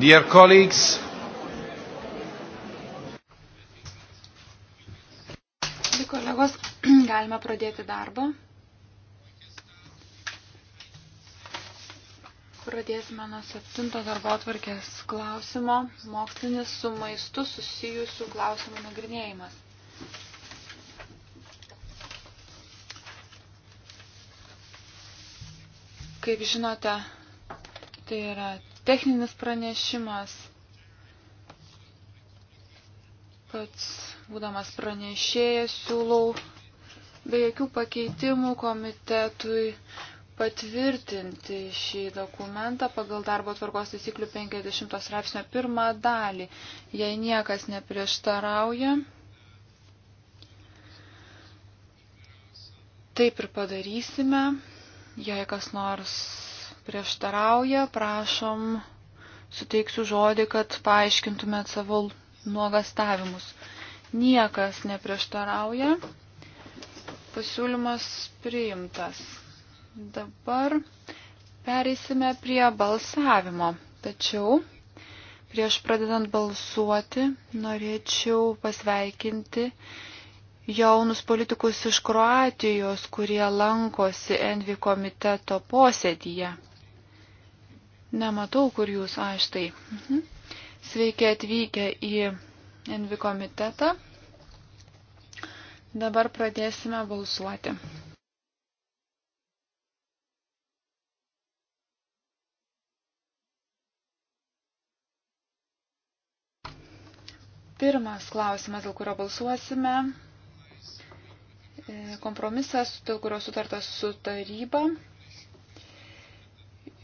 Dear colleagues, kolegos, galime pradėti darbą. Pradėsime nuo septinto darbo atvarkės klausimo, mokslinis su maistu susijusių klausimų nagrinėjimas. Kaip žinote, tai yra techninis pranešimas. Pats būdamas pranešėjas siūlau be jokių pakeitimų komitetui patvirtinti šį dokumentą pagal darbo tvarkos taisyklių 50 straipsnio pirmą dalį, jei niekas neprieštarauja. Taip ir padarysime. Jei kas nors prieštarauja, prašom, suteiksiu žodį, kad paaiškintumėt savo nuogastavimus. Niekas neprieštarauja. Pasiūlymas priimtas. Dabar pereisime prie balsavimo. Tačiau prieš pradedant balsuoti norėčiau pasveikinti jaunus politikus iš Kroatijos, kurie lankosi Envi komiteto posėdyje. Nematau, kur jūs aš tai. Mhm. Sveiki atvykę į Envi komitetą. Dabar pradėsime balsuoti. Pirmas klausimas, dėl kurio balsuosime, E, kompromisas, dėl kurio sutartas su taryba.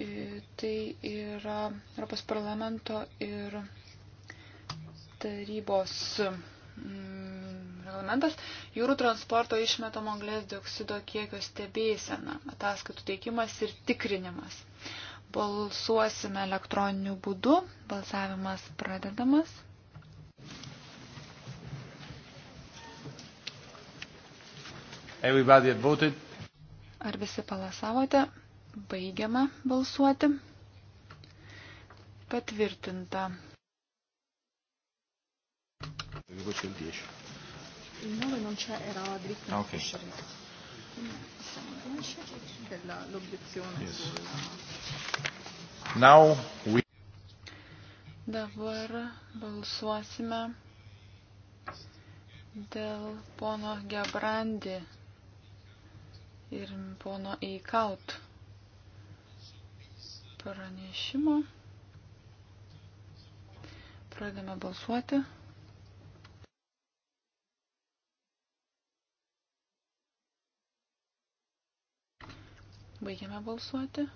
E, tai yra Europos parlamento ir tarybos mm, reglamentas jūrų transporto išmetamo anglės dioksido kiekio stebėsena, ataskaitų teikimas ir tikrinimas. Balsuosime elektroniniu būdu, balsavimas pradedamas. Everybody had voted. Ar visi palasavote? Baigiama balsuoti. Patvirtinta. Il 10. Il 9 non c'è, era dritto ah, okay. Fishery. Yes. Now we... Dabar balsuosime dėl pono Gebrandi ir pono Eikaut pranešimo. Pradame balsuoti. Baigiame balsuoti.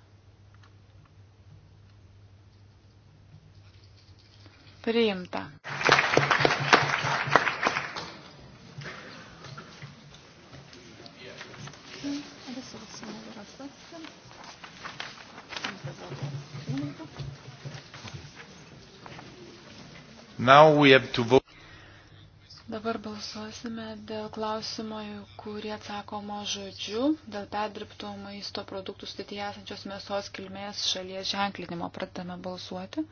Priimta. oss några stycken. Now we have to vote. Dabar balsuosime dėl klausimo, kurie atsakoma žodžiu, dėl perdirbtų maisto produktų sudėtyje esančios mėsos kilmės šalies ženklinimo. Pradame balsuoti.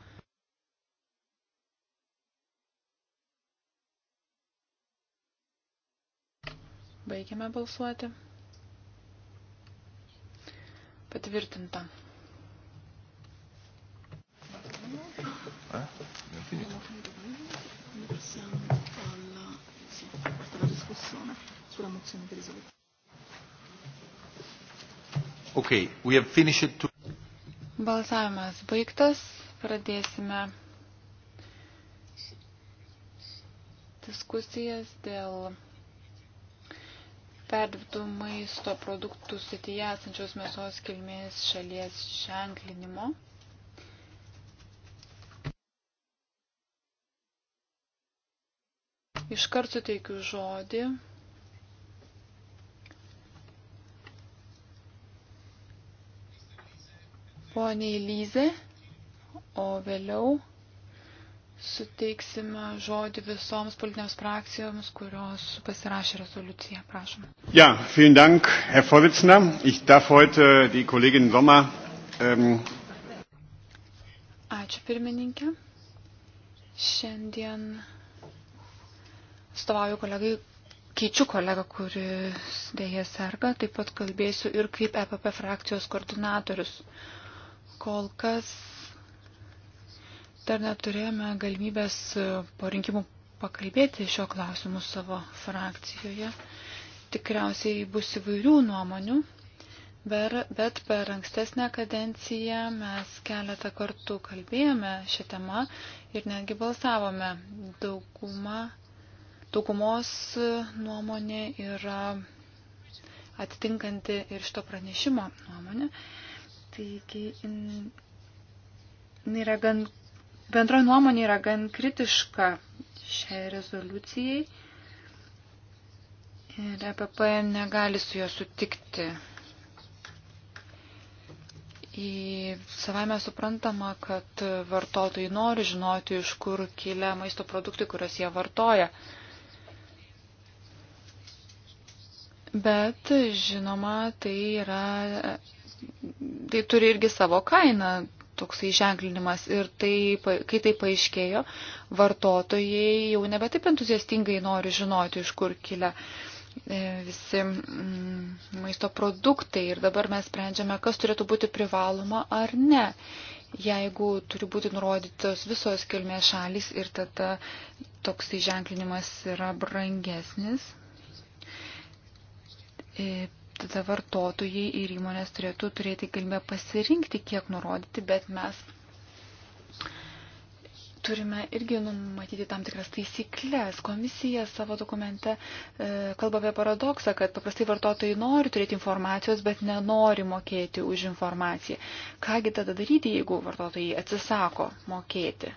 Baigiame balsuoti. Patvirtinta. Passiamo alla, sì, alla discussione sulla mozione di risoluzione. Okay, we have finished to... Balsavimas baigtas. Pradėsime diskusijas dėl perdirbtų maisto produktų srityje esančios mėsos kilmės šalies ženklinimo. Iškart suteikiu žodį poniai Lyze, o vėliau suteiksime žodį visoms politinėms frakcijoms, kurios pasirašė rezoliuciją. Prašom. Ja, vielen Dank, Herr Vorsitzender. Ich darf heute die Kollegin Sommer. Ähm... Ačiū pirmininkė. Šiandien stovauju kolegai, keičiu kolegą, kuris dėja serga, taip pat kalbėsiu ir kaip EPP frakcijos koordinatorius. Kol kas dar neturėjome galimybės e, po rinkimų pakalbėti šio klausimu savo frakcijoje. Tikriausiai bus įvairių nuomonių, bet per ankstesnę kadenciją mes keletą kartų kalbėjome šią temą ir netgi balsavome. Dauguma, daugumos nuomonė yra atitinkanti ir šito pranešimo nuomonė. Taigi, jinai yra gan Bendroji nuomonė yra gan kritiška šiai rezoliucijai ir EPP negali su juo sutikti. Į savame suprantama, kad vartotojai nori žinoti, iš kur kilia maisto produktai, kurias jie vartoja. Bet, žinoma, tai yra, tai turi irgi savo kainą toksai ženklinimas. Ir tai, kai tai paaiškėjo, vartotojai jau nebe taip entuziastingai nori žinoti, iš kur kilia e, visi mm, maisto produktai. Ir dabar mes sprendžiame, kas turėtų būti privaloma ar ne. Jeigu turi būti nurodytos visos kilmės šalis ir tada toksai ženklinimas yra brangesnis, e, tada vartotojai ir įmonės turėtų turėti galimybę pasirinkti, kiek nurodyti, bet mes turime irgi numatyti tam tikras taisyklės. Komisija savo dokumente e, kalba apie paradoksą, kad paprastai vartotojai nori turėti informacijos, bet nenori mokėti už informaciją. Kągi tada daryti, jeigu vartotojai atsisako mokėti?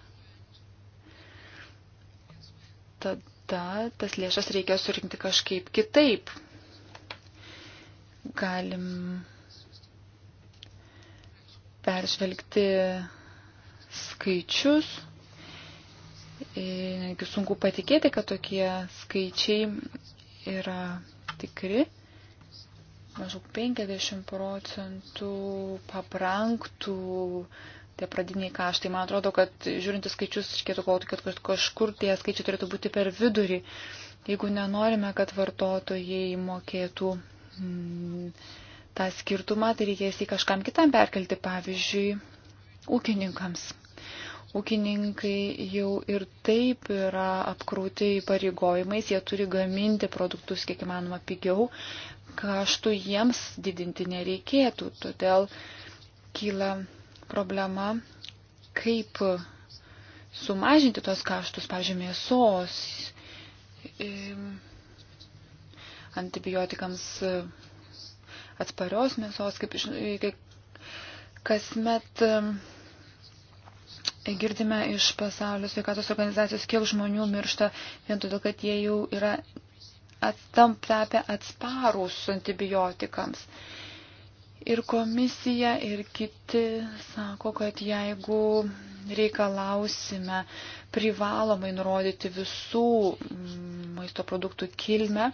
Tada tas lėšas reikia surinkti kažkaip kitaip, galim peržvelgti skaičius. Netgi sunku patikėti, kad tokie skaičiai yra tikri. Maždaug 50 procentų pabranktų tie pradiniai kaštai. Man atrodo, kad žiūrint į skaičius, reikėtų galvoti, kad kažkur tie skaičiai turėtų būti per vidurį. Jeigu nenorime, kad vartotojai mokėtų Mm, tą skirtumą, tai reikės į kažkam kitam perkelti, pavyzdžiui, ūkininkams. Ūkininkai jau ir taip yra apkrūti įpareigojimais, jie turi gaminti produktus kiek įmanoma pigiau, kaštų jiems didinti nereikėtų. Todėl kyla problema, kaip sumažinti tos kaštus, pažymėsos. E, antibiotikams e, atsparios mėsos, kaip, e, kaip kasmet e, girdime iš pasaulio sveikatos organizacijos, kiek žmonių miršta vien todėl, kad jie jau yra atstampę atsparūs antibiotikams. Ir komisija, ir kiti sako, kad jeigu reikalausime privalomai nurodyti visų mm, maisto produktų kilmę,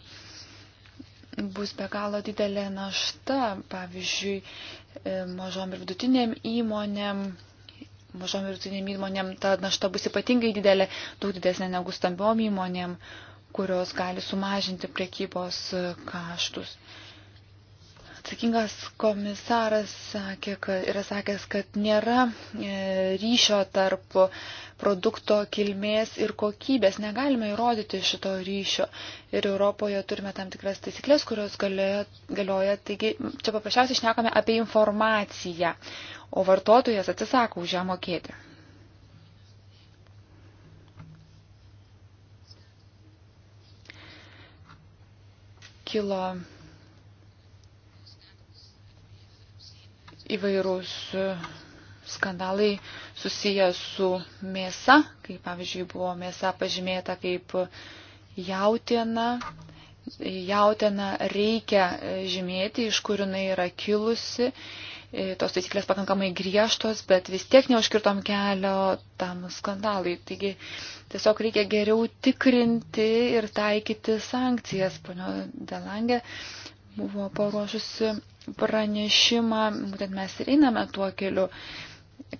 bus be galo didelė našta, pavyzdžiui, e, mažom ir vidutinėm įmonėm. Mažom ir vidutinėm įmonėm ta našta bus ypatingai didelė, daug didesnė negu stambiom įmonėm, kurios gali sumažinti prekybos e, kaštus. Atsakingas komisaras sakė, kad, yra sakęs, kad nėra e, ryšio tarp produkto kilmės ir kokybės. Negalime įrodyti šito ryšio. Ir Europoje turime tam tikras taisyklės, kurios galioja. galioja. Taigi čia paprasčiausiai išnekame apie informaciją, o vartotojas atsisako už ją mokėti. Kilo įvairūs e, skandalai susiję su mėsa, kaip pavyzdžiui buvo mėsa pažymėta kaip jautiena. Jautiena reikia e, žymėti, iš kur jinai yra kilusi. E, tos taisyklės pakankamai griežtos, bet vis tiek neužkirtom kelio tam skandalui. Taigi tiesiog reikia geriau tikrinti ir taikyti sankcijas. Pone Delangė buvo paruošusi pranešimą, būtent mes ir einame tuo keliu.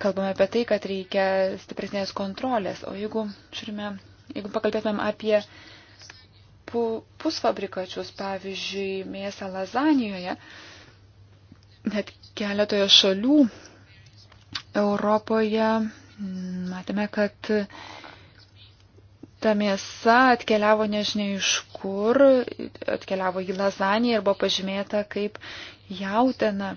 Kalbame apie tai, kad reikia stipresnės kontrolės. O jeigu, žiūrime, jeigu pakalbėtumėm apie pusfabrikačius, pavyzdžiui, mėsą lazanijoje, net keletoje šalių Europoje matėme, kad ta mėsa atkeliavo nežinia iš kur, atkeliavo į lazaniją ir buvo pažymėta kaip jautena.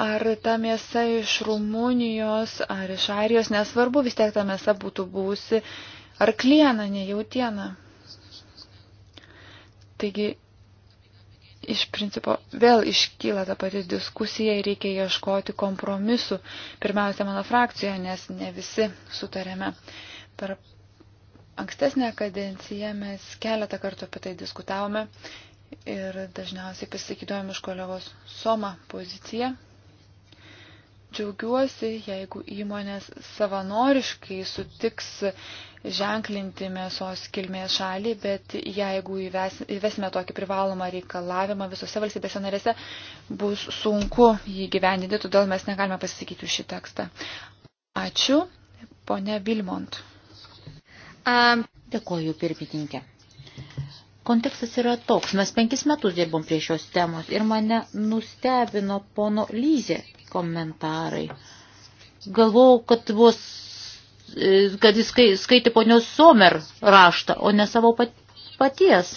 Ar ta mėsa iš Rumunijos, ar iš Arijos, nesvarbu, vis tiek ta mėsa būtų buvusi ar klieną, ne jautieną. Taigi, iš principo, vėl iškyla ta pati diskusija ir reikia ieškoti kompromisų. Pirmiausia, mano frakcijoje, nes ne visi sutarėme. Per ankstesnę kadenciją mes keletą kartų apie tai diskutavome ir dažniausiai pasakydavome iš kolegos Soma poziciją. Džiaugiuosi, jeigu įmonės savanoriškai sutiks ženklinti mėsos kilmės šalį, bet jeigu įvesime tokį privalomą reikalavimą visose valstybėse narėse, bus sunku jį gyvendinti, todėl mes negalime pasisakyti už šį tekstą. Ačiū, ponė Vilmont. Um, dėkoju, pirmininkė. Kontekstas yra toks. Mes penkis metus dirbom prie šios temos ir mane nustebino pono Lyzė komentarai. Galvojau, kad buvo e, kad jis skaitė ponios Somer raštą, o ne savo paties.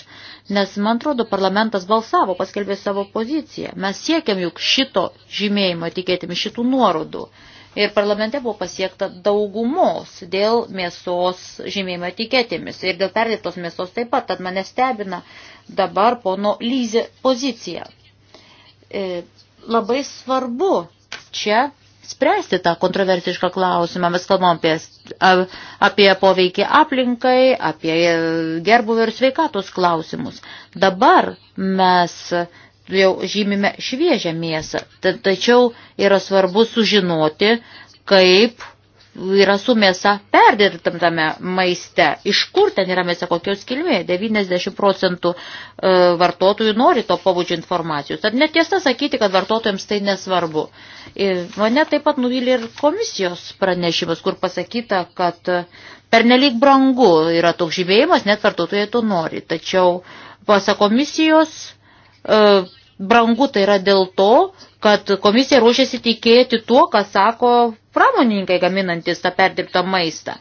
Nes, man atrodo, parlamentas balsavo, paskelbė savo poziciją. Mes siekiam juk šito žymėjimo, tikėtimi šitų nuorodų. Uh, ir parlamente buvo pasiekta daugumos dėl mėsos žymėjimo etiketėmis ir dėl perdėtos mėsos taip pat, tad mane stebina dabar pono Lyzė pozicija. E, labai svarbu čia spręsti tą kontroversišką klausimą. Mes kalbam apie, apie poveikį aplinkai, apie gerbuvio ir sveikatos klausimus. Dabar mes jau žymime šviežią mėsą. Tačiau yra svarbu sužinoti, kaip yra su mėsa perdirbtame maiste. Iš kur ten yra mėsa, kokios kilmė? 90 procentų e, vartotojų nori to pabudžio informacijos. Tad netiesa sakyti, kad vartotojams tai nesvarbu. Ir e, mane taip pat nuvylė ir komisijos pranešimas, kur pasakyta, kad e, pernelyg brangu yra toks žymėjimas, net vartotojai to nori. Tačiau pasak komisijos Brangu tai yra dėl to, kad komisija ruošiasi tikėti tuo, ką sako pramoninkai gaminantis tą perdirbtą maistą.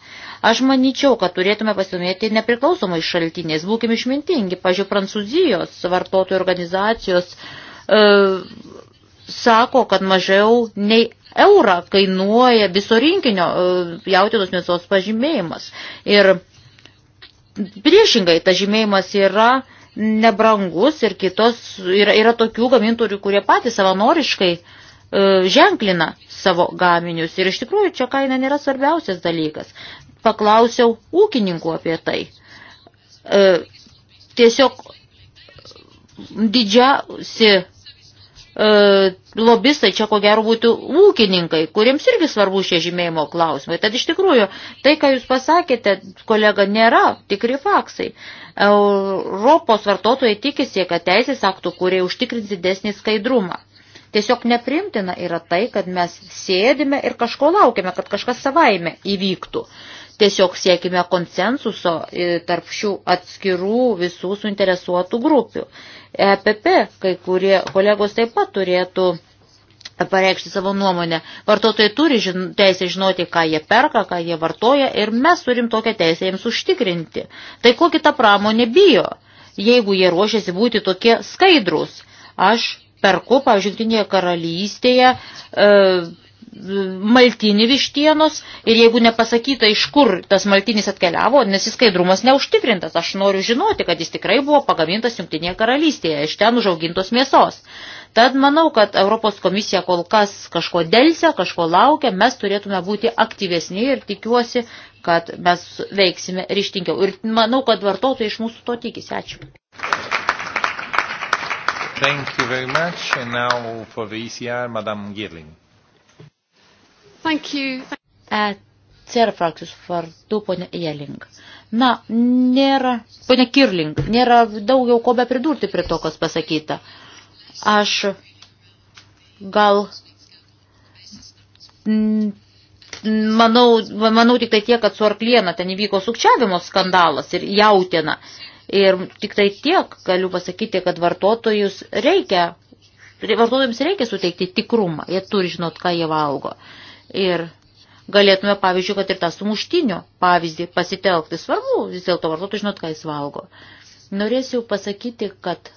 Aš manyčiau, kad turėtume pasimėti nepriklausomai šaltiniais. Būkime išmintingi. Pavyzdžiui, Prancūzijos vartotojų organizacijos e, sako, kad mažiau nei eurą kainuoja viso rinkinio e, jautinos mėsos pažymėjimas. Ir priešingai, ta žymėjimas yra e, nebrangus ir kitos yra, yra tokių gamintojų, kurie patys savanoriškai e, ženklina savo gaminius. Ir iš tikrųjų čia kaina nėra svarbiausias dalykas. Paklausiau ūkininkų apie tai. E, tiesiog didžiausi E, lobistai čia ko gero būtų ūkininkai, kuriems irgi svarbu šie žymėjimo klausimai. Tad iš tikrųjų, tai, ką jūs pasakėte, kolega, nėra tikri faksai. Europos vartotojai tikisi, kad teisės aktų, kurie užtikrins didesnį skaidrumą. Tiesiog neprimtina yra tai, kad mes sėdime ir kažko laukiame, kad kažkas savaime įvyktų. Tiesiog siekime konsensuso e, tarp šių atskirų visų suinteresuotų grupių. EPP, kai kurie kolegos taip pat turėtų pareikšti savo nuomonę. Vartotojai turi žin, teisę žinoti, ką jie perka, ką jie vartoja ir mes turim tokią teisę jiems užtikrinti. Tai ko kita pramonė bijo, jeigu jie ruošiasi būti tokie skaidrus. Aš perku, pavyzdžiui, Jungtinėje karalystėje e, maltinį vištienos ir jeigu nepasakyta, iš kur tas maltinis atkeliavo, nes jis skaidrumas neužtikrintas, aš noriu žinoti, kad jis tikrai buvo pagamintas Junktinėje karalystėje, iš ten užaugintos mėsos. Tad manau, kad Europos komisija kol kas kažko dėlsia, kažko laukia, mes turėtume būti aktyvesni ir tikiuosi, kad mes veiksime ryštingiau. Ir manau, kad vartotojai iš mūsų to tikisi. Ačiū. Thank you very much. And now for the ECR, Madame Girling. Thank you. ECR frakcijos vardu, ponia Jeling. Na, nėra, ponia Kirling, nėra daugiau ko be pridurti prie to, kas pasakyta. Aš gal manau, manau tik tai tiek, kad su Arkliena ten įvyko sukčiavimo skandalas ir jautina. Ir tik tai tiek galiu pasakyti, kad vartotojus reikia, vartotojams reikia suteikti tikrumą, jie turi žinot, ką jie valgo. Ir galėtume, pavyzdžiui, kad ir tą sumuštinio pavyzdį pasitelkti. Svarbu vis dėlto vartotojai žinot, ką jis valgo. Norėsiu pasakyti, kad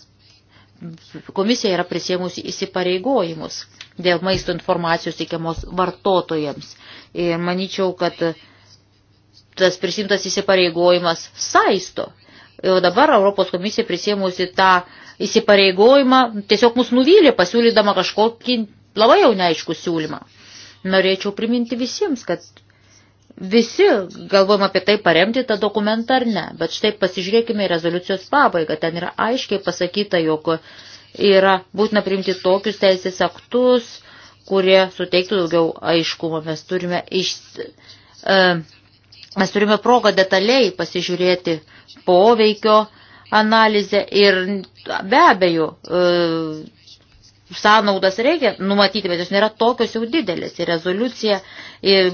komisija yra prisėmusi įsipareigojimus dėl maisto informacijos teikiamos vartotojams. Ir manyčiau, kad tas prisimtas įsipareigojimas saisto. O dabar Europos komisija prisėmusi tą įsipareigojimą tiesiog mus nuvylė pasiūlydama kažkokį labai jau neaiškų siūlymą norėčiau priminti visiems, kad visi galvojam apie tai paremti tą dokumentą ar ne, bet štai pasižiūrėkime į rezoliucijos pabaigą, ten yra aiškiai pasakyta, jog yra būtina priimti tokius teisės aktus, kurie suteiktų daugiau aiškumo. Mes turime, iš, e, mes turime progą detaliai pasižiūrėti poveikio analizę ir be abejo e, sąnaudas reikia numatyti, bet jos nėra tokios jau didelės. Ir rezoliucija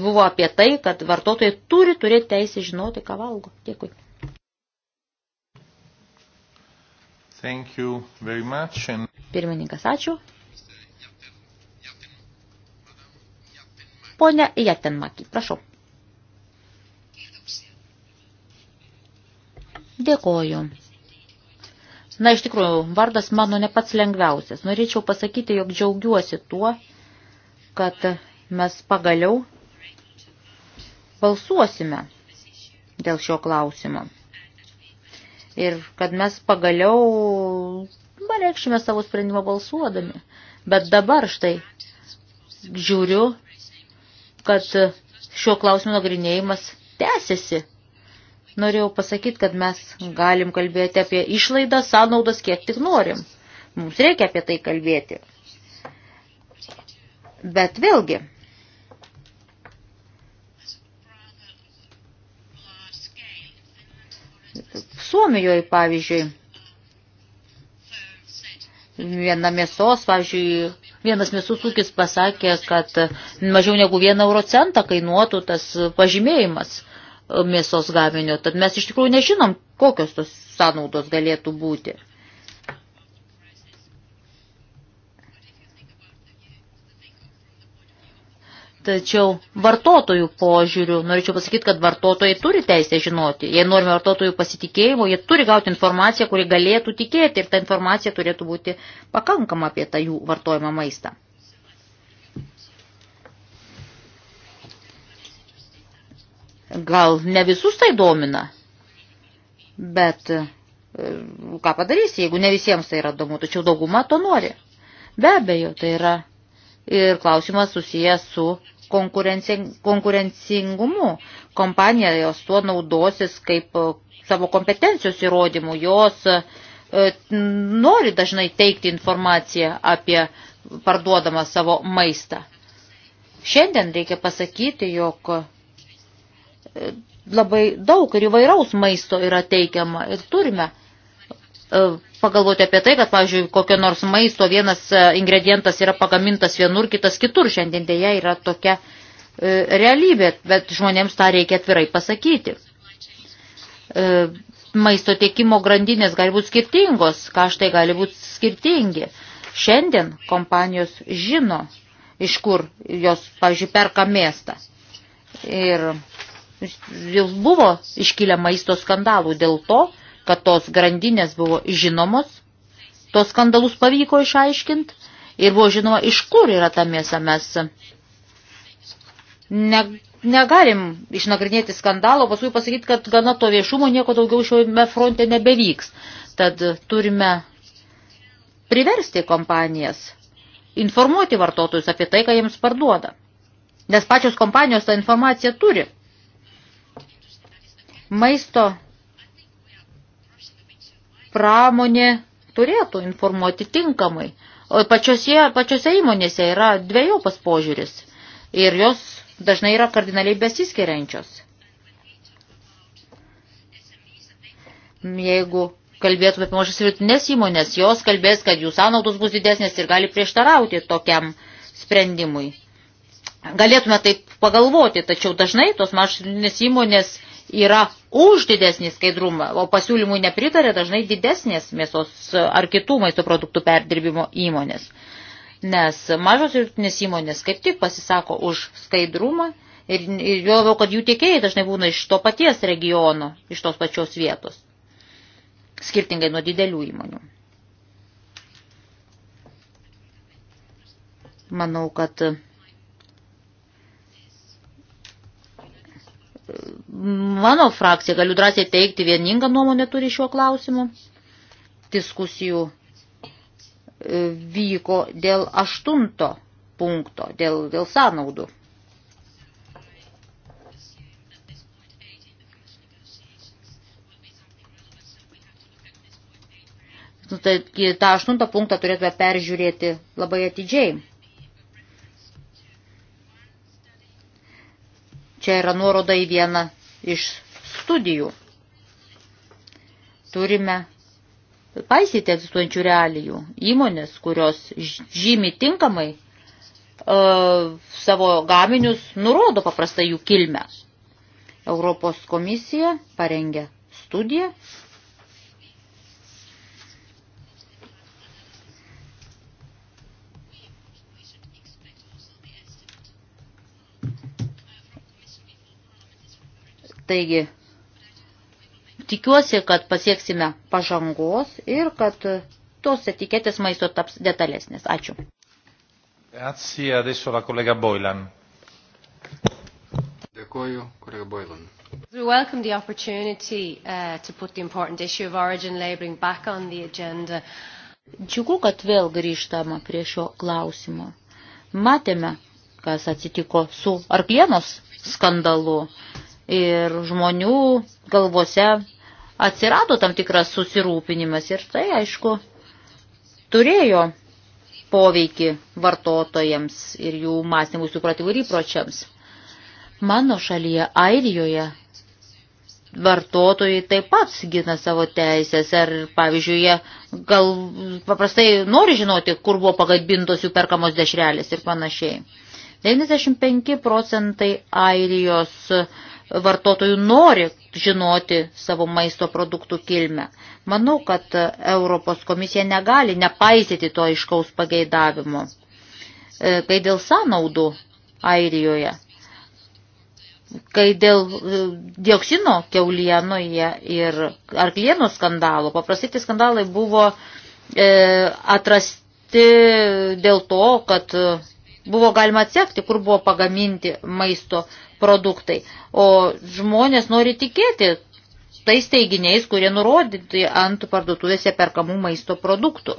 buvo apie tai, kad vartotojai turi turėti teisę žinoti, ką valgo. Dėkui. Thank you very much. And... Pirmininkas, ačiū. Pone Jatenmaki, prašau. Dėkoju. Na, iš tikrųjų, vardas mano ne pats lengviausias. Norėčiau pasakyti, jog džiaugiuosi tuo, kad mes pagaliau balsuosime dėl šio klausimo. Ir kad mes pagaliau pareikšime savo sprendimą balsuodami. Bet dabar štai žiūriu, kad šio klausimo nagrinėjimas tęsiasi Norėjau pasakyti, kad mes galim kalbėti apie išlaidą, sąnaudas, kiek tik norim. Mums reikia apie tai kalbėti. Bet vėlgi, Suomijoje, pavyzdžiui, viena mėsos, pavyzdžiui, vienas mėsos ūkis pasakė, kad mažiau negu vieną euro centą kainuotų tas pažymėjimas mėsos gaminio, tad mes iš tikrųjų nežinom, kokios tos sąnaudos galėtų būti. Tačiau vartotojų požiūrių, norėčiau pasakyti, kad vartotojai turi teisę žinoti. Jei norime vartotojų pasitikėjimo, jie turi gauti informaciją, kuri galėtų tikėti ir ta informacija turėtų būti pakankama apie tą jų vartojimą maistą. Gal ne visus tai domina, bet e, ką padarysi, jeigu ne visiems tai yra įdomu, tačiau dauguma to nori. Be abejo, tai yra ir klausimas susijęs su konkurencingumu. Kompanija jos tuo naudosis kaip e, savo kompetencijos įrodymų, jos e, nori dažnai teikti informaciją apie parduodamą savo maistą. Šiandien reikia pasakyti, jog labai daug ir įvairaus maisto yra teikiama ir turime e, pagalvoti apie tai, kad, pavyzdžiui, kokio nors maisto vienas e, ingredientas yra pagamintas vienur, kitas kitur. Šiandien dėja yra tokia e, realybė, bet žmonėms tą reikia atvirai pasakyti. Maisto tiekimo grandinės gali būti skirtingos, kaštai gali būti skirtingi. Šiandien kompanijos žino, iš kur jos, pavyzdžiui, perka mėstą. Ir jau buvo iškilę maisto skandalų dėl to, kad tos grandinės buvo žinomos, tos skandalus pavyko išaiškinti ir buvo žinoma, iš kur yra ta mėsa mes. Ne, negalim išnagrinėti skandalo, paskui pasakyti, kad gana to viešumo nieko daugiau šiame fronte nebevyks. Tad turime priversti kompanijas informuoti vartotojus apie tai, ką jiems parduoda. Nes pačios kompanijos tą informaciją turi. Maisto pramonė turėtų informuoti tinkamai. O pačiose, pačiose įmonėse yra dviejopas požiūris ir jos dažnai yra kardinaliai besiskiriančios. Jeigu kalbėtume apie mažas vidutinės įmonės, jos kalbės, kad jų sąnaudos bus didesnės ir gali prieštarauti tokiam sprendimui. Galėtume taip pagalvoti, tačiau dažnai tos mažas vidutinės įmonės yra už didesnį skaidrumą, o pasiūlymui nepritarė dažnai didesnės mėsos ar kitų maisto produktų perdirbimo įmonės. Nes mažos ir vidutinės įmonės kaip tik pasisako už skaidrumą ir, ir jo labiau, kad jų tiekėjai dažnai būna iš to paties regiono, iš tos pačios vietos, skirtingai nuo didelių įmonių. Manau, kad mano frakcija, galiu drąsiai teikti, vieningą nuomonę turi šiuo klausimu. Diskusijų e, vyko dėl aštunto punkto, dėl, dėl sąnaudų. Nu, tai tą aštuntą punktą turėtume peržiūrėti labai atidžiai. Čia yra nuoroda į vieną iš studijų. Turime paisyti egzistuojančių realijų. Įmonės, kurios žymi tinkamai e, savo gaminius, nurodo paprastai jų kilmę. Europos komisija parengė studiją, Taigi, tikiuosi, kad pasieksime pažangos ir kad tos etiketės maisto taps detalesnės. Ačiū. Grazie, adesso la collega Boylan. Dėkuoju, kolega Boylan. We welcome the opportunity uh, to put the important issue of origin labelling back on the agenda. Džiugu, kad vėl grįžtama prie šio klausimo. Matėme, kas atsitiko su arklienos skandalu. Uh, ir žmonių galvose atsirado tam tikras susirūpinimas ir tai, aišku, turėjo poveikį vartotojams ir jų mąstymui supratimui ir įpročiams. Mano šalyje, Airijoje, vartotojai taip pat gina savo teisės ir, pavyzdžiui, jie gal paprastai nori žinoti, kur buvo pagadbintos jų perkamos dešrelės ir panašiai. 95 procentai Airijos uh, vartotojų nori žinoti savo maisto produktų kilmę. Manau, kad Europos komisija negali nepaisyti to iškaus pageidavimo. E, kai dėl sąnaudų Airijoje, kai dėl e, dioksino keulienoje ir arklieno skandalo, paprastai tie skandalai buvo e, atrasti dėl to, kad buvo galima atsekti, kur buvo pagaminti maisto produktai produktai. O žmonės nori tikėti tais teiginiais, kurie nurodyti ant parduotuvėse perkamų maisto produktų.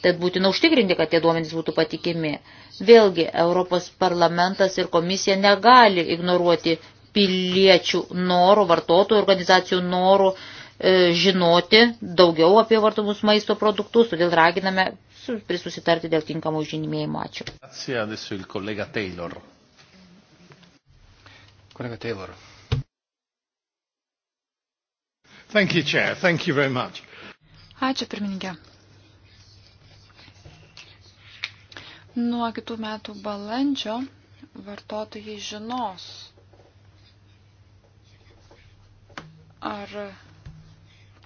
Tad būtina užtikrinti, kad tie duomenys būtų patikimi. Vėlgi, Europos parlamentas ir komisija negali ignoruoti piliečių norų, vartotojų organizacijų norų e, žinoti daugiau apie vartomus maisto produktus, todėl raginame prisusitarti dėl tinkamų žinimėjimų. Ačiū. Kolega Taylor. Thank you, Chair. Thank you very much. Ačiū, pirmininkė. Nuo kitų metų balandžio vartotojai žinos, ar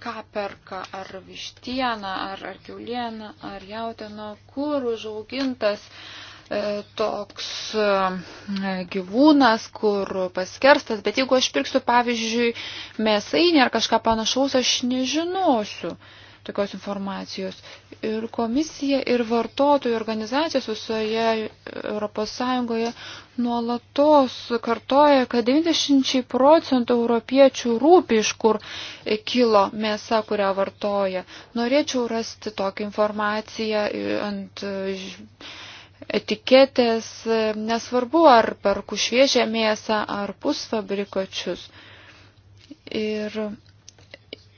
ką perka, ar vištieną, ar, ar kiaulieną, ar jautieną, kur užaugintas uh, E, toks e, gyvūnas, kur paskerstas, bet jeigu aš pirksiu, pavyzdžiui, mėsainį ar kažką panašaus, aš nežinosiu tokios informacijos. Ir komisija, ir vartotojų organizacijos visoje ES nuolatos kartoja, kad 90 procentų europiečių rūpi, iš kur kilo mėsa, kurią vartoja. Norėčiau rasti tokią informaciją ant etiketės, e, nesvarbu ar perku šviežią mėsą ar pusfabrikočius. Ir, ir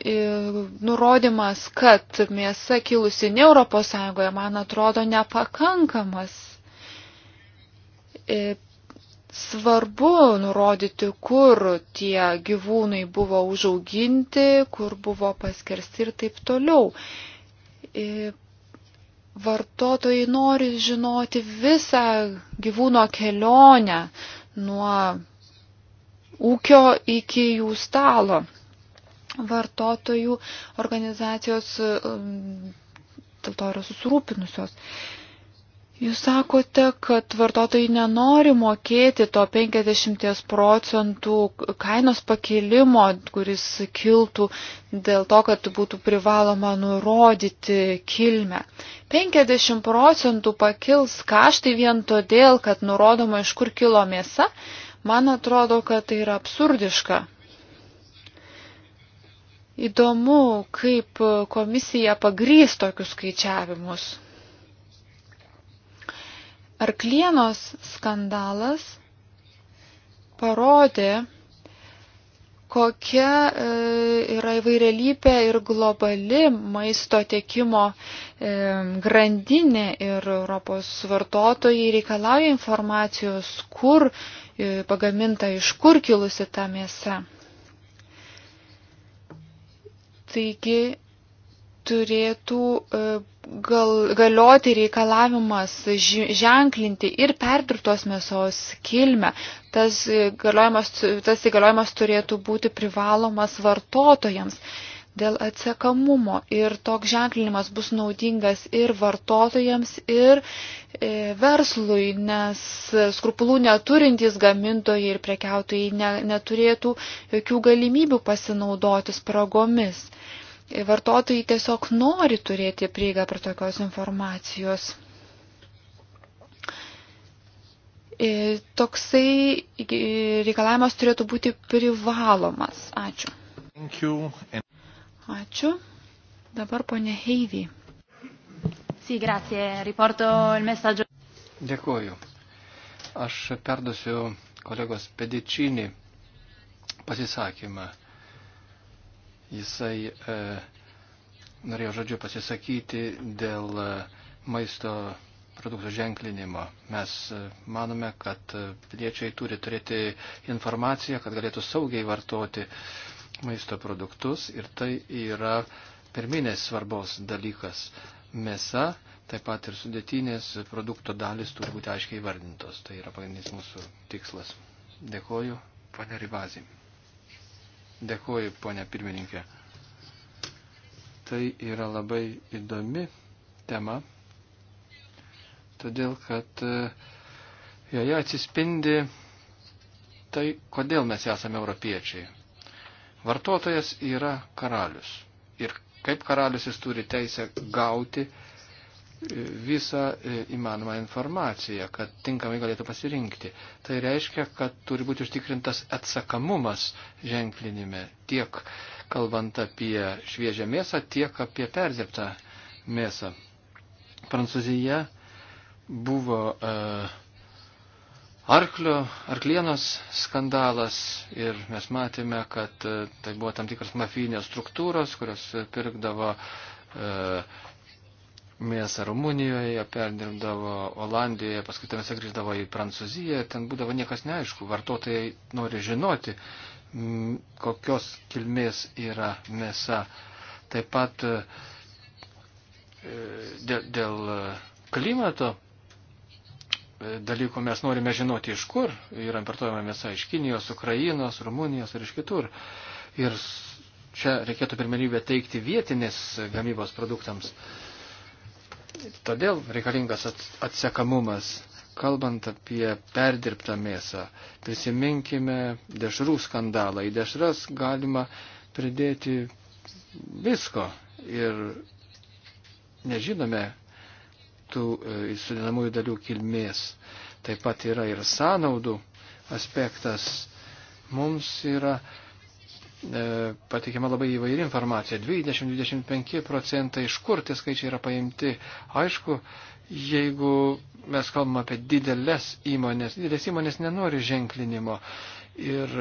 e, nurodymas, kad mėsa kilusi ne Europos Sąjungoje, man atrodo nepakankamas. Ir e, svarbu nurodyti, kur tie gyvūnai buvo užauginti, kur buvo paskirsti ir taip toliau. Ir vartotojai nori žinoti visą gyvūno kelionę nuo ūkio iki jų stalo. Vartotojų organizacijos um, dėl to yra susirūpinusios. Jūs sakote, kad vartotojai nenori mokėti to 50 procentų kainos pakilimo, kuris kiltų dėl to, kad būtų privaloma nurodyti kilmę. 50 procentų pakils kaštai vien todėl, kad nurodoma, iš kur kilo mėsa, man atrodo, kad tai yra absurdiška. Įdomu, kaip komisija pagrys tokius skaičiavimus. Arklienos skandalas parodė, kokia e, yra įvairialypė ir globali maisto tiekimo e, grandinė ir Europos vartotojai reikalauja informacijos, kur e, pagaminta, iš kur kilusi ta mėsa. Taigi turėtų gal, galioti reikalavimas ženklinti ir perdirbtos mėsos kilmę. Tas, tas įgaliojimas turėtų būti privalomas vartotojams dėl atsekamumo ir toks ženklinimas bus naudingas ir vartotojams, ir e, verslui, nes skrupulų neturintys gamintojai ir prekiautojai ne, neturėtų jokių galimybių pasinaudoti spragomis vartotojai tiesiog nori turėti prieigą prie tokios informacijos. E, toksai reikalavimas turėtų būti privalomas. Ačiū. Ačiū. Dabar ponė Heivy. Sì, grazie. Riporto il messaggio. Dėkuoju. Aš perdusiu kolegos Pedičinį pasisakymą. Jisai e, norėjo žodžiu pasisakyti dėl e, maisto produktų ženklinimo. Mes e, manome, kad e, piliečiai turi turėti informaciją, kad galėtų saugiai vartoti maisto produktus ir tai yra pirminės svarbos dalykas. Mėsa, taip pat ir sudėtinės produkto dalis turi būti aiškiai vardintos. Tai yra pagrindinis mūsų tikslas. Dėkoju, pane Rivazim. Dėkuoju, ponia pirmininkė. Tai yra labai įdomi tema, todėl kad e, joje atsispindi tai, kodėl mes esame europiečiai. Vartotojas yra karalius ir kaip karalius jis turi teisę gauti visą e, įmanomą informaciją, kad tinkamai galėtų pasirinkti. Tai reiškia, kad turi būti užtikrintas atsakamumas ženklinime tiek kalbant apie šviežią mėsą, tiek apie perdirbtą mėsą. Prancūzija buvo uh, arklio, arklienos skandalas ir mes matėme, kad uh, tai buvo tam tikras mafinės struktūros, kurios pirkdavo uh, mėsą Rumunijoje, perdirbdavo Olandijoje, paskui tamsa grįždavo į Prancūziją, ten būdavo niekas neaišku, vartotojai nori žinoti, kokios kilmės yra mėsa. Taip pat e, dėl, dėl klimato e, dalykų mes norime žinoti, iš kur yra importuojama mėsa, iš Kinijos, Ukrainos, Rumunijos ar iš kitur. Ir čia reikėtų pirmenybę teikti vietinės gamybos produktams. Uh, Todėl reikalingas atsekamumas. Kalbant apie perdirbtą mėsą, prisiminkime dešrų skandalą. Į dešras galima pridėti visko ir nežinome tų e, sudinamųjų dalių kilmės. Taip pat yra ir sąnaudų aspektas. Mums yra E, pateikiama labai įvairi informacija. 20-25 procentai iš kur tie skaičiai yra paimti. Aišku, jeigu mes kalbame apie didelės įmonės, didelės įmonės nenori ženklinimo. Ir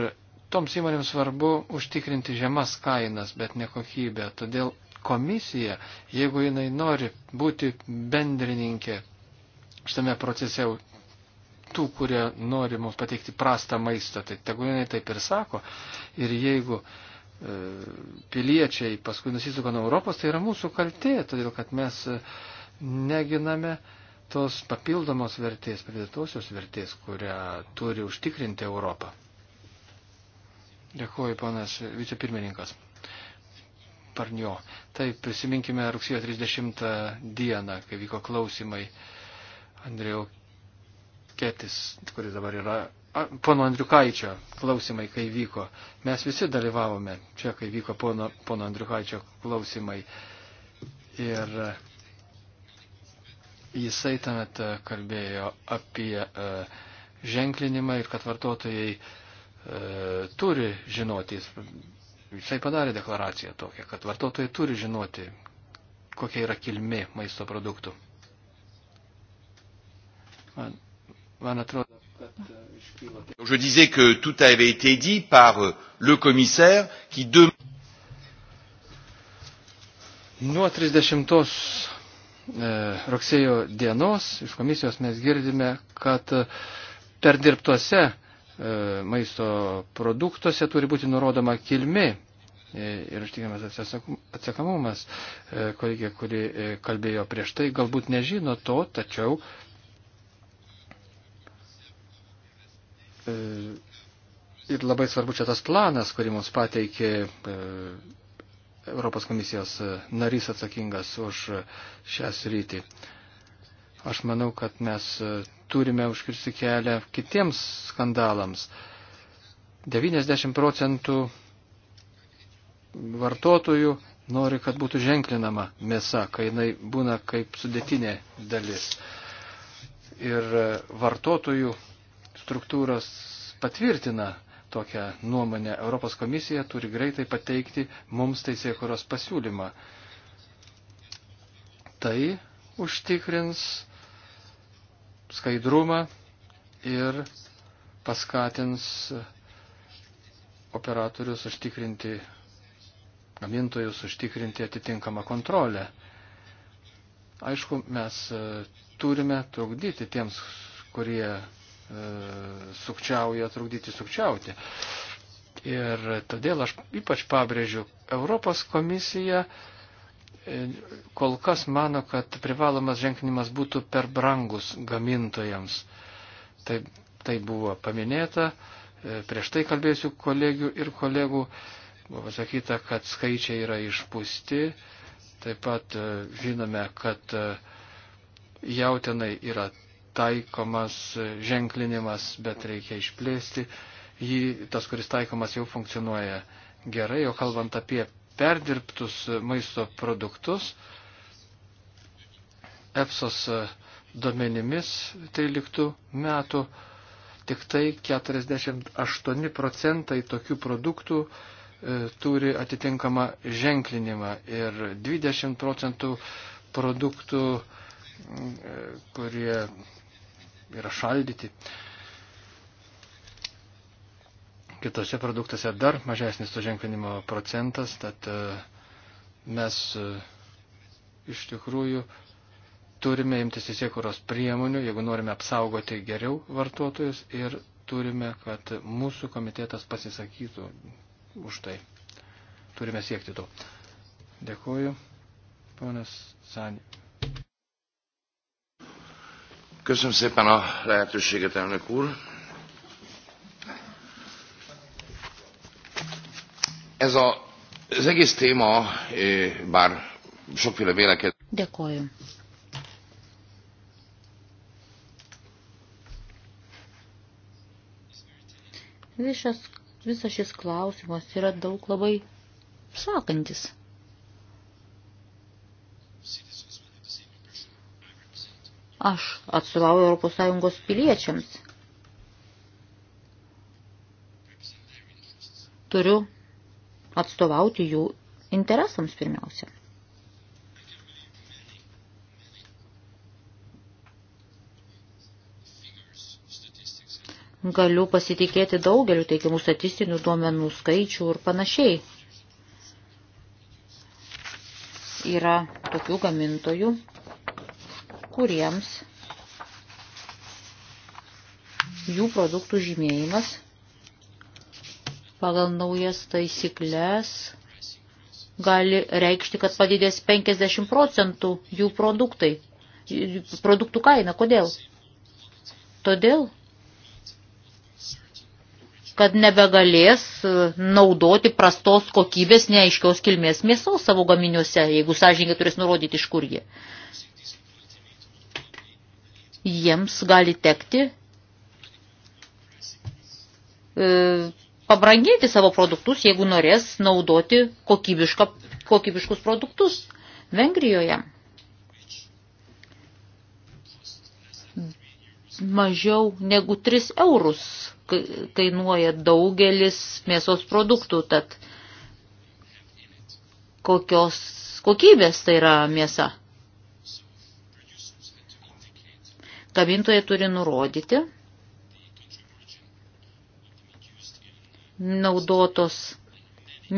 toms įmonėms svarbu užtikrinti žemas kainas, bet ne kokybę. Todėl komisija, jeigu jinai nori būti bendrininkė, šitame procese tų, kurie nori mums pateikti prastą maistą, tai tegul jinai taip ir sako. Ir jeigu e, piliečiai paskui nusisuka nuo Europos, tai yra mūsų kaltė, todėl kad mes e, neginame tos papildomos vertės, pridėtosios vertės, kurią turi užtikrinti Europą. Dėkuoju, panas vicepirmininkas. Parnio. Taip, prisiminkime rugsėjo 30 dieną, kai vyko klausimai Andrėjau paketis, kuris dabar yra pono Andriukaičio klausimai, kai vyko. Mes visi dalyvavome čia, kai vyko pono, pono Andriukaičio klausimai. Ir e, jisai tuomet e, kalbėjo apie e, ženklinimą ir kad vartotojai turi žinoti. Jisai padarė deklaraciją tokią, kad vartotojai turi žinoti, kokia yra kilmi maisto produktų. Man Man atrodo, kad e, iškyla. Tai. Je disais que tout avait été dit par e, le commissaire qui de... Nuo 30 e, rugsėjo dienos iš komisijos mes girdime, kad perdirbtuose maisto produktuose turi būti nurodoma kilmi ir užtikimas atsakamumas, kolegė, kuri kalbėjo prieš tai, galbūt nežino to, tačiau E, ir labai svarbu čia tas planas, kurį mums pateikė e, Europos komisijos e, narys atsakingas už šią sritį. Aš manau, kad mes turime užkirsti kelią kitiems skandalams. 90 procentų vartotojų nori, kad būtų ženklinama mėsa, kai jinai būna kaip sudėtinė dalis. Ir vartotojų struktūros patvirtina tokią nuomonę, Europos komisija turi greitai pateikti mums teisėkuros pasiūlymą. Tai užtikrins skaidrumą ir paskatins operatorius užtikrinti, gamintojus užtikrinti atitinkamą kontrolę. Aišku, mes turime trukdyti tiems, kurie E, sukčiauja, trukdyti sukčiauti. Ir todėl aš ypač pabrėžiu, Europos komisija e, kol kas mano, kad privalomas ženklinimas būtų per brangus gamintojams. Tai, tai buvo paminėta, e, prieš tai kalbėsiu kolegių ir kolegų, buvo pasakyta, kad skaičiai yra išpūsti, taip pat žinome, kad jautinai yra taikomas ženklinimas, bet reikia išplėsti. Jį, tas, kuris taikomas, jau funkcionuoja gerai, o kalbant apie perdirbtus maisto produktus, EFSOS duomenimis 13 metų tik tai 48 procentai tokių produktų e, turi atitinkamą ženklinimą ir 20 procentų produktų, e, kurie yra šaldyti. Kitose produktuose dar mažesnis to ženklinimo procentas, tad e, mes e, iš tikrųjų turime imtis įsiekuros priemonių, jeigu norime apsaugoti geriau vartotojus ir turime, kad mūsų komitetas pasisakytų už tai. Turime siekti to. Dėkuoju, ponas Sanė. Köszönöm szépen a lehetőséget, elnök úr. Ez a, az egész téma, eh, bár sokféle vélekedés. Dėkoju. Visas, visas šis klausimas yra daug labai sakantis. Aš atstovauju ES piliečiams. Turiu atstovauti jų interesams pirmiausia. Galiu pasitikėti daugeliu teikiamų statistinių duomenų skaičių ir panašiai. Yra tokių gamintojų, kuriems jų produktų žymėjimas pagal naujas taisyklės gali reikšti, kad padidės 50 procentų jų produktai, produktų kaina. Kodėl? Todėl, kad nebegalės naudoti prastos kokybės neaiškios kilmės mėsos savo gaminiuose, jeigu sąžininkai turės nurodyti, iš kur jie jiems gali tekti e, pabranginti savo produktus, jeigu norės naudoti kokybiškus produktus Vengrijoje. Mažiau negu 3 eurus kainuoja daugelis mėsos produktų, tad kokios kokybės tai yra mėsa. gamintojai turi nurodyti naudotos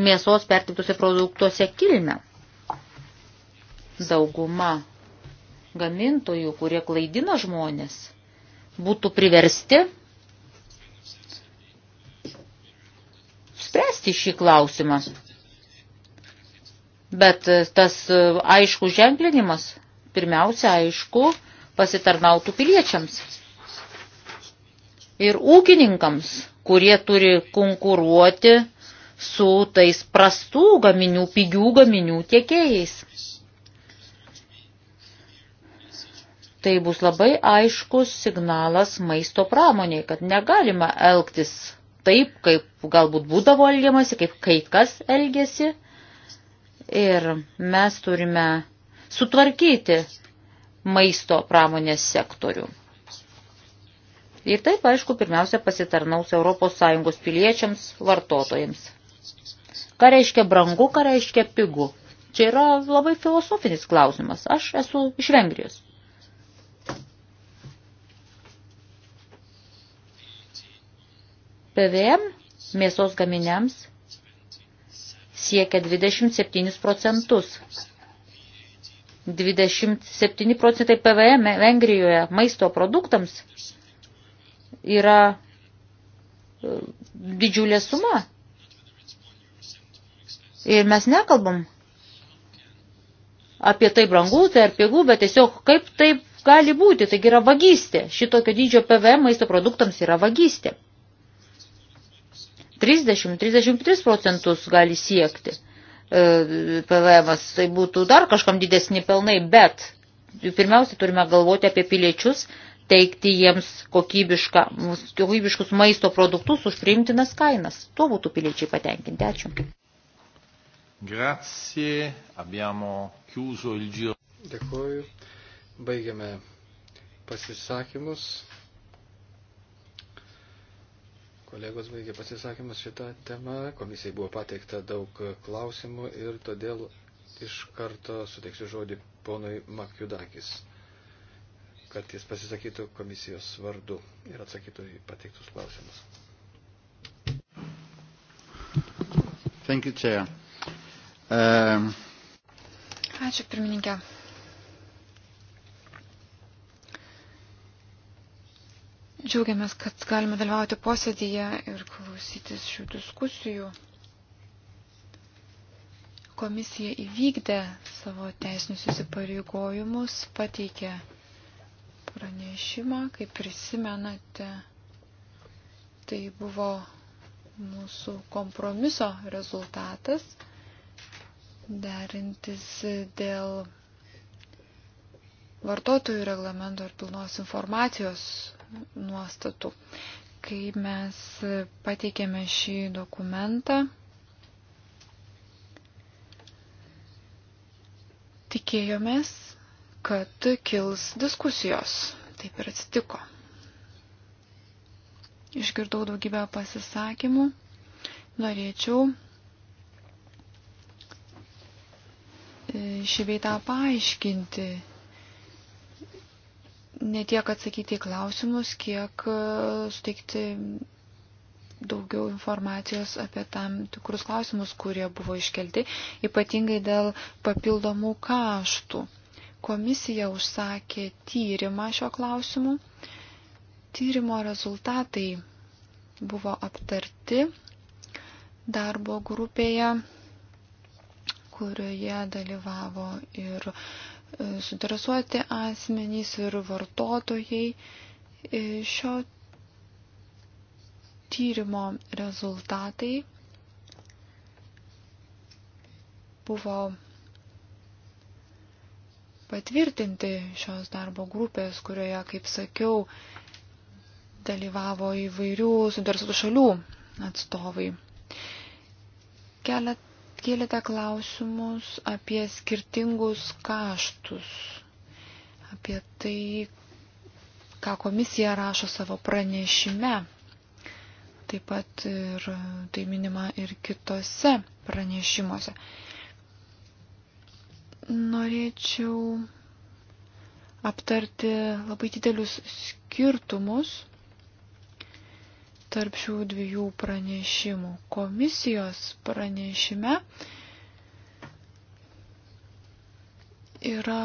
mėsos perdirbtose produktuose kilmę. Dauguma gamintojų, kurie klaidina žmonės, būtų priversti spręsti šį klausimą. Bet tas e, aišku ženklinimas, pirmiausia, aišku, pasitarnautų piliečiams ir ūkininkams, kurie turi konkuruoti su tais prastų gaminių, pigių gaminių tiekėjais. Tai bus labai aiškus signalas maisto pramoniai, kad negalima elgtis taip, kaip galbūt būdavo elgiamasi, kaip kai kas elgėsi. Ir mes turime sutvarkyti maisto pramonės sektorių. Ir taip, aišku, pirmiausia pasitarnaus ES piliečiams, vartotojams. Ką reiškia brangu, ką reiškia pigu? Čia yra labai filosofinis klausimas. Aš esu iš Vengrijos. PVM mėsos gaminiams siekia 27 procentus 27 procentai PVM Vengrijoje maisto produktams yra e, didžiulė suma. Ir mes nekalbam apie tai brangų, tai ar pigų, bet tiesiog kaip taip gali būti, taigi yra vagystė. Šitokio dydžio PVM maisto produktams yra vagystė. 30-33 procentus gali siekti. E, PVM, tai būtų dar kažkam didesni pelnai, bet pirmiausia turime galvoti apie piliečius, teikti jiems kokybiškus maisto produktus už priimtinas kainas. Tuo būtų piliečiai patenkinti. Ačiū. Grazie, abbiamo chiuso il giro. Dėkuoju. Baigiame pasisakymus. Kolegos baigė pasisakymus šitą temą. Komisijai buvo pateikta daug klausimų ir todėl iš karto suteiksiu žodį ponui Makjudakis, kad jis pasisakytų komisijos vardu ir atsakytų į pateiktus klausimus. Thank you, Chair. Um... Ačiū, pirmininkė. Džiaugiamės, kad galime dalyvauti posėdėje ir klausytis šių diskusijų. Komisija įvykdė savo teisinius įsipareigojimus, pateikė pranešimą, kaip prisimenate, tai buvo mūsų kompromiso rezultatas, derintis dėl vartotojų reglamento ir pilnos informacijos nuostatų. Kai mes pateikėme šį dokumentą, tikėjomės, kad kils diskusijos. Taip ir atsitiko. Išgirdau daugybę pasisakymų. Norėčiau e, šį veitą paaiškinti ne tiek atsakyti į klausimus, kiek e, suteikti daugiau informacijos apie tam tikrus klausimus, kurie buvo iškelti, ypatingai dėl papildomų kaštų. Komisija užsakė tyrimą šio klausimu. Tyrimo rezultatai buvo aptarti darbo grupėje, kurioje dalyvavo ir suinteresuoti asmenys ir vartotojai. Šio tyrimo rezultatai buvo patvirtinti šios darbo grupės, kurioje, kaip sakiau, dalyvavo įvairių suinteresuotų šalių atstovai. Kelet kėlėte klausimus apie skirtingus kaštus, apie tai, ką komisija rašo savo pranešime. Taip pat ir tai minima ir kitose pranešimuose. Norėčiau aptarti labai didelius skirtumus tarp šių dviejų pranešimų. Komisijos pranešime yra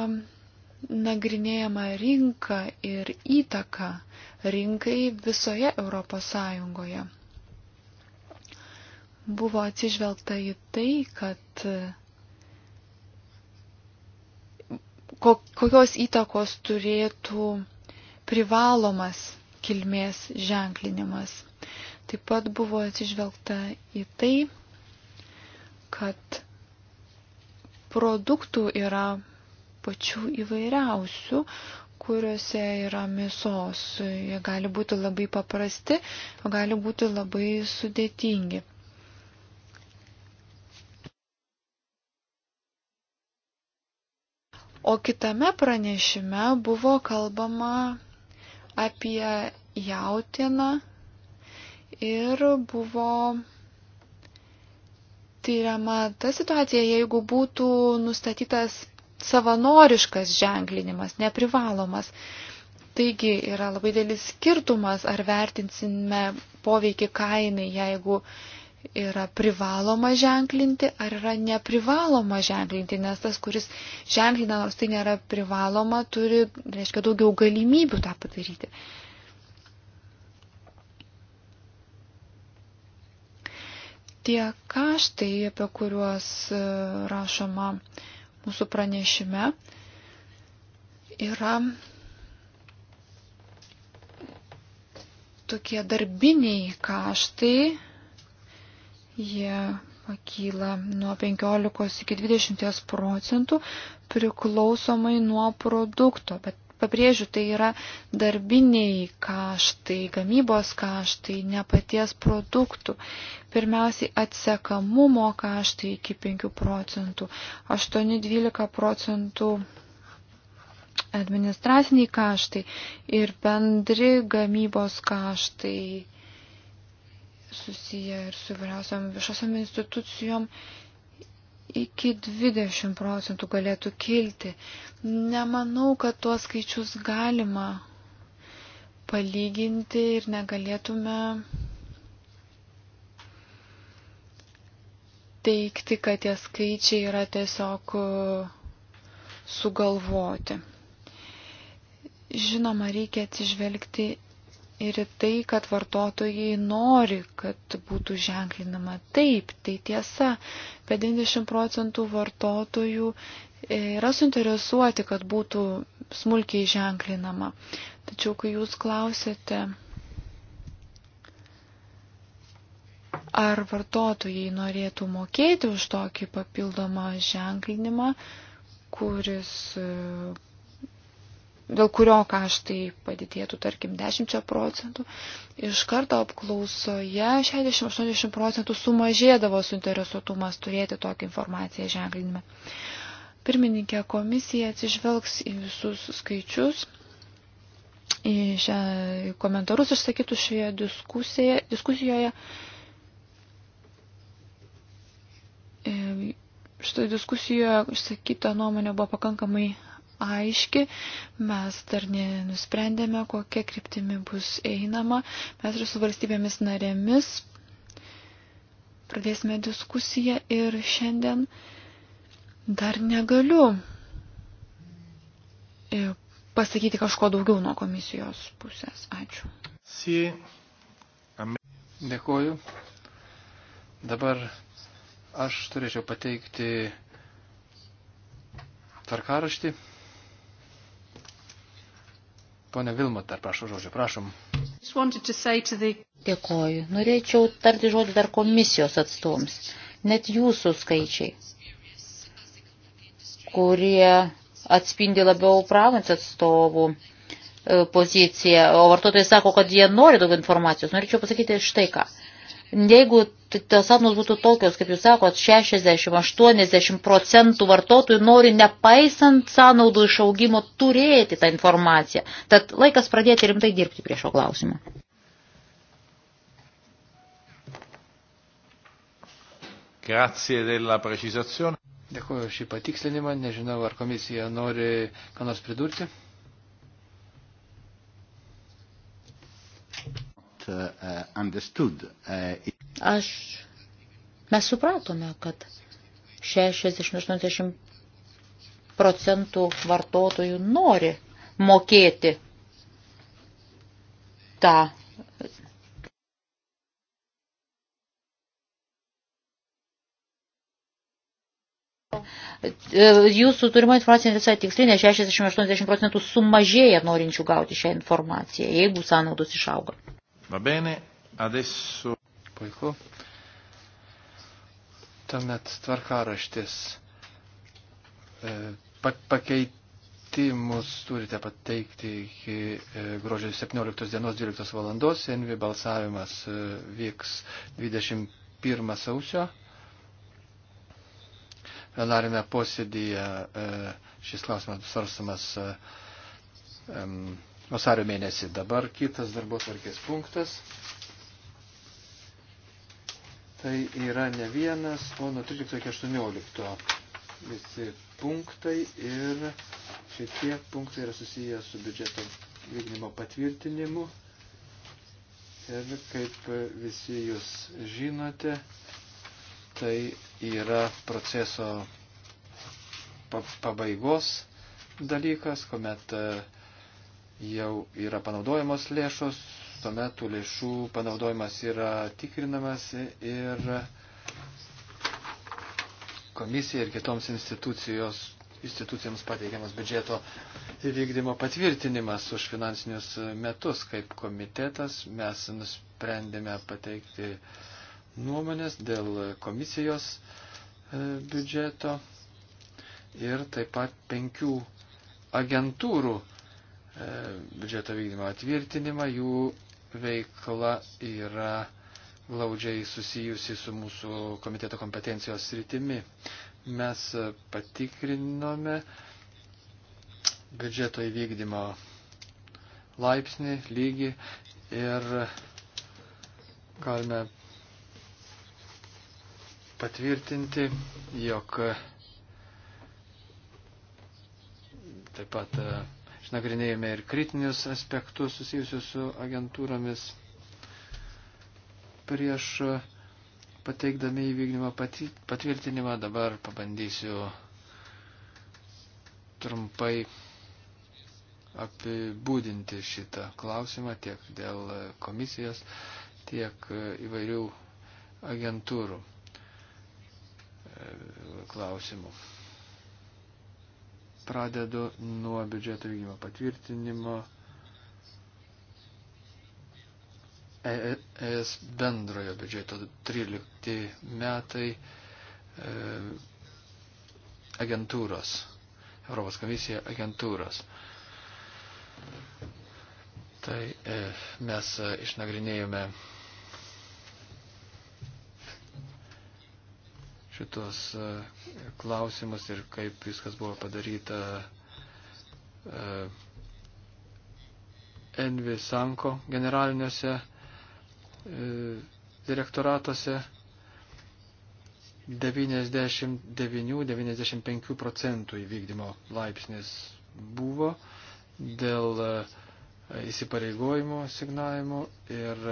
nagrinėjama rinka ir įtaka rinkai visoje Europos Sąjungoje. Buvo atsižvelgta į tai, kad kokios įtakos turėtų privalomas kilmės ženklinimas. Taip pat buvo atsižvelgta į tai, kad produktų yra pačių įvairiausių, kuriuose yra mėsos. Jie gali būti labai paprasti, o gali būti labai sudėtingi. O kitame pranešime buvo kalbama apie jautieną ir buvo tyriama ta situacija, jeigu būtų nustatytas savanoriškas ženklinimas, neprivalomas. Taigi yra labai dėlis skirtumas, ar vertinsime poveikį kainai, jeigu yra privaloma ženklinti, ar yra neprivaloma ženklinti, nes tas, kuris ženklina, nors tai nėra privaloma, turi, reiškia, daugiau galimybių tą padaryti. Tie kaštai, apie kuriuos e, rašoma mūsų pranešime, yra tokie darbiniai kaštai. Jie pakyla nuo 15 iki 20 procentų priklausomai nuo produkto, bet pabrėžiu, tai yra darbiniai kaštai, gamybos kaštai, ne paties produktų. Pirmiausiai atsekamumo kaštai iki 5 procentų, 8-12 procentų administraciniai kaštai ir bendri gamybos kaštai susiję ir su vyriausiam viešosiam institucijom iki 20 procentų galėtų kilti. Nemanau, kad tuos skaičius galima palyginti ir negalėtume teikti, kad tie skaičiai yra tiesiog sugalvoti. Žinoma, reikia atsižvelgti ir į tai, kad vartotojai nori, kad būtų ženklinama. Taip, tai tiesa, bet 90 procentų vartotojų e, yra suinteresuoti, kad būtų smulkiai ženklinama. Tačiau, kai jūs klausėte, ar vartotojai norėtų mokėti už tokį papildomą ženklinimą, kuris e, dėl kurio kaštai padidėtų, tarkim, 10 procentų, iš karto apklausoje 60-80 procentų sumažėdavo suinteresuotumas turėti tokią informaciją ženklinime. Pirmininkė komisija atsižvelgs į visus skaičius, į šią į komentarus išsakytų šioje diskusijoje. Šitoje diskusijoje išsakyta nuomonė buvo pakankamai aiški, mes dar nenusprendėme, kokia kryptimi bus einama, mes ir su valstybėmis narėmis pradėsime diskusiją ir šiandien dar negaliu e, pasakyti kažko daugiau nuo komisijos pusės. Ačiū. Dėkuoju. Dabar aš turėčiau pateikti tvarkaraštį. Pone Vilmot, dar prašau žodžio, prašom. Dėkoju. Norėčiau tarti žodį dar komisijos atstovams. Net jūsų skaičiai, kurie atspindi labiau pramonės atstovų e, poziciją, o vartotojai sako, kad jie nori daugiau informacijos. Norėčiau pasakyti štai ką. Jeigu tos apnos būtų tokios, kaip jūs sakot, 60-80 procentų vartotojų nori nepaisant sąnaudų išaugimo turėti tą informaciją. Tad laikas pradėti rimtai dirbti prie šio klausimo. Grazie della precisazione. Dėkuoju šį patikslinimą, nežinau, ar komisija nori ką nors pridurti. Uh, uh, understood. Uh, it... Aš, mes supratome, kad 60-80 procentų vartotojų nori mokėti tą. Jūsų turima informacija visai tikslinė, 60-80 procentų sumažėja norinčių gauti šią informaciją, jeigu sąnaudos išauga. Va bene, adesso. Puiku. Tuomet tvarkaraštis. E, pakeitimus turite pateikti iki e, gruodžio 17 dienos 12 valandos. Envi balsavimas e, vyks 21 sausio. Plenarime posėdėje šis klausimas bus svarstamas. Um, vasario mėnesį. Dabar kitas darbo tvarkės punktas. Tai yra ne vienas, o nuo 13 iki 18 visi punktai ir šitie punktai yra susiję su biudžeto vykdymo patvirtinimu. Ir kaip visi jūs žinote, tai yra proceso pabaigos dalykas, kuomet uh, jau yra panaudojamos lėšos, tuomet tų lėšų panaudojimas yra tikrinamas ir komisija ir kitoms institucijos institucijoms pateikiamas biudžeto įvykdymo patvirtinimas už finansinius metus. Kaip komitetas mes nusprendėme pateikti nuomonės dėl komisijos e, biudžeto ir taip pat penkių agentūrų E, biudžeto vykdymo atvirtinimą. Jų veikla yra glaudžiai susijusi su mūsų komiteto kompetencijos rytimi. Mes patikrinome biudžeto įvykdymo laipsnį, lygį ir galime patvirtinti, jog taip pat e, nagrinėjame ir kritinius aspektus susijusius su agentūromis. Prieš pateikdami įvykdymą patvirtinimą dabar pabandysiu trumpai apibūdinti šitą klausimą tiek dėl komisijos, tiek įvairių agentūrų e, klausimų. Pradedu nuo biudžeto vykdymo patvirtinimo. ES e bendrojo biudžeto 13 metai e, agentūros, Europos komisija agentūros. Tai e, mes e, išnagrinėjome šitos e, klausimus ir kaip viskas buvo padaryta e, Envi Sanko generaliniuose e, direktoratuose 99-95 procentų įvykdymo laipsnis buvo dėl įsipareigojimo signavimo ir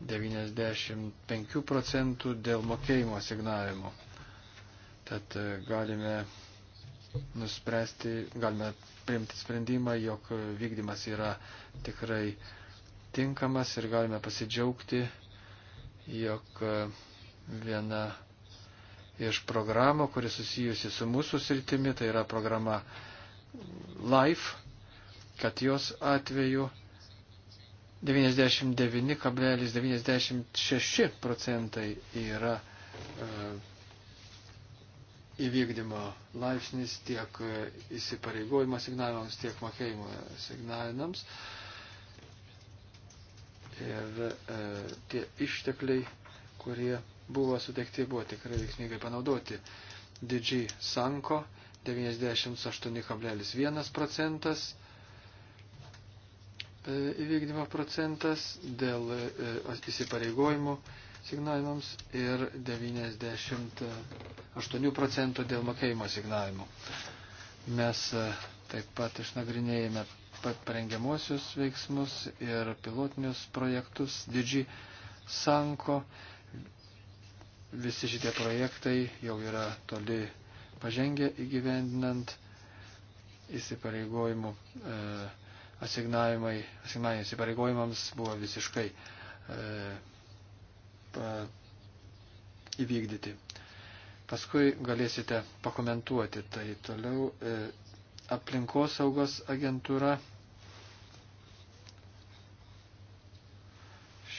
95 procentų dėl mokėjimo asignavimo. Tad e, galime nuspręsti, galime priimti sprendimą, jog vykdymas yra tikrai tinkamas ir galime pasidžiaugti, jog e, viena iš programų, kuri susijusi su mūsų sritimi, tai yra programa LIFE, kad jos atveju 99,96 procentai yra e, įvykdymo laipsnis tiek e, įsipareigojimo signalams, tiek mokėjimo signalams. Ir e, tie ištekliai, kurie buvo suteikti, buvo tikrai veiksmingai panaudoti. Didžiai Sanko 98,1 procentas, E, įvykdymo procentas, dėl e, įsipareigojimų signavimams ir 98 procentų dėl mokėjimo signavimų. Mes e, taip pat išnagrinėjame parengiamuosius veiksmus ir pilotinius projektus Didži Sanko. Visi šitie projektai jau yra toli pažengę įgyvendinant įsipareigojimų e, asignavimai, asignavimai įsipareigojimams buvo visiškai e, pa, įvykdyti. Paskui galėsite pakomentuoti. Tai toliau e, aplinkosaugos agentūra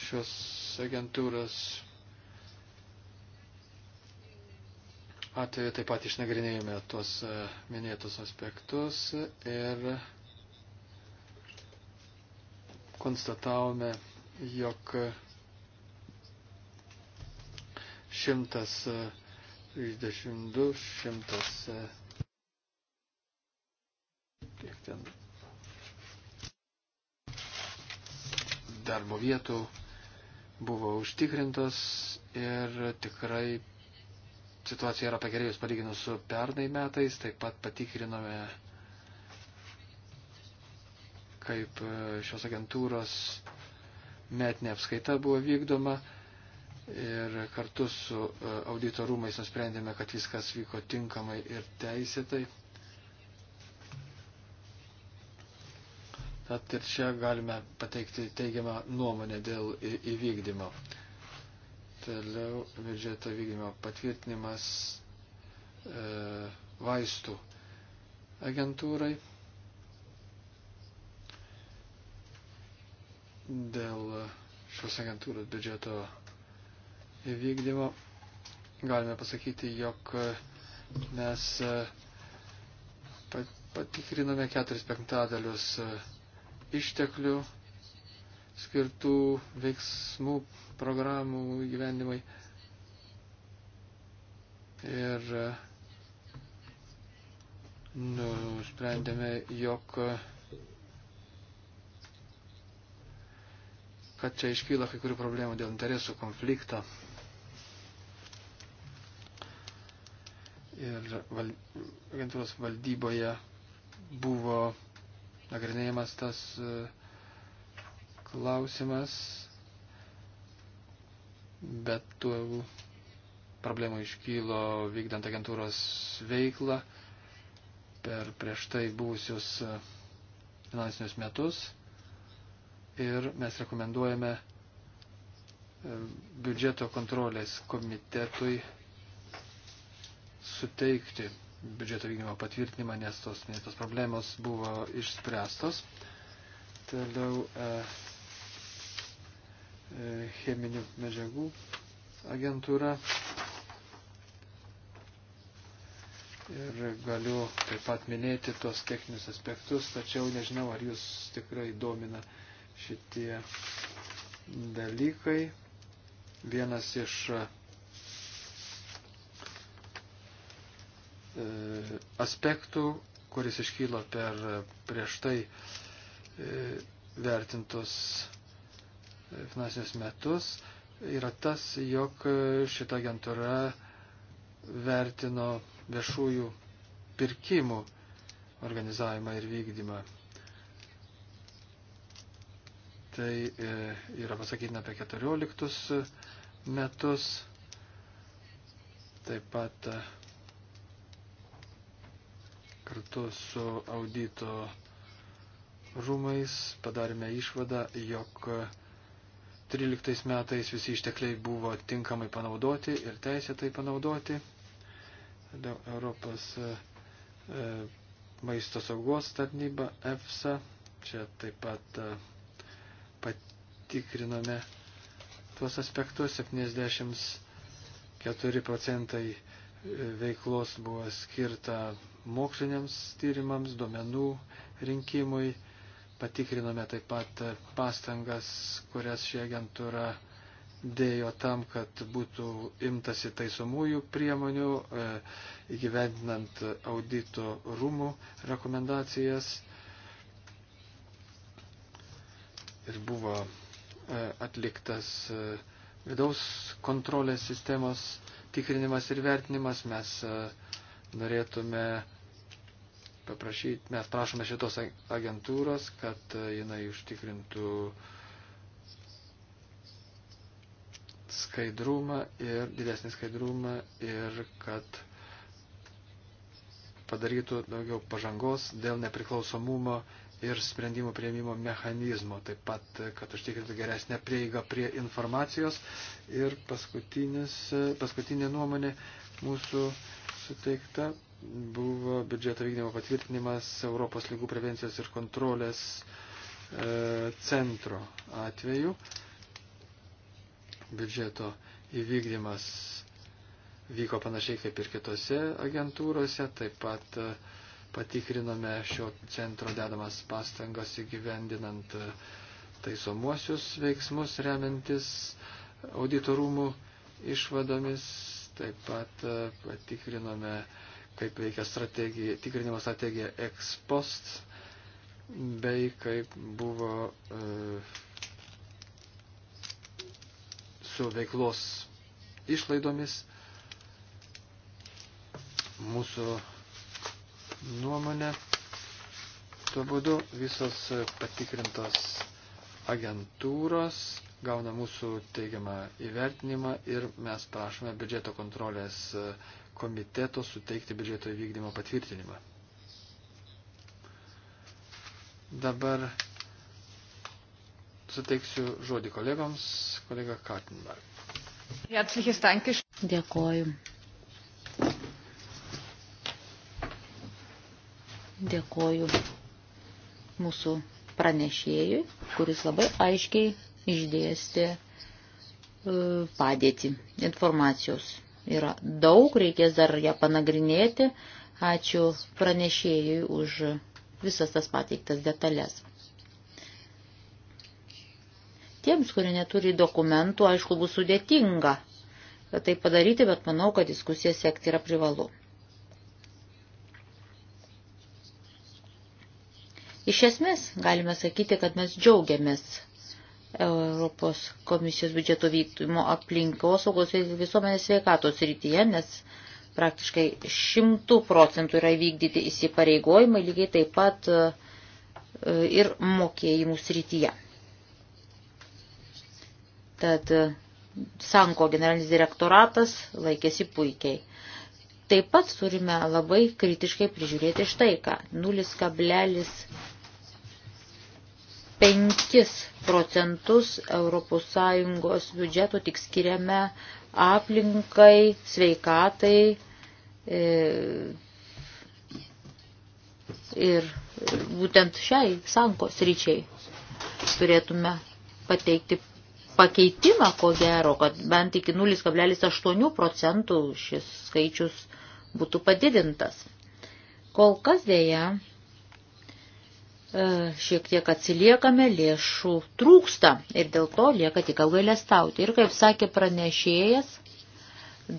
šios agentūros atveju taip pat išnagrinėjome tuos e, minėtus aspektus ir konstatavome, jog 132, 100, e, e, kiek ten darbo vietų buvo užtikrintos ir tikrai situacija yra pagerėjus palyginus su pernai metais, taip pat patikrinome kaip e, šios agentūros metinė apskaita buvo vykdoma ir kartu su e, auditorumais nusprendėme, kad viskas vyko tinkamai ir teisėtai. Tad ir čia galime pateikti teigiamą nuomonę dėl įvykdymo. Toliau biudžeto vykdymo patvirtinimas e, vaistų agentūrai. dėl šios agentūros biudžeto įvykdymo galime pasakyti, jog mes e, patikrinome keturis penktadalius e, išteklių skirtų veiksmų programų gyvenimai. Ir e, nusprendėme, jog kad čia iškyla kai kurių problemų dėl interesų konflikto. Ir val, agentūros valdyboje buvo nagrinėjamas tas e, klausimas, bet tų problemų iškylo vykdant agentūros veiklą per prieš tai buvusius e, finansinius metus ir mes rekomenduojame e, biudžeto kontrolės komitetui suteikti biudžeto vykdymo patvirtinimą, nes tos, nes tos problemos buvo išspręstos. Toliau e, e, cheminių medžiagų agentūra. Ir galiu taip pat minėti tos techninius aspektus, tačiau nežinau, ar jūs tikrai domina e, šitie dalykai. Vienas iš e, aspektų, kuris iškyla per e, prieš tai e, vertintus finansinius metus, yra tas, jog šita agentūra vertino viešųjų pirkimų organizavimą ir vykdymą tai e, yra pasakytina apie 14 e, metus. Taip pat e, kartu su audito rūmais padarėme išvadą, jog 13 metais visi ištekliai buvo tinkamai panaudoti ir teisėtai panaudoti. Europos maisto saugos tarnyba EFSA čia taip pat tikrinome tuos aspektus, 74 procentai e, veiklos buvo skirta moksliniams tyrimams, duomenų rinkimui. Patikrinome taip pat pastangas, kurias ši agentūra dėjo tam, kad būtų imtasi taisomųjų priemonių, e, įgyvendinant audito rūmų rekomendacijas. Ir buvo E, atliktas e, vidaus kontrolės sistemos tikrinimas ir vertinimas. Mes e, norėtume paprašyti, mes prašome šitos agentūros, kad jinai užtikrintų skaidrumą ir didesnį skaidrumą ir kad padarytų daugiau pažangos dėl nepriklausomumo ir sprendimų prieimimo mechanizmo, taip pat, kad užtikrintų geresnę prieigą prie informacijos. Ir paskutinė nuomonė mūsų suteikta buvo biudžeto vykdymo patvirtinimas Europos lygų prevencijos ir kontrolės e, centro atveju. Biudžeto įvykdymas vyko panašiai kaip ir kitose agentūrose, taip pat e, patikrinome šio centro dedamas pastangas įgyvendinant e, taisomuosius veiksmus remiantis auditorumų išvadomis. Taip pat e, patikrinome, kaip veikia strategija, tikrinimo strategija ex post bei kaip buvo e, su veiklos išlaidomis mūsų nuomonę. Tuo būdu visos patikrintos agentūros gauna mūsų teigiamą įvertinimą ir mes prašome biudžeto kontrolės komiteto suteikti biudžeto įvykdymo patvirtinimą. Dabar suteiksiu žodį kolegoms, kolega Kartenberg. Dėkoju. Dėkoju mūsų pranešėjui, kuris labai aiškiai išdėstė e, padėtį. Informacijos yra daug, reikės dar ją panagrinėti. Ačiū pranešėjui už visas tas pateiktas detalės. Tiems, kurie neturi dokumentų, aišku, bus sudėtinga tai padaryti, bet manau, kad diskusiją sekti yra privalu. Iš esmės galime sakyti, kad mes džiaugiamės Europos komisijos biudžeto vykdymo aplinkosaugos ir visuomenės sveikatos rytyje, nes praktiškai šimtų procentų yra vykdyti įsipareigojimai lygiai taip pat e, ir mokėjimų srityje. Tad e, Sanko generalinis direktoratas laikėsi puikiai. Taip pat turime labai kritiškai prižiūrėti štai ką. 0,5 5 procentus ES biudžeto tik skiriame aplinkai, sveikatai e, ir būtent šiai sankos ryčiai turėtume pateikti pakeitimą, ko gero, kad bent iki 0,8 procentų šis skaičius būtų padidintas. Kol kas dėja E, šiek tiek atsiliekame, lėšų trūksta ir dėl to lieka tik apgailestauti. Ir kaip sakė pranešėjas,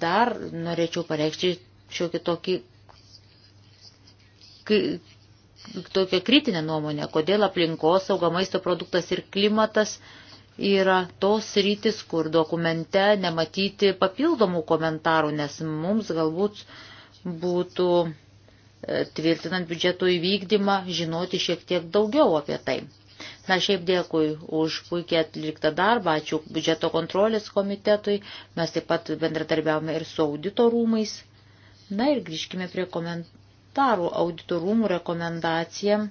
dar norėčiau pareikšti šiokį tokį tokią kritinę nuomonę, kodėl aplinkos sauga maisto produktas ir klimatas yra tos rytis, kur dokumente nematyti papildomų komentarų, nes mums galbūt būtų E, tvirtinant biudžeto įvykdymą, žinoti šiek tiek daugiau apie tai. Na šiaip dėkui už puikiai atliktą darbą, ačiū biudžeto kontrolės komitetui, mes taip pat bendradarbiavome ir su audito rūmais. Na ir grįžkime prie komentarų audito rūmų rekomendacija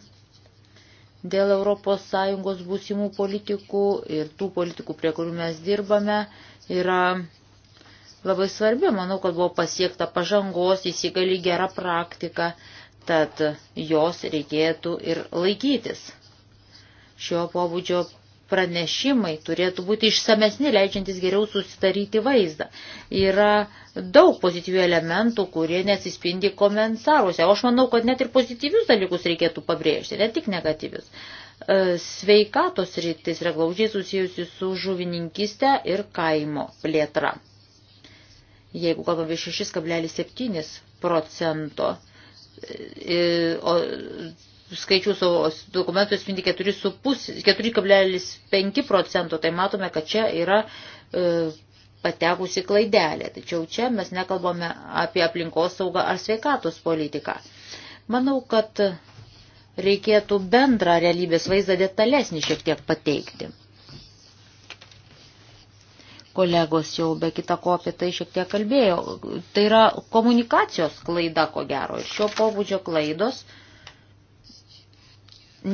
dėl ES būsimų politikų ir tų politikų, prie kurių mes dirbame, yra labai svarbi. Manau, kad buvo pasiekta pažangos, įsigali gera praktika, tad jos reikėtų ir laikytis. Šio pobūdžio pranešimai turėtų būti išsamesni, leidžiantis geriau susidaryti vaizdą. Yra daug pozityvių elementų, kurie nesispindi komentaruose. O aš manau, kad net ir pozityvius dalykus reikėtų pabrėžti, ne tik negatyvius. E, sveikatos rytis yra glaudžiai susijusi su žuvininkiste ir kaimo plėtra jeigu kalbame 6,7 procento, e, o skaičius dokumentų atspindi 4,5 procento, tai matome, kad čia yra e, patekusi klaidelė. Tačiau čia mes nekalbame apie aplinkos saugą ar sveikatos politiką. Manau, kad reikėtų bendrą realybės vaizdą detalesnį šiek tiek pateikti. Kolegos jau be kita ko apie tai šiek tiek kalbėjo. Tai yra komunikacijos klaida, ko gero. Ir šio pobūdžio klaidos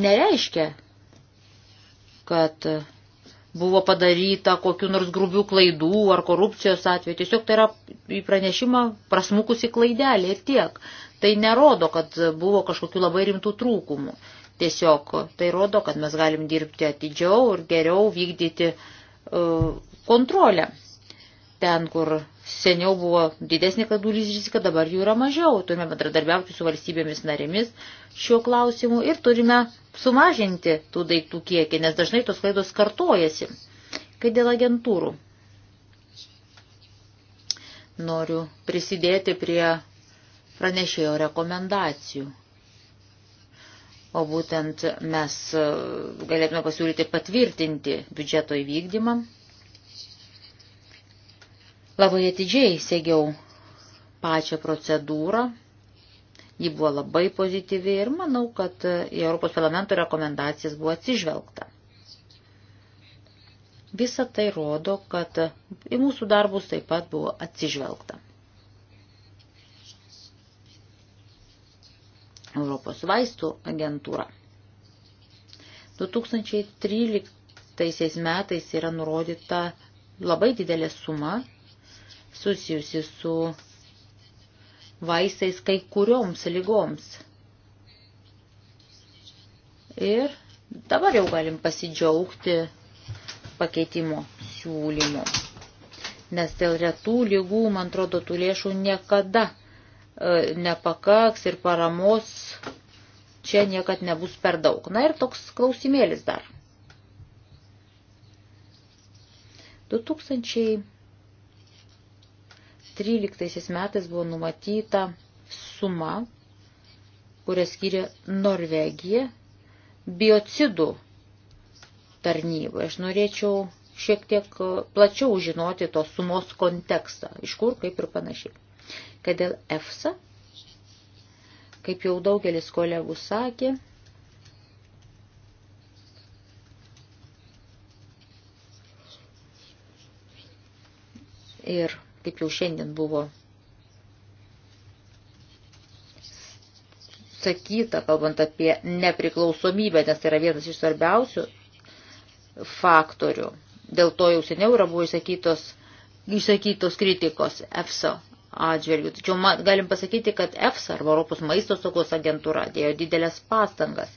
nereiškia, kad buvo padaryta kokiu nors grubių klaidų ar korupcijos atveju. Tiesiog tai yra į pranešimą prasmukusi klaidelė ir tiek. Tai nerodo, kad buvo kažkokiu labai rimtų trūkumų. Tiesiog tai rodo, kad mes galim dirbti atidžiau ir geriau vykdyti uh, kontrolę. Ten, kur seniau buvo didesnė kadulys rizika, dabar jų yra mažiau. Turime bendradarbiauti su valstybėmis narėmis šiuo klausimu ir turime sumažinti tų daiktų kiekį, nes dažnai tos klaidos kartojasi. Kai dėl agentūrų noriu prisidėti prie pranešėjo rekomendacijų. O būtent mes galėtume pasiūlyti patvirtinti biudžeto įvykdymą Labai atidžiai sėgiau pačią procedūrą. Ji buvo labai pozityvi ir manau, kad į Europos parlamento rekomendacijas buvo atsižvelgta. Visa tai rodo, kad į mūsų darbus taip pat buvo atsižvelgta. Europos vaistų agentūra. 2013 metais yra nurodyta labai didelė suma susijusi su vaistais kai kurioms lygoms. Ir dabar jau galim pasidžiaugti pakeitimo siūlymu. Nes dėl retų lygų, man atrodo, tų lėšų niekada e, nepakaks ir paramos čia niekad nebus per daug. Na ir toks klausimėlis dar. 2000 2013 metais buvo numatyta suma, kurią skiria Norvegija biocidų tarnybai. Aš norėčiau šiek tiek e, plačiau žinoti tos sumos kontekstą, iš kur, kaip ir panašiai. Kad dėl EFSA, kaip jau daugelis kolegų sakė, ir kaip jau šiandien buvo sakyta, kalbant apie nepriklausomybę, nes tai yra vienas iš svarbiausių faktorių. Dėl to jau seniau yra buvo išsakytos, išsakytos kritikos EFSA atžvilgių. Tačiau man, galim pasakyti, kad EFSA arba Europos maisto saugos agentūra dėjo didelės pastangas.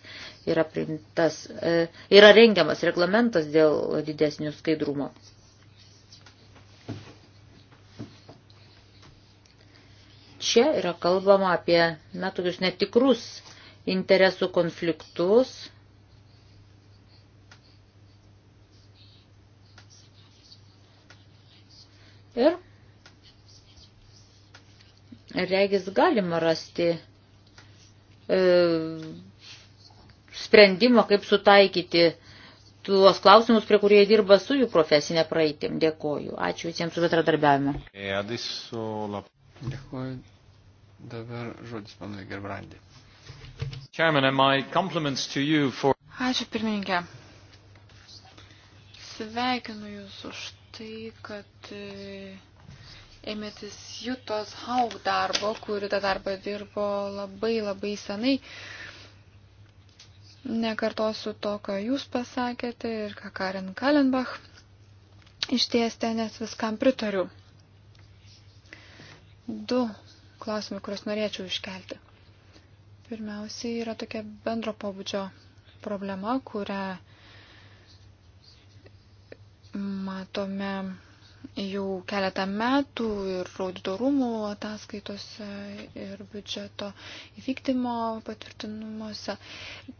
Yra, primtas, e, yra rengiamas reglamentas dėl didesnių skaidrumo. Čia yra kalbama apie, na, tokius netikrus interesų konfliktus. Ir regis galima rasti e, sprendimą, kaip sutaikyti tuos klausimus, prie kurie dirba su jų profesinė praeitim. Dėkoju. Ačiū visiems už bendradarbiavimą. E Dėkuoju. Dabar žodis panui Gerbrandi. Chairman, and my compliments to you for... Ačiū pirmininkė. Sveikinu Jūs už tai, kad e, ėmėtis Jutos Haug darbo, kuri tą darbą dirbo labai labai senai. Nekartosiu to, ką Jūs pasakėte ir ką Karen Kalenbach išdėstė, nes viskam pritariu du klausimai, kuriuos norėčiau iškelti. Pirmiausiai yra tokia bendro pobūdžio problema, kurią matome jau keletą metų ir auditorumų ataskaitose ir biudžeto įvykdymo patvirtinimuose,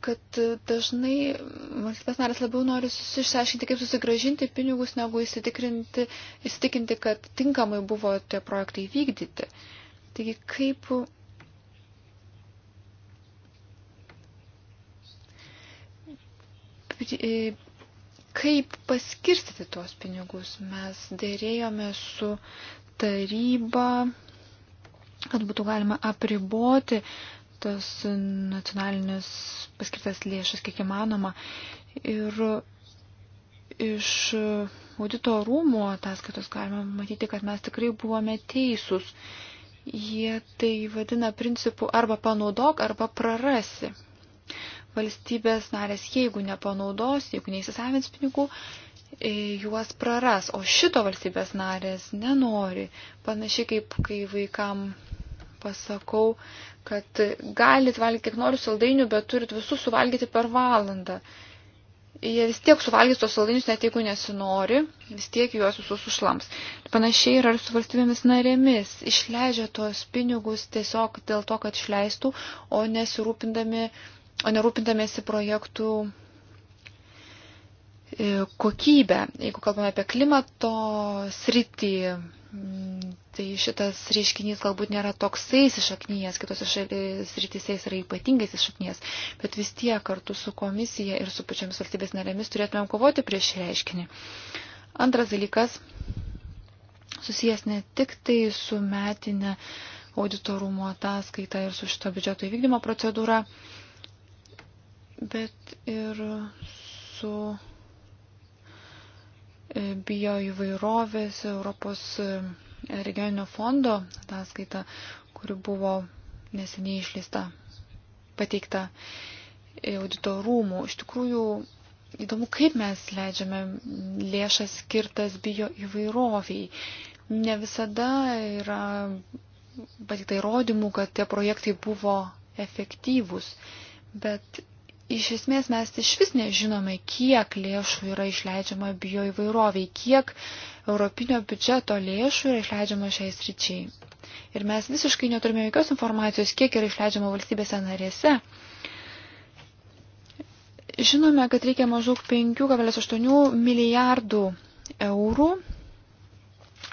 kad dažnai valstybės narės labiau nori išsiaiškinti, kaip susigražinti pinigus, negu įsitikinti, įsitikinti, kad tinkamai buvo tie projektai vykdyti. Taigi kaip kaip paskirstyti tuos pinigus. Mes dėrėjome su taryba, kad būtų galima apriboti tas nacionalinis paskirtas lėšas kiek įmanoma. Ir iš audito rūmų ataskaitos galima matyti, kad mes tikrai buvome teisūs. Jie tai vadina principu arba panaudok, arba prarasi valstybės narės, jeigu nepanaudos, jeigu neįsisavins pinigų, e, juos praras, o šito valstybės narės nenori. Panašiai kaip kai vaikam pasakau, kad galit valgyti kiek nori saldainių, bet turit visus suvalgyti per valandą. Jie vis tiek suvalgys tos saldainius, net jeigu nesinori, vis tiek juos visus užlams. Panašiai yra ir su valstybėmis narėmis. Išleidžia tuos pinigus tiesiog dėl to, kad išleistų, o nesirūpindami uh, o nerūpindamėsi projektų e, kokybę. Jeigu kalbame apie klimato sritį, tai šitas reiškinys galbūt nėra toksai išaknyjas, kitose srityse jis yra ypatingai išaknyjas, bet vis tiek kartu su komisija ir su pačiamis valstybės narėmis turėtumėm kovoti prieš šį reiškinį. Antras dalykas susijęs ne tik tai su metinė auditorumo ataskaita ir su šito biudžeto įvykdymo procedūra, bet ir su e, bio įvairovės Europos e, regioninio fondo ataskaita, kuri buvo neseniai išleista, pateikta auditorumų. Iš tikrųjų, įdomu, kaip mes leidžiame lėšas skirtas bio įvairoviai. Ne visada yra patikta įrodymų, kad tie projektai buvo efektyvūs, bet iš esmės mes iš vis nežinome, kiek lėšų yra išleidžiama bioįvairoviai, kiek europinio biudžeto lėšų yra išleidžiama šiai sričiai. Ir mes visiškai neturime jokios informacijos, kiek yra išleidžiama valstybėse narėse. Žinome, kad reikia maždaug 5,8 milijardų eurų.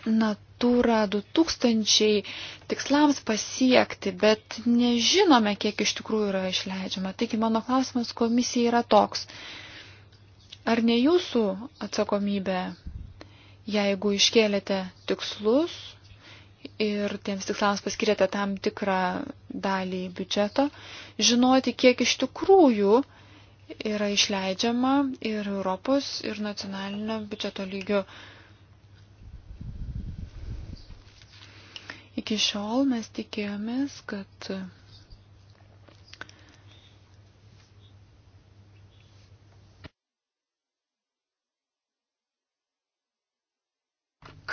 Na, Natūra 2000 tikslams pasiekti, bet nežinome, kiek iš tikrųjų yra išleidžiama. Taigi mano klausimas komisijai yra toks. Ar ne jūsų atsakomybė, jeigu iškėlėte tikslus ir tiems tikslams paskirėte tam tikrą dalį biudžeto, žinoti, kiek iš tikrųjų yra išleidžiama ir Europos, ir nacionalinio biudžeto lygio Iki šiol mes tikėjomės, kad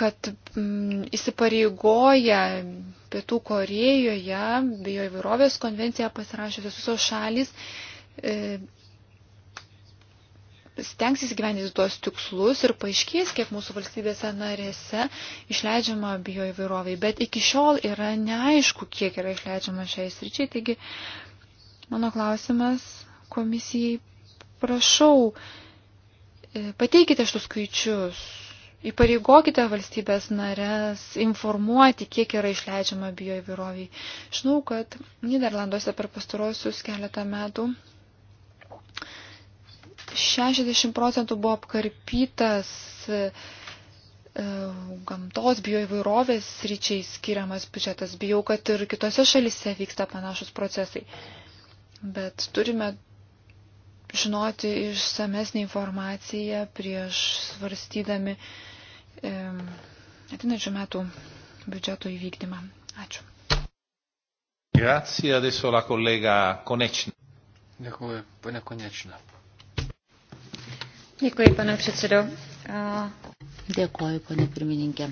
kad mm, įsipareigoja Pietų Korejoje bioįvairovės konvenciją pasirašęs visos šalis e, stengsis gyventi tuos tikslus ir paaiškės, kiek mūsų valstybėse narėse išleidžiama bioįvairoviai. Bet iki šiol yra neaišku, kiek yra išleidžiama šiai sričiai. Taigi, mano klausimas komisijai, prašau, e, pateikite šitus skaičius. Įpareigokite valstybės narės informuoti, kiek yra išleidžiama bioįvairoviai. Žinau, kad Niderlanduose per pastarosius keletą metų 60 procentų buvo apkarpytas e, gamtos bioįvairovės ryčiai skiriamas biudžetas. Bijau, kad ir kitose šalise vyksta panašus procesai. Bet turime žinoti išsamesnį informaciją prieš svarstydami e, atinačių metų biudžeto įvykdymą. Ačiū. Grazie, adesso la collega Konečina. Dėkuoju, ponia Konečina. Dėkui, pane předsedo. Dėkoju, pane pirmininkė.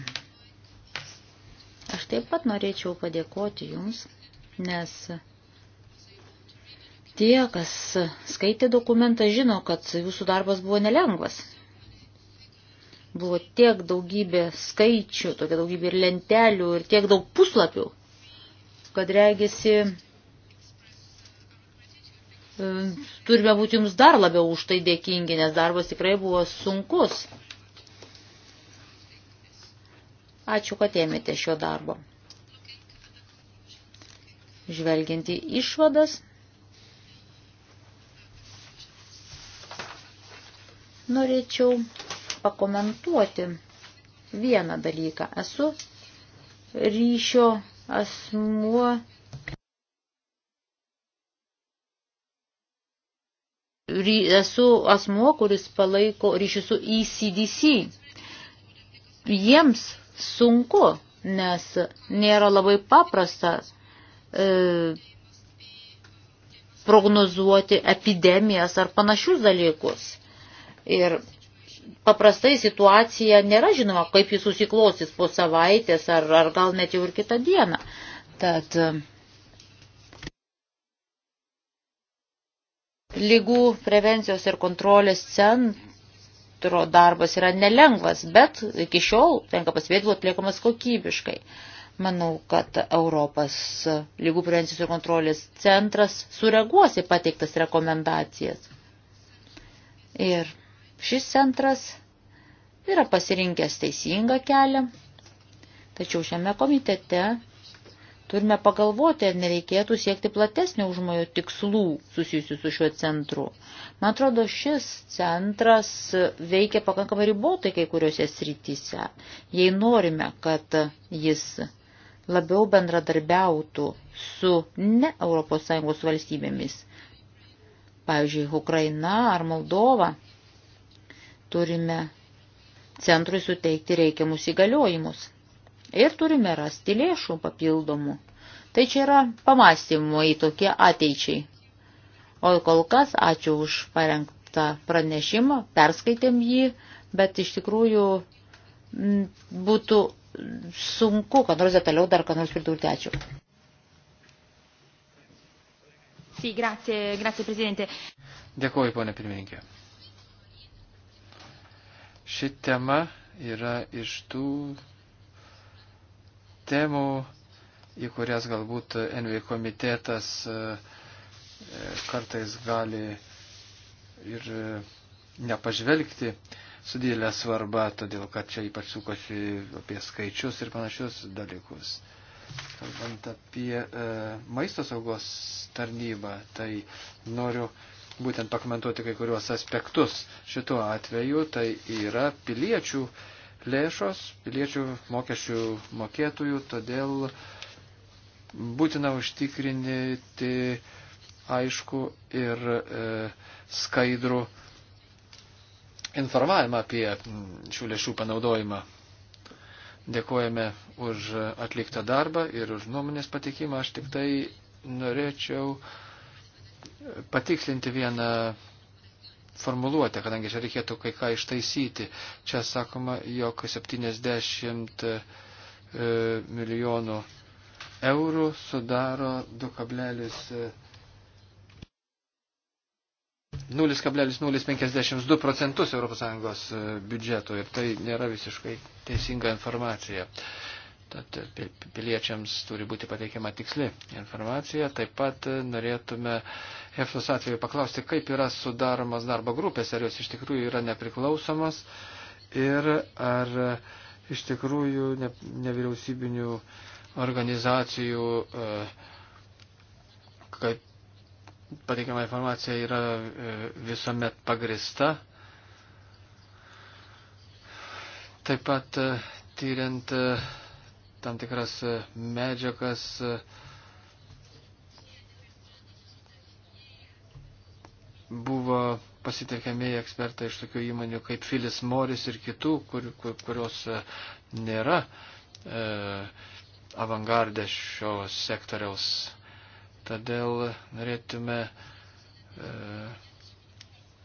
Aš taip pat norėčiau padėkoti Jums, nes tie, kas skaitė dokumentą, žino, kad Jūsų darbas buvo nelengvas. Buvo tiek daugybė skaičių, tokia daugybė ir lentelių, ir tiek daug puslapių, kad regisi turime būti jums dar labiau už tai dėkingi, nes darbas tikrai buvo sunkus. Ačiū, kad ėmėte šio darbo. Žvelgianti išvadas. Norėčiau pakomentuoti vieną dalyką. Esu ryšio asmuo esu asmuo, kuris palaiko ryšį su ECDC. Jiems sunku, nes nėra labai paprasta e, prognozuoti epidemijas ar panašius dalykus. Ir paprastai situacija nėra žinoma, kaip jis susiklostys po savaitės ar, ar gal net jau ir kitą dieną. Tad Lygų prevencijos ir kontrolės centro darbas yra nelengvas, bet iki šiol tenka pasvėti atliekamas kokybiškai. Manau, kad Europos lygų prevencijos ir kontrolės centras sureaguos į pateiktas rekomendacijas. Ir šis centras yra pasirinkęs teisingą kelią, tačiau šiame komitete Turime pagalvoti, ar nereikėtų siekti platesnio užmojo tikslų susijusių su šiuo centru. Man atrodo, šis centras veikia pakankamai ribotai kai kuriuose srityse. Jei norime, kad jis labiau bendradarbiautų su ne ES valstybėmis, pavyzdžiui, Ukraina ar Moldova, turime centrui suteikti reikiamus įgaliojimus ir turime rasti lėšų papildomų. Tai čia yra pamastymai tokie ateičiai. O kol kas ačiū už parengtą pranešimą, perskaitėm jį, bet iš tikrųjų m, būtų sunku, kad nors detaliau dar ką nors pridurti. Ačiū. Sì, grazie, grazie Presidente. Dėkuoju, ponė pirmininkė. Ši tema yra iš tų temų, į kurias galbūt NV komitetas e, e, kartais gali ir e, nepažvelgti su didelė svarba, todėl kad čia ypač sukosi apie skaičius ir panašius dalykus. Kalbant apie e, maisto saugos tarnybą, tai noriu būtent pakomentuoti kai kuriuos aspektus. Šituo atveju tai yra piliečių e, lėšos piliečių mokesčių mokėtojų, todėl būtina užtikrinti aišku ir e, skaidrų informavimą apie šių lėšų panaudojimą. Dėkojame už atliktą darbą ir už nuomonės patikimą. Aš tik tai norėčiau patikslinti vieną formuluotę, kadangi čia reikėtų kai ką ištaisyti. Čia sakoma, jog 70 e, milijonų eurų sudaro 0,052 e, procentus ES e, biudžeto ir tai nėra visiškai teisinga informacija. Tad e, piliečiams turi būti pateikiama tiksli informacija. Taip pat e, norėtume EFSOS atveju paklausti, kaip yra sudaromas darbo grupės, ar jos iš tikrųjų yra nepriklausomas ir ar e, iš tikrųjų ne, nevyriausybinių organizacijų, kaip pateikiama informacija yra visuomet pagrista. Taip pat tyriant tam tikras e, medžiagas. E, buvo pasitelkiami ekspertai iš tokių įmonių kaip Filis Moris ir kitų, kur, kur, kurios e, nėra e, avangardė šio sektoriaus. Todėl norėtume e,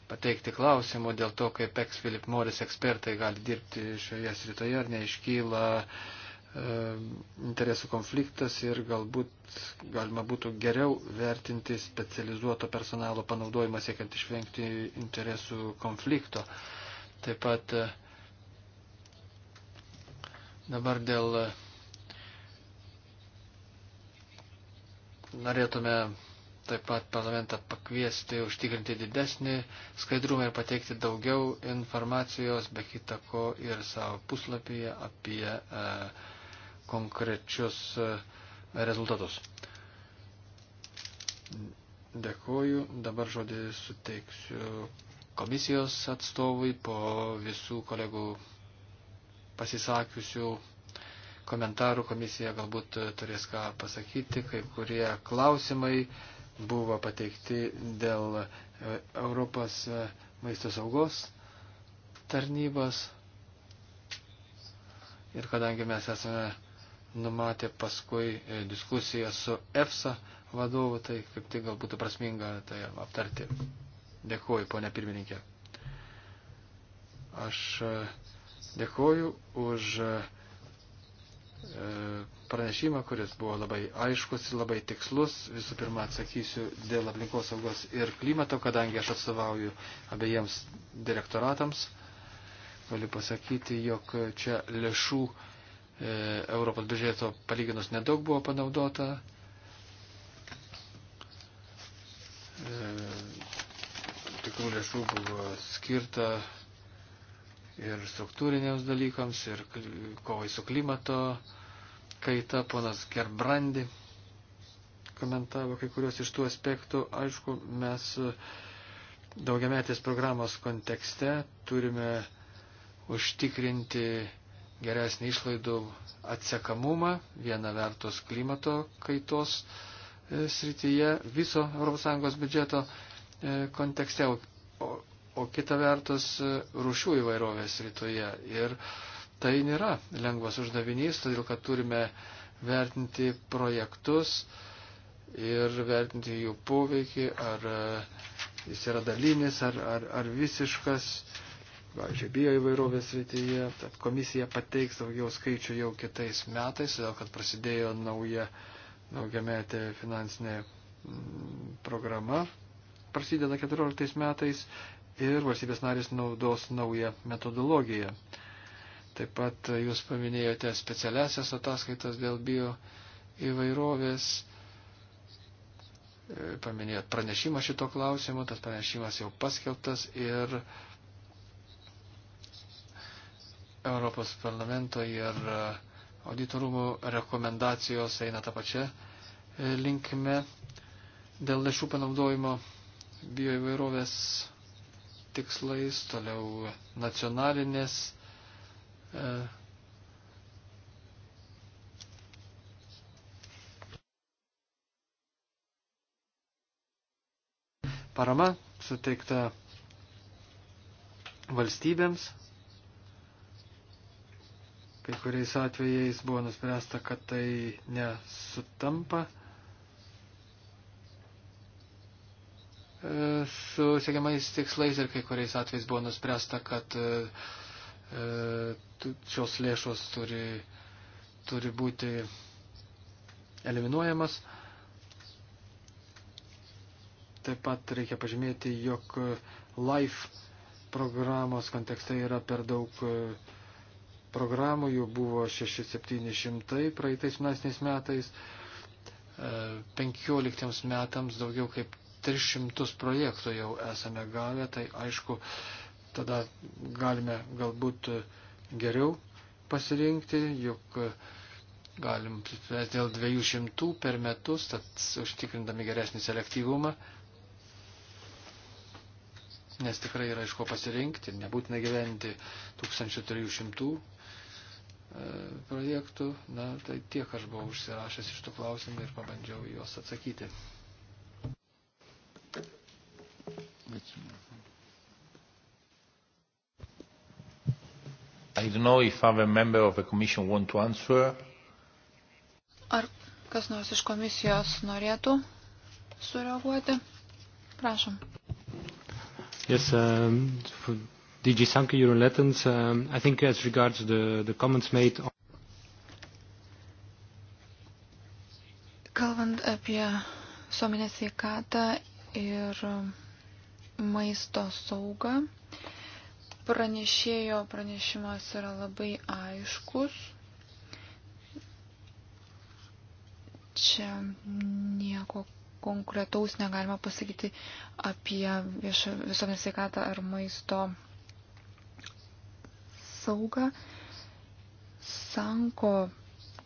pateikti klausimų dėl to, kaip ex Philip Morris ekspertai gali dirbti šioje srityje, ar neiškyla e, E, interesų konfliktas ir galbūt galima būtų geriau vertinti specializuoto personalo panaudojimą siekiant išvengti interesų konflikto. Taip pat e, dabar dėl e, norėtume taip pat parlamentą pakviesti užtikrinti didesnį skaidrumą ir pateikti daugiau informacijos, be kitako ir savo puslapyje apie uh, konkrečius e, rezultatus. Dėkuoju. Dabar žodį suteiksiu komisijos atstovui po visų kolegų pasisakiusių komentarų. Komisija galbūt turės ką pasakyti. Kai kurie klausimai buvo pateikti dėl e, Europos e, maisto saugos tarnybos. Ir kadangi mes esame numatė paskui e, diskusiją su EFSA vadovu, tai kaip tik gal būtų prasminga tai aptarti. Dėkuoju, ponė pirmininkė. Aš e, dėkuoju už e, pranešimą, kuris buvo labai aiškus ir labai tikslus. Visų pirma, atsakysiu dėl aplinkosaugos ir klimato, kadangi aš atstovauju abiejams direktoratams. Galiu pasakyti, jog čia lėšų E, Europos biudžeto palyginus nedaug buvo panaudota. E, tikrų lėšų buvo skirta ir struktūriniams dalykams, ir kovai su klimato kaita. Ponas Gerbrandi komentavo kai kurios iš tų aspektų. Aišku, mes daugiametės programos kontekste turime užtikrinti geresnį išlaidų atsekamumą, viena vertus klimato kaitos e, srityje viso ES biudžeto e, kontekste, o, o kita vertus e, rušių įvairovės srityje. Ir tai nėra lengvas uždavinys, todėl kad turime vertinti projektus ir vertinti jų poveikį, ar jis yra dalinis, ar, ar, ar visiškas pavyzdžiui, bio įvairovės srityje. Tad komisija pateiks daugiau skaičių jau kitais metais, todėl kad prasidėjo nauja daugiametė finansinė mm, programa. Prasideda 14 metais ir valstybės narės naudos naują metodologiją. Taip pat jūs paminėjote specialiasias ataskaitas dėl bio įvairovės e, paminėjot pranešimą šito klausimo, tas pranešimas jau paskelbtas ir Europos parlamento ir e, auditorumų rekomendacijos eina tą pačią e, linkme dėl lėšų panaudojimo bioįvairovės tikslais, toliau nacionalinės e, parama suteikta valstybėms. Kai kuriais atvejais buvo nuspręsta, kad tai nesutampa e, su siekiamais tikslais ir kai kuriais atvejais buvo nuspręsta, kad e, e, šios lėšos turi, turi būti eliminuojamas. Taip pat reikia pažymėti, jog LIFE programos kontekste yra per daug programų, jų buvo 6-700 praeitais finansiniais metais, 15 e, metams daugiau kaip 300 projektų jau esame gavę, tai aišku, tada galime galbūt geriau pasirinkti, juk galim dėl 200 per metus, tad užtikrindami geresnį selektyvumą, nes tikrai yra iš ko pasirinkti, nebūtina gyventi 1300 projektų. Na, tai tiek aš buvau užsirašęs iš tų klausimų ir pabandžiau juos atsakyti. I don't know if other member of the commission want to answer. Ar kas nors iš komisijos norėtų sureaguoti? Prašom. Yes, um, DG Sanke Eurolettens, um, I think as regards the, the comments made on Kalbant apie suomenės sveikatą ir um, maisto saugą, pranešėjo pranešimas yra labai aiškus. Čia nieko konkretaus negalima pasakyti apie visuomenės sveikatą ar maisto saugą saugą. Sanko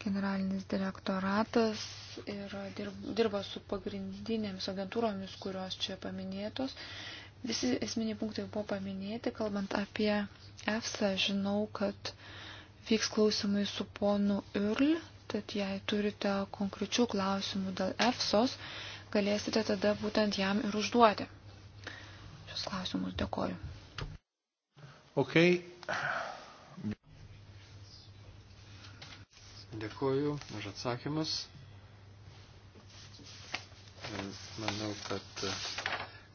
generalinis direktoratas ir dirba su pagrindinėmis agentūromis, kurios čia paminėtos. Visi esminiai punktai buvo paminėti, kalbant apie EFSA, žinau, kad vyks klausimai su ponu Url, tad jei turite konkrečių klausimų dėl EFSOS, galėsite tada būtent jam ir užduoti. Šios klausimus dėkoju. Okay. Dėkuoju už atsakymus. Manau, kad e,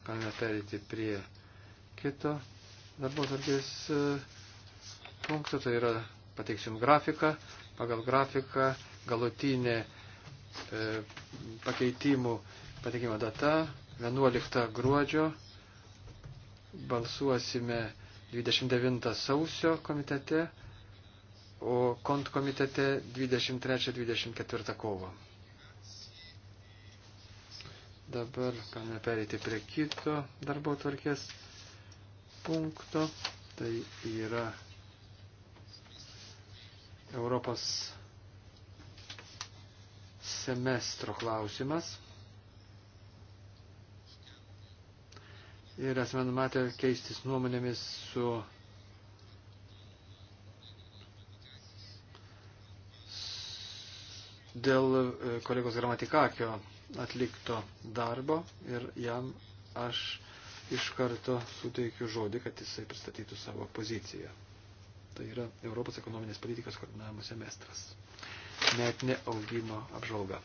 galime perėti prie kito darbo darbės e, punkto. Tai yra pateiksim grafiką. Pagal grafiką galutinė e, pakeitimų pateikimo data 11 gruodžio. Balsuosime 29 sausio komitete o kont komitete 23-24 kovo. Dabar galime pereiti prie kito darbo tvarkės punkto. Tai yra Europos semestro klausimas. Ir esame numatę keistis nuomonėmis su dėl e, kolegos gramatikakio atlikto darbo ir jam aš iš karto suteikiu žodį, kad jisai pristatytų savo poziciją. Tai yra Europos ekonominės politikos koordinavimo semestras. Net ne augimo apžvalga.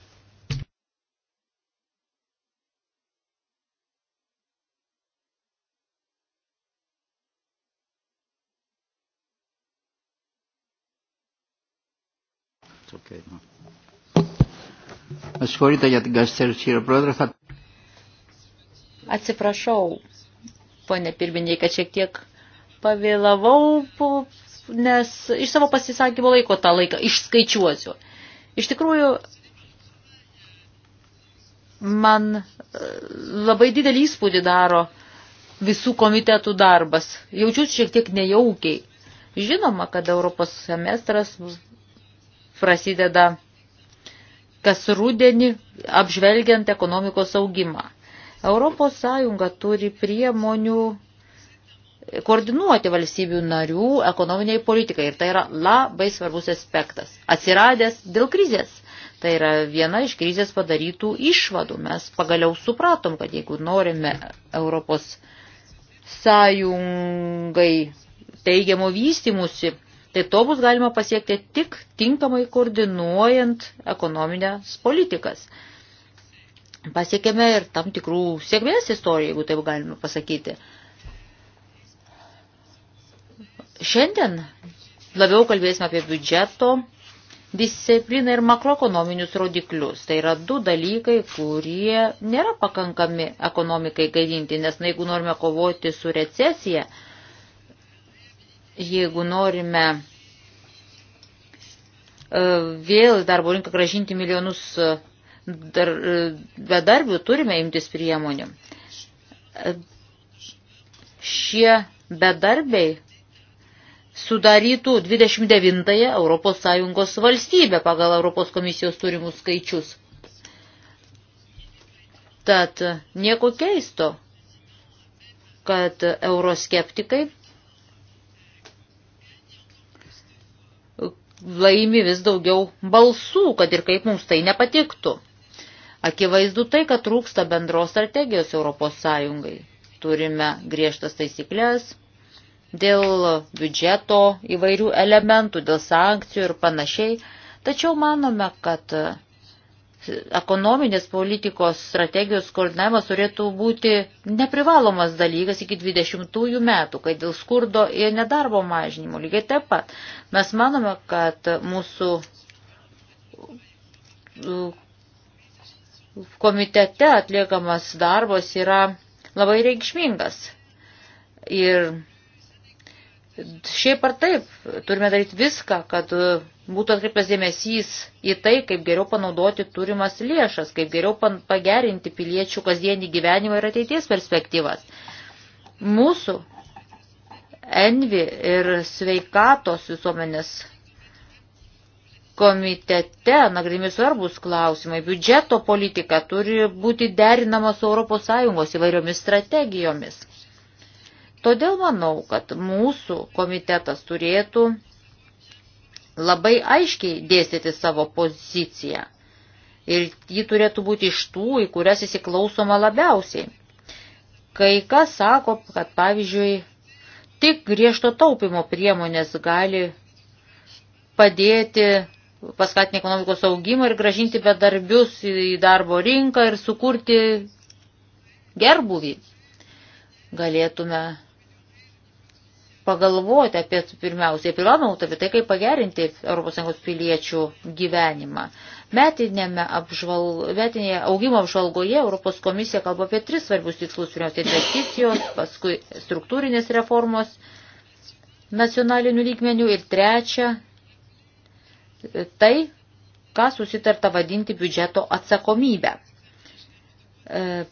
okay. Με συγχωρείτε για την καθυστέρηση, κύριε Πρόεδρε. Θα... Atsiprašau, ponė pirmininkė, kad šiek tiek pavėlavau, nes iš savo pasisakymo laiko tą laiką išskaičiuosiu. Iš tikrųjų, man e, labai didelį įspūdį daro visų komitetų darbas. Jaučiuosi šiek tiek nejaukiai. Žinoma, kad Europos semestras prasideda kas rudenį apžvelgiant ekonomikos augimą. Europos Sąjunga turi priemonių koordinuoti valstybių narių ekonominiai politikai ir tai yra labai svarbus aspektas, atsiradęs dėl krizės. Tai yra viena iš krizės padarytų išvadų. Mes pagaliau supratom, kad jeigu norime Europos Sąjungai teigiamo vystimusi, Tai to bus galima pasiekti tik tinkamai koordinuojant ekonominės politikas. Pasiekėme ir tam tikrų sėkmės istorijų, jeigu taip galime pasakyti. Šiandien labiau kalbėsime apie biudžeto discipliną ir makroekonominius rodiklius. Tai yra du dalykai, kurie nėra pakankami ekonomikai gaivinti, nes na, jeigu norime kovoti su recesija, jeigu norime e, vėl darbo rinką gražinti milijonus e, dar, e, bedarbių, turime imtis priemonių. Šie bedarbiai sudarytų 29-ąją Europos Sąjungos valstybę pagal Europos komisijos turimus skaičius. Tad nieko keisto, kad euroskeptikai laimi vis daugiau balsų, kad ir kaip mums tai nepatiktų. Akivaizdu tai, kad trūksta bendros strategijos Europos Sąjungai. Turime griežtas taisyklės dėl biudžeto įvairių elementų, dėl sankcijų ir panašiai, tačiau manome, kad ekonominės politikos strategijos koordinavimas turėtų būti neprivalomas dalykas iki 20 metų, kai dėl skurdo ir nedarbo mažinimo lygiai taip pat. Mes manome, kad mūsų komitete atliekamas darbas yra labai reikšmingas. Ir Šiaip ar taip, turime daryti viską, kad e, būtų atkreiptas dėmesys į tai, kaip geriau panaudoti turimas lėšas, kaip geriau pagerinti piliečių kasdienį gyvenimą ir ateities perspektyvas. Mūsų envi ir sveikatos visuomenės komitete nagrimi svarbus klausimai. Biudžeto politika turi būti derinama su ES įvairiomis strategijomis. Todėl manau, kad mūsų komitetas turėtų labai aiškiai dėstyti savo poziciją. Ir ji turėtų būti iš tų, į kurias įsiklausoma labiausiai. Kai kas sako, kad pavyzdžiui, tik griežto taupimo priemonės gali padėti paskatinti ekonomikos augimą ir gražinti bedarbius į darbo rinką ir sukurti gerbuvį. Galėtume pagalvoti apie pirmiausiai, privalome apie tai, kaip pagerinti ES piliečių gyvenimą. Metinėme apžval, metinėje augimo apžvalgoje Europos komisija kalba apie tris svarbius tikslus, pirmiausia investicijos, paskui struktūrinės reformos nacionalinių lygmenių ir trečia tai, ką susitarta vadinti biudžeto atsakomybę. E,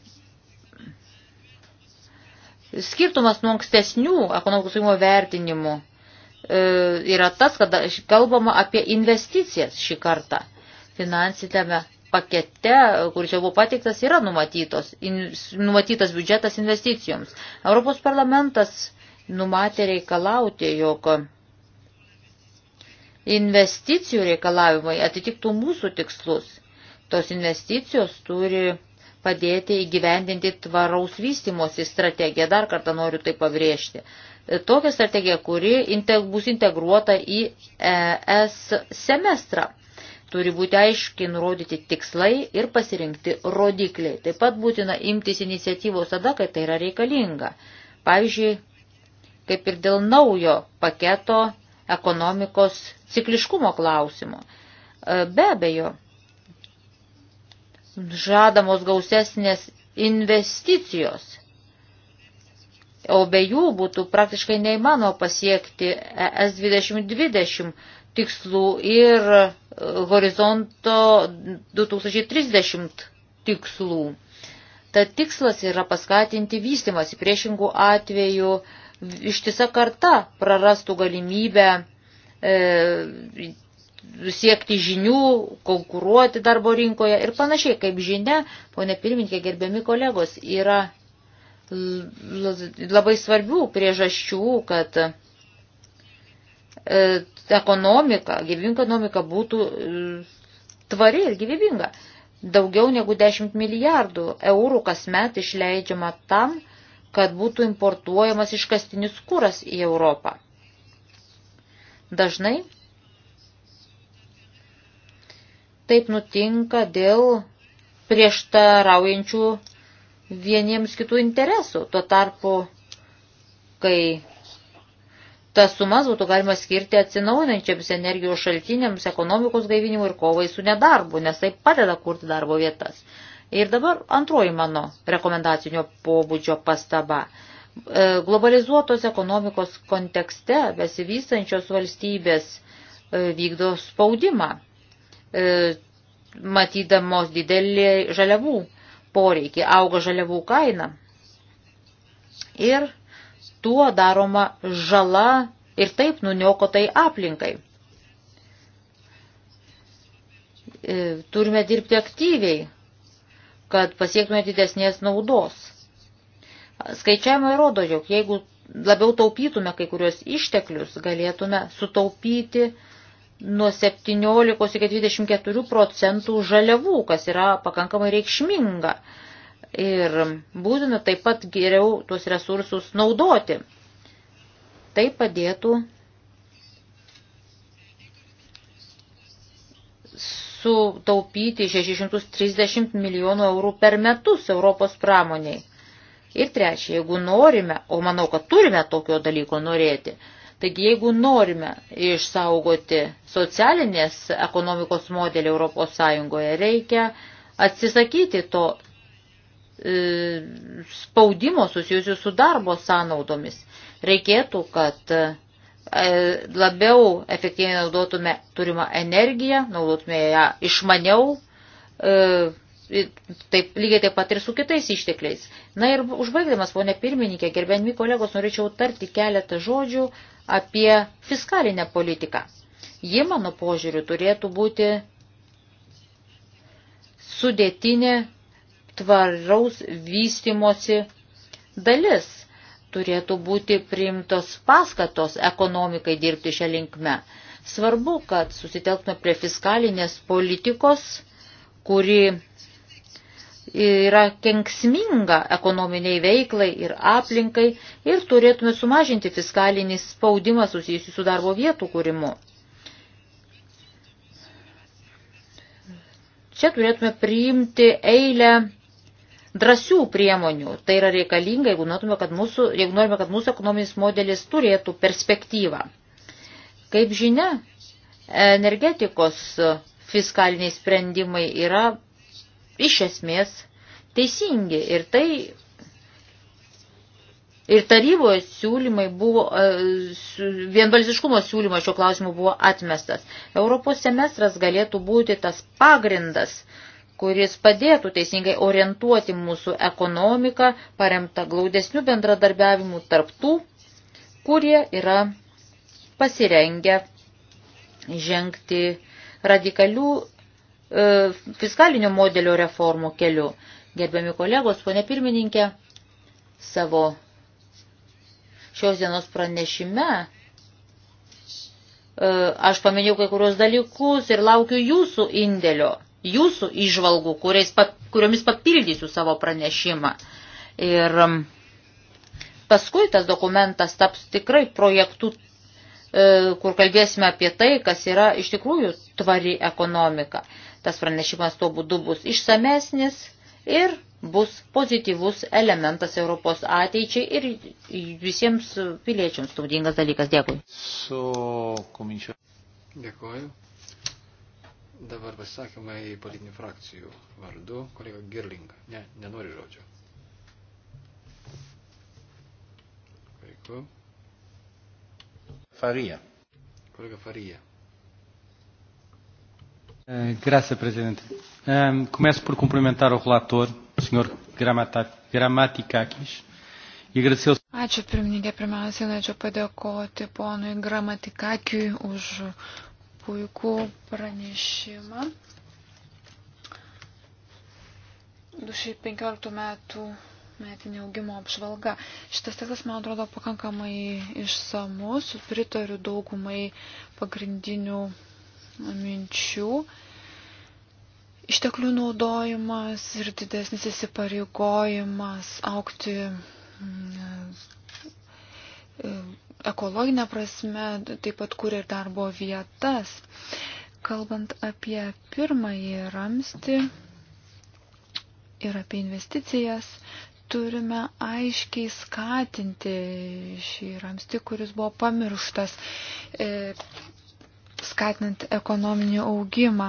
Skirtumas nuo ankstesnių ekonomikos augimo vertinimų e, yra tas, kad kalbama apie investicijas šį kartą. Finansinėme pakete, kur čia buvo pateiktas, yra numatytos, in, numatytas biudžetas investicijoms. Europos parlamentas numatė reikalauti, jog investicijų reikalavimai atitiktų mūsų tikslus. Tos investicijos turi padėti įgyvendinti tvaraus vystimosi strategiją. Dar kartą noriu tai pabrėžti. E, Tokią strategiją, kuri integ, bus integruota į ES semestrą. Turi būti aiškiai nurodyti tikslai ir pasirinkti rodikliai. Taip pat būtina imtis iniciatyvos tada, kai tai yra reikalinga. Pavyzdžiui, kaip ir dėl naujo paketo ekonomikos cikliškumo klausimo. E, be abejo, žadamos gausesnės investicijos, o be jų būtų praktiškai neįmanoma pasiekti ES 2020 tikslų ir e, horizonto 2030 tikslų. Tad tikslas yra paskatinti vystimas, priešingų atveju ištisa karta prarastų galimybę e, siekti žinių, konkuruoti darbo rinkoje ir panašiai. Kaip žinia, ponė pirmininkė, gerbiami kolegos, yra labai svarbių priežasčių, kad e, ekonomika, gyvybinga ekonomika būtų e, tvari ir gyvybinga. Daugiau negu 10 milijardų eurų kasmet išleidžiama tam, kad būtų importuojamas iškastinis kuras į Europą. Dažnai Taip nutinka dėl prieštaraujančių vieniems kitų interesų. Tuo tarpu, kai tas sumas būtų galima skirti atsinaujinančiams energijos šaltiniams, ekonomikos gaivinimui ir kovai su nedarbu, nes tai padeda kurti darbo vietas. Ir dabar antroji mano rekomendacinio pobūdžio pastaba. E, globalizuotos ekonomikos kontekste besivystančios valstybės e, vykdo spaudimą E, matydamos didelį žaliavų poreikį, auga žaliavų kaina. Ir tuo daroma žala ir taip nuniokotai aplinkai. E, turime dirbti aktyviai, kad pasiektume didesnės naudos. Skaičiavimai rodo, jog jeigu labiau taupytume kai kurios išteklius, galėtume sutaupyti uh, nuo 17 iki 24 procentų žaliavų, kas yra pakankamai reikšminga. Ir būtina taip pat geriau tuos resursus naudoti. Tai padėtų sutaupyti 630 milijonų eurų per metus Europos pramoniai. Ir trečia, jeigu norime, o manau, kad turime tokio dalyko norėti, Taigi, jeigu norime išsaugoti socialinės ekonomikos modelį Europos Sąjungoje, reikia atsisakyti to e, spaudimo susijusiu su darbo sąnaudomis. Reikėtų, kad e, labiau efektyviai naudotume turimą energiją, naudotume ją išmaniau, e, taip, lygiai taip pat ir su kitais ištekliais. Na ir užbaigdamas, ponė pirmininkė, gerbiami kolegos, norėčiau tarti keletą žodžių apie fiskalinę politiką. Ji, mano požiūriu, turėtų būti sudėtinė tvaraus vystimosi dalis. Turėtų būti priimtos paskatos ekonomikai dirbti šią linkmę. Svarbu, kad susitelktume prie fiskalinės politikos, kuri yra kenksminga ekonominiai veiklai ir aplinkai ir turėtume sumažinti fiskalinį spaudimą susijusiu su darbo vietų kūrimu. Čia turėtume priimti eilę drąsių priemonių. Tai yra reikalinga, jeigu norime, kad mūsų, jeigu norime, kad mūsų ekonominis modelis turėtų perspektyvą. Kaip žinia, energetikos fiskaliniai sprendimai yra iš esmės teisingi. Ir tai Ir taryboje siūlymai buvo, e, vienbalsiškumo siūlymas šio klausimu buvo atmestas. Europos semestras galėtų būti tas pagrindas, kuris padėtų teisingai orientuoti mūsų ekonomiką, paremta glaudesnių bendradarbiavimų tarptų, kurie yra pasirengę žengti radikalių E, fiskalinio modelio reformų keliu. Gerbiami kolegos, ponė pirmininkė, savo šios dienos pranešime e, aš paminėjau kai kurios dalykus ir laukiu jūsų indėlio, jūsų išvalgų, kuriais, kuriomis papildysiu savo pranešimą. Ir paskui tas dokumentas taps tikrai projektų, e, kur kalbėsime apie tai, kas yra iš tikrųjų tvari ekonomika. Tas pranešimas tuo būdu bus išsamesnis ir bus pozityvus elementas Europos ateičiai ir visiems piliečiams naudingas dalykas. Dėkui. Su kominčiu. Dėkuoju. Dabar pasakymai politinių frakcijų vardu. Kolega Girling. Ne, nenori žodžio. Vaiku. Farija. Kolega Farija. Eh, Grazie, Presidente. Um, começo por cumprimentar o relator, o Sr. Gramatikakis. E Ačiū pirmininkė, pirmiausiai norėčiau padėkoti ponui Gramatikakiui už puikų pranešimą. 2015 metų metinė augimo apžvalga. Šitas tekstas, man atrodo, pakankamai išsamus, pritariu daugumai pagrindinių minčių. Išteklių naudojimas ir didesnis įsipareigojimas aukti mm, ekologinė prasme taip pat kūrė ir darbo vietas. Kalbant apie pirmąjį ramstį ir apie investicijas, turime aiškiai skatinti šį ramstį, kuris buvo pamirštas. E, skatinant ekonominį augimą.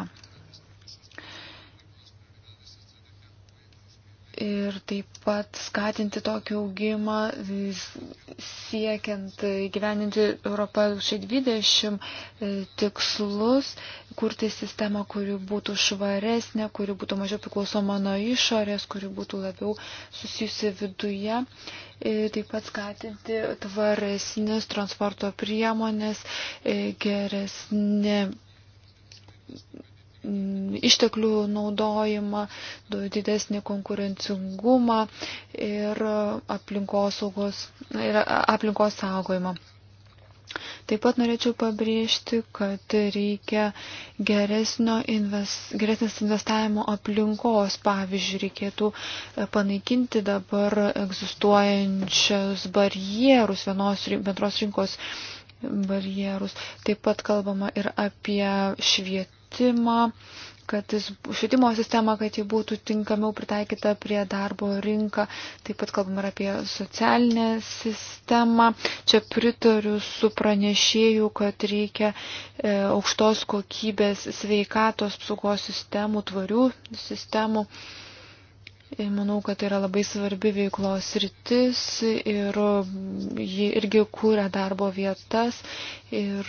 ir taip pat skatinti tokį augimą, siekiant gyveninti Europą 2020 e, tikslus, kurti sistemą, kuri būtų švaresnė, kuri būtų mažiau priklausoma nuo išorės, kuri būtų labiau susijusi viduje. E, taip pat skatinti tvaresnis transporto priemonės, e, geresnė Mm, išteklių naudojimą, didesnį konkurencingumą ir aplinkos, saugos, ir aplinkos saugojimą. Taip pat norėčiau pabrėžti, kad reikia invest, geresnės investavimo aplinkos. Pavyzdžiui, reikėtų e, panaikinti dabar egzistuojančius barjerus vienos bendros rinkos barjerus. Taip pat kalbama ir apie švietimą švietimą, kad jis, švietimo sistema, kad ji būtų tinkamiau pritaikyta prie darbo rinką. Taip pat kalbam ir apie socialinę sistemą. Čia pritariu su pranešėju, kad reikia e, aukštos kokybės sveikatos apsaugos sistemų, tvarių sistemų. Ir manau, kad tai yra labai svarbi veiklos rytis ir ji irgi kūrė darbo vietas ir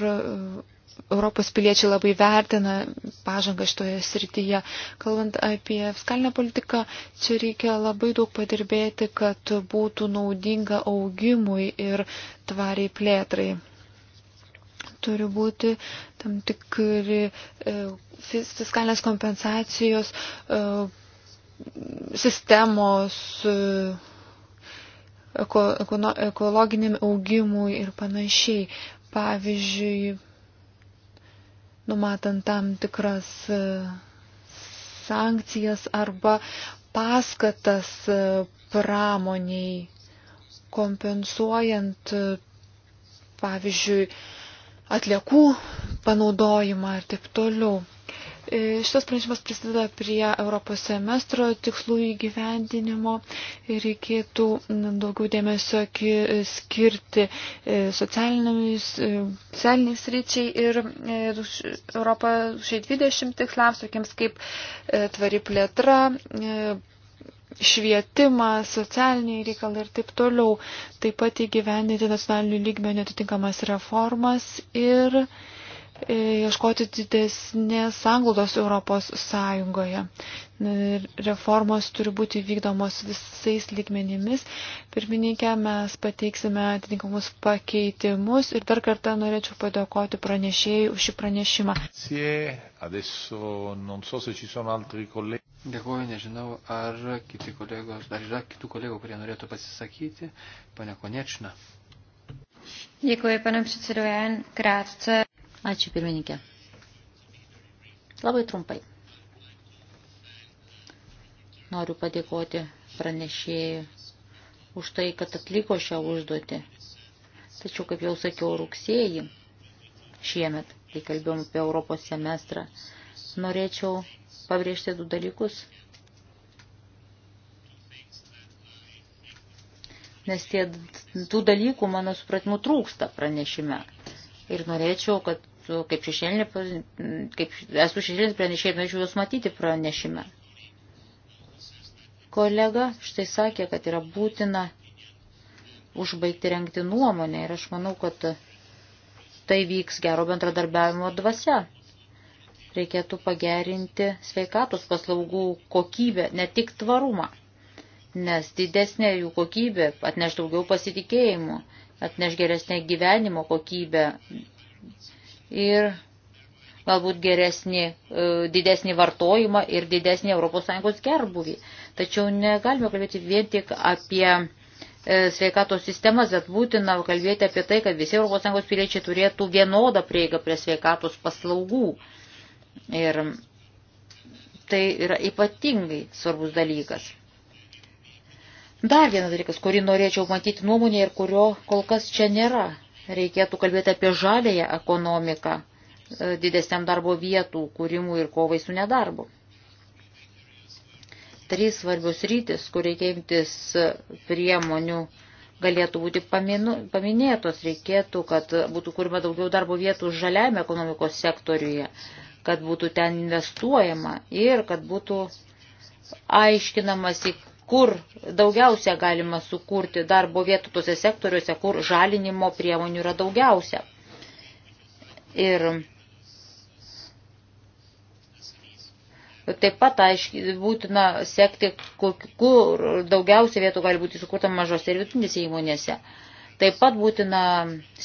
Europos piliečiai labai vertina pažangą šitoje srityje. Kalbant apie fiskalinę politiką, čia reikia labai daug padirbėti, kad būtų naudinga augimui ir tvariai plėtrai. Turi būti tam tikri e, fiskalinės kompensacijos e, sistemos e, ekologiniam augimui ir panašiai. Pavyzdžiui, numatant tam tikras e, sankcijas arba paskatas e, pramoniai, kompensuojant, e, pavyzdžiui, atliekų panaudojimą ir taip toliau. E, šitas pranešimas prisideda prie Europos semestro tikslų įgyvendinimo ir reikėtų daugiau dėmesio skirti e, e, socialiniai sričiai ir Europą 2020 tikslams, tokiems kaip tvari plėtra, švietimas, socialiniai reikalai ir taip toliau. Taip pat įgyvendinti nacionalinių lygmenių atitinkamas reformas ir E, ieškoti didesnės sanglaudos Europos Sąjungoje. Reformos turi būti vykdomos visais lygmenimis. Pirmininkė, mes pateiksime atitinkamus pakeitimus ir dar kartą norėčiau padėkoti pranešėjai už šį pranešimą. Dėkuoju, nežinau, ar kiti kolegos, dar yra kitų kolegų, kurie norėtų pasisakyti. Pane Konečna. Děkuji, pane předsedo, já jen krátce. Ačiū pirmininkė. Labai trumpai. Noriu padėkoti pranešėjai už tai, kad atliko šią užduotį. Tačiau, kaip jau sakiau, rugsėjį šiemet, kai kalbėjom apie Europos semestrą, norėčiau pabrėžti du dalykus. Nes tie, tų dalykų, mano supratimu, trūksta pranešime. Ir norėčiau, kad su, kaip šešėlinė, kaip esu šešėlinis pranešėjai, norėčiau juos matyti pranešime. Kolega štai sakė, kad yra būtina užbaigti rengti nuomonę ir aš manau, kad tai vyks gero bendradarbiavimo dvasia. Reikėtų pagerinti sveikatos paslaugų kokybę, ne tik tvarumą, nes didesnė jų kokybė atneš daugiau pasitikėjimų, atneš geresnę gyvenimo kokybę ir galbūt geresnį, e, didesnį vartojimą ir didesnį ES gerbuvį. Tačiau negalime kalbėti vien tik apie e, sveikatos sistemas, bet būtina kalbėti apie tai, kad visi ES piliečiai turėtų vienodą prieigą prie sveikatos paslaugų. Ir tai yra ypatingai svarbus dalykas. Dar vienas dalykas, kurį norėčiau matyti nuomonė ir kurio kol kas čia nėra. Reikėtų kalbėti apie žalėją ekonomiką e, didesniam darbo vietų kūrimui ir kovai su nedarbu. Trys svarbios rytis, kur reikia imtis priemonių, galėtų būti paminėtos. Reikėtų, kad būtų kurima daugiau darbo vietų žaliame ekonomikos sektoriuje, kad būtų ten investuojama ir kad būtų aiškinamasi, kur daugiausia galima sukurti darbo vietų tose sektoriuose, kur žalinimo priemonių yra daugiausia. Ir taip pat aiškiai būtina sekti, kur daugiausia vietų gali būti sukurta mažose ir vidutinėse įmonėse. Taip pat būtina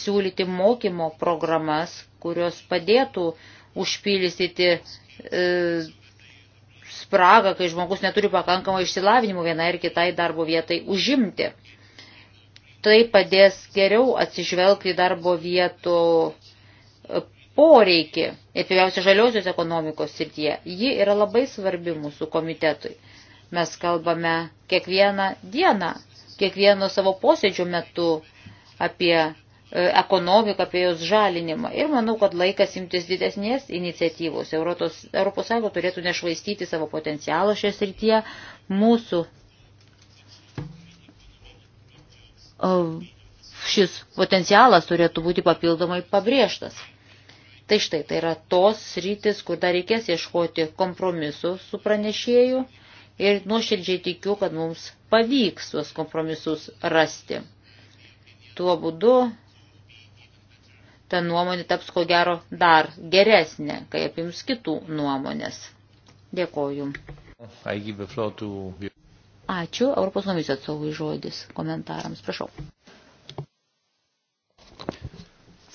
siūlyti mokymo programas, kurios padėtų užpildyti e, spragą, kai žmogus neturi pakankamai išsilavinimų vienai ir kitai darbo vietai užimti. Tai padės geriau atsižvelgti į darbo vietų e, poreikį, ir pirmiausia, žaliosios ekonomikos srityje. Ji yra labai svarbi mūsų komitetui. Mes kalbame kiekvieną dieną, kiekvieno savo posėdžio metu apie E, ekonomiką, apie jos žalinimą. Ir manau, kad laikas imtis didesnės iniciatyvos. Europos, Europos Sąjunga turėtų nešvaistyti savo potencialo šioje srityje. Mūsų e, šis potencialas turėtų būti papildomai pabrėžtas. Tai štai, tai yra tos rytis, kur dar reikės ieškoti kompromisų su pranešėju ir nuoširdžiai tikiu, kad mums pavyks tuos kompromisus rasti. Tuo būdu ta nuomonė taps ko gero dar geresnė, kai apims kitų nuomonės. Dėkoju. Ačiū. Europos komisijos atstovui žodis komentarams. Prašau.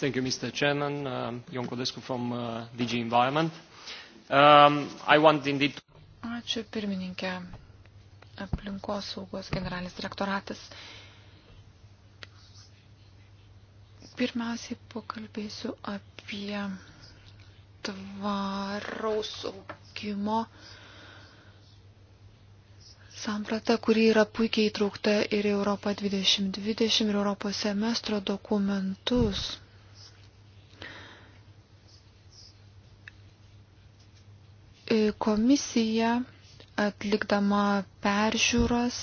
Thank you, Mr. Chairman. Um, Jon Kodescu from uh, DG Environment. Um, I want indeed... Ačiū pirmininkė aplinkos saugos generalinis direktoratas. Uh, Pirmiausiai pakalbėsiu apie tvaraus augimo samprata, kuri yra puikiai įtraukta ir Europa 2020 ir Europos semestro dokumentus. E, komisija atlikdama peržiūras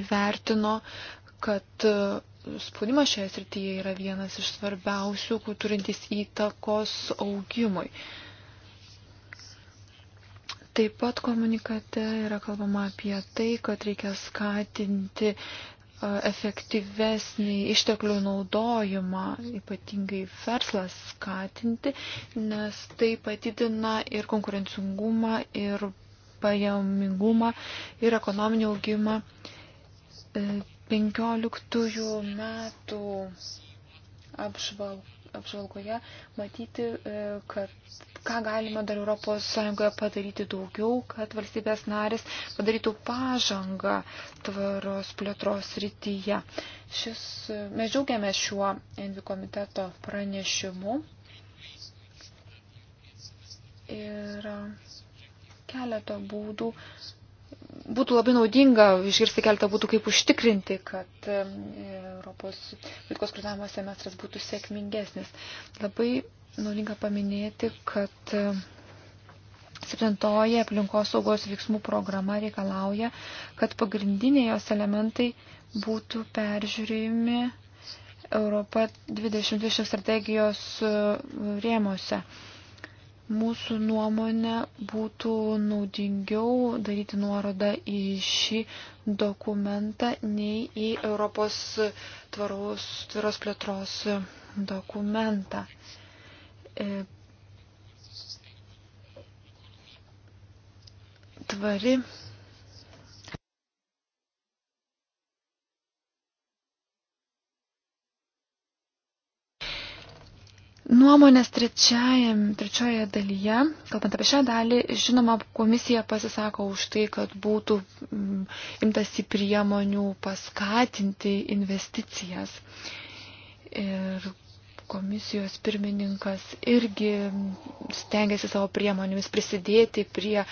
įvertino, kad spaudimas šioje srityje yra vienas iš svarbiausių, kur turintis įtakos augimui. Taip pat komunikate yra kalbama apie tai, kad reikia skatinti efektyvesnį išteklių naudojimą, ypatingai verslas skatinti, nes tai padidina ir konkurencingumą, ir pajamingumą, ir ekonominį augimą e, 15 metų apžval, apžvalgoje matyti, e, kad ką galima dar Europos Sąjungoje padaryti daugiau, kad valstybės narės padarytų pažangą tvaros plėtros rytyje. Šis, e, mes džiaugiame šiuo Envi komiteto pranešimu. Ir e, keletą būdų būtų labai naudinga išgirsti keletą būtų, kaip užtikrinti, kad e, Europos politikos koordinavimo semestras būtų sėkmingesnis. Labai naudinga paminėti, kad e, septintoji aplinkos saugos veiksmų programa reikalauja, kad pagrindiniai jos elementai būtų peržiūrėjimi Europa 2020 strategijos e, rėmose. Uh, mūsų nuomonė būtų naudingiau daryti nuorodą į šį dokumentą nei į Europos tvaros, tvaros plėtros dokumentą. E, tvari Nuomonės trečioje dalyje, kalbant apie šią dalį, žinoma, komisija pasisako už tai, kad būtų mm, imtasi priemonių paskatinti investicijas. Ir komisijos pirmininkas irgi stengiasi savo priemonėmis prisidėti prie e,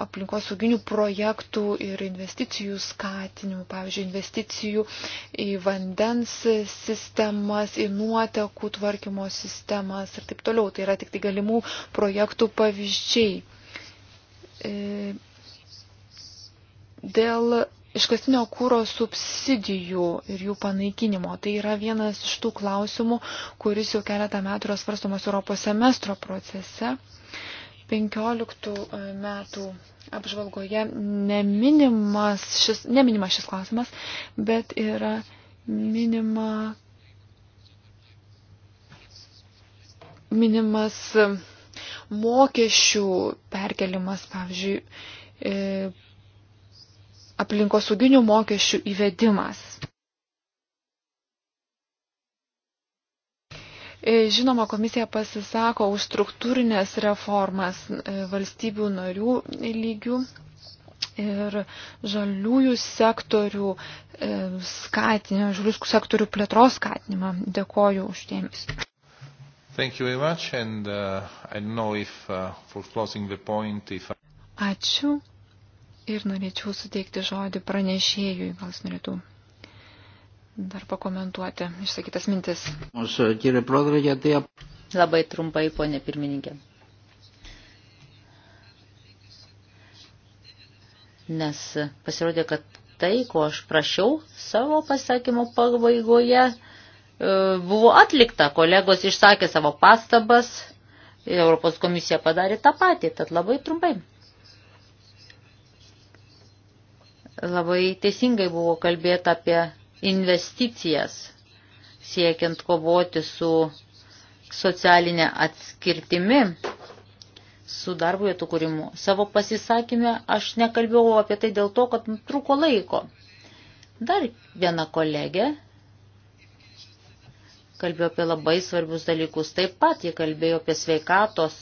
aplinkosauginių projektų ir investicijų skatinimų, pavyzdžiui, investicijų į vandens sistemas, į nuotekų tvarkymo sistemas ir taip toliau. Tai yra tik tai galimų projektų pavyzdžiai. E, dėl iškastinio kūro subsidijų ir jų panaikinimo. Tai yra vienas iš tų klausimų, kuris jau keletą metų yra svarstomas Europos semestro procese. 15 e, metų apžvalgoje neminimas šis, neminimas šis klausimas, bet yra minima, minimas e, mokesčių perkelimas, pavyzdžiui, e, aplinkosauginių mokesčių įvedimas. E, žinoma, komisija pasisako už struktūrinės reformas e, valstybių narių lygių ir žaliųjų sektorių e, skatinimą, žaliųjų sektorių plėtros skatinimą. Dėkoju už dėmesį. Thank you very much and uh, I don't know if uh, for closing the point if I... Ačiū ir norėčiau suteikti žodį pranešėjui, gal jis norėtų dar pakomentuoti išsakytas mintis. Eh, labai trumpai, ponė pirmininkė. Nes pasirodė, kad tai, ko aš prašiau savo pasakymo pabaigoje, e, buvo atlikta. Kolegos išsakė savo pastabas, Europos komisija padarė tą patį, tad labai trumpai. Labai teisingai buvo kalbėta apie investicijas, siekiant kovoti su socialinė atskirtimi, su darbo vietų kūrimu. Savo pasisakymę aš nekalbėjau apie tai dėl to, kad truko laiko. Dar viena kolegė kalbėjo apie labai svarbius dalykus. Taip pat jie kalbėjo apie sveikatos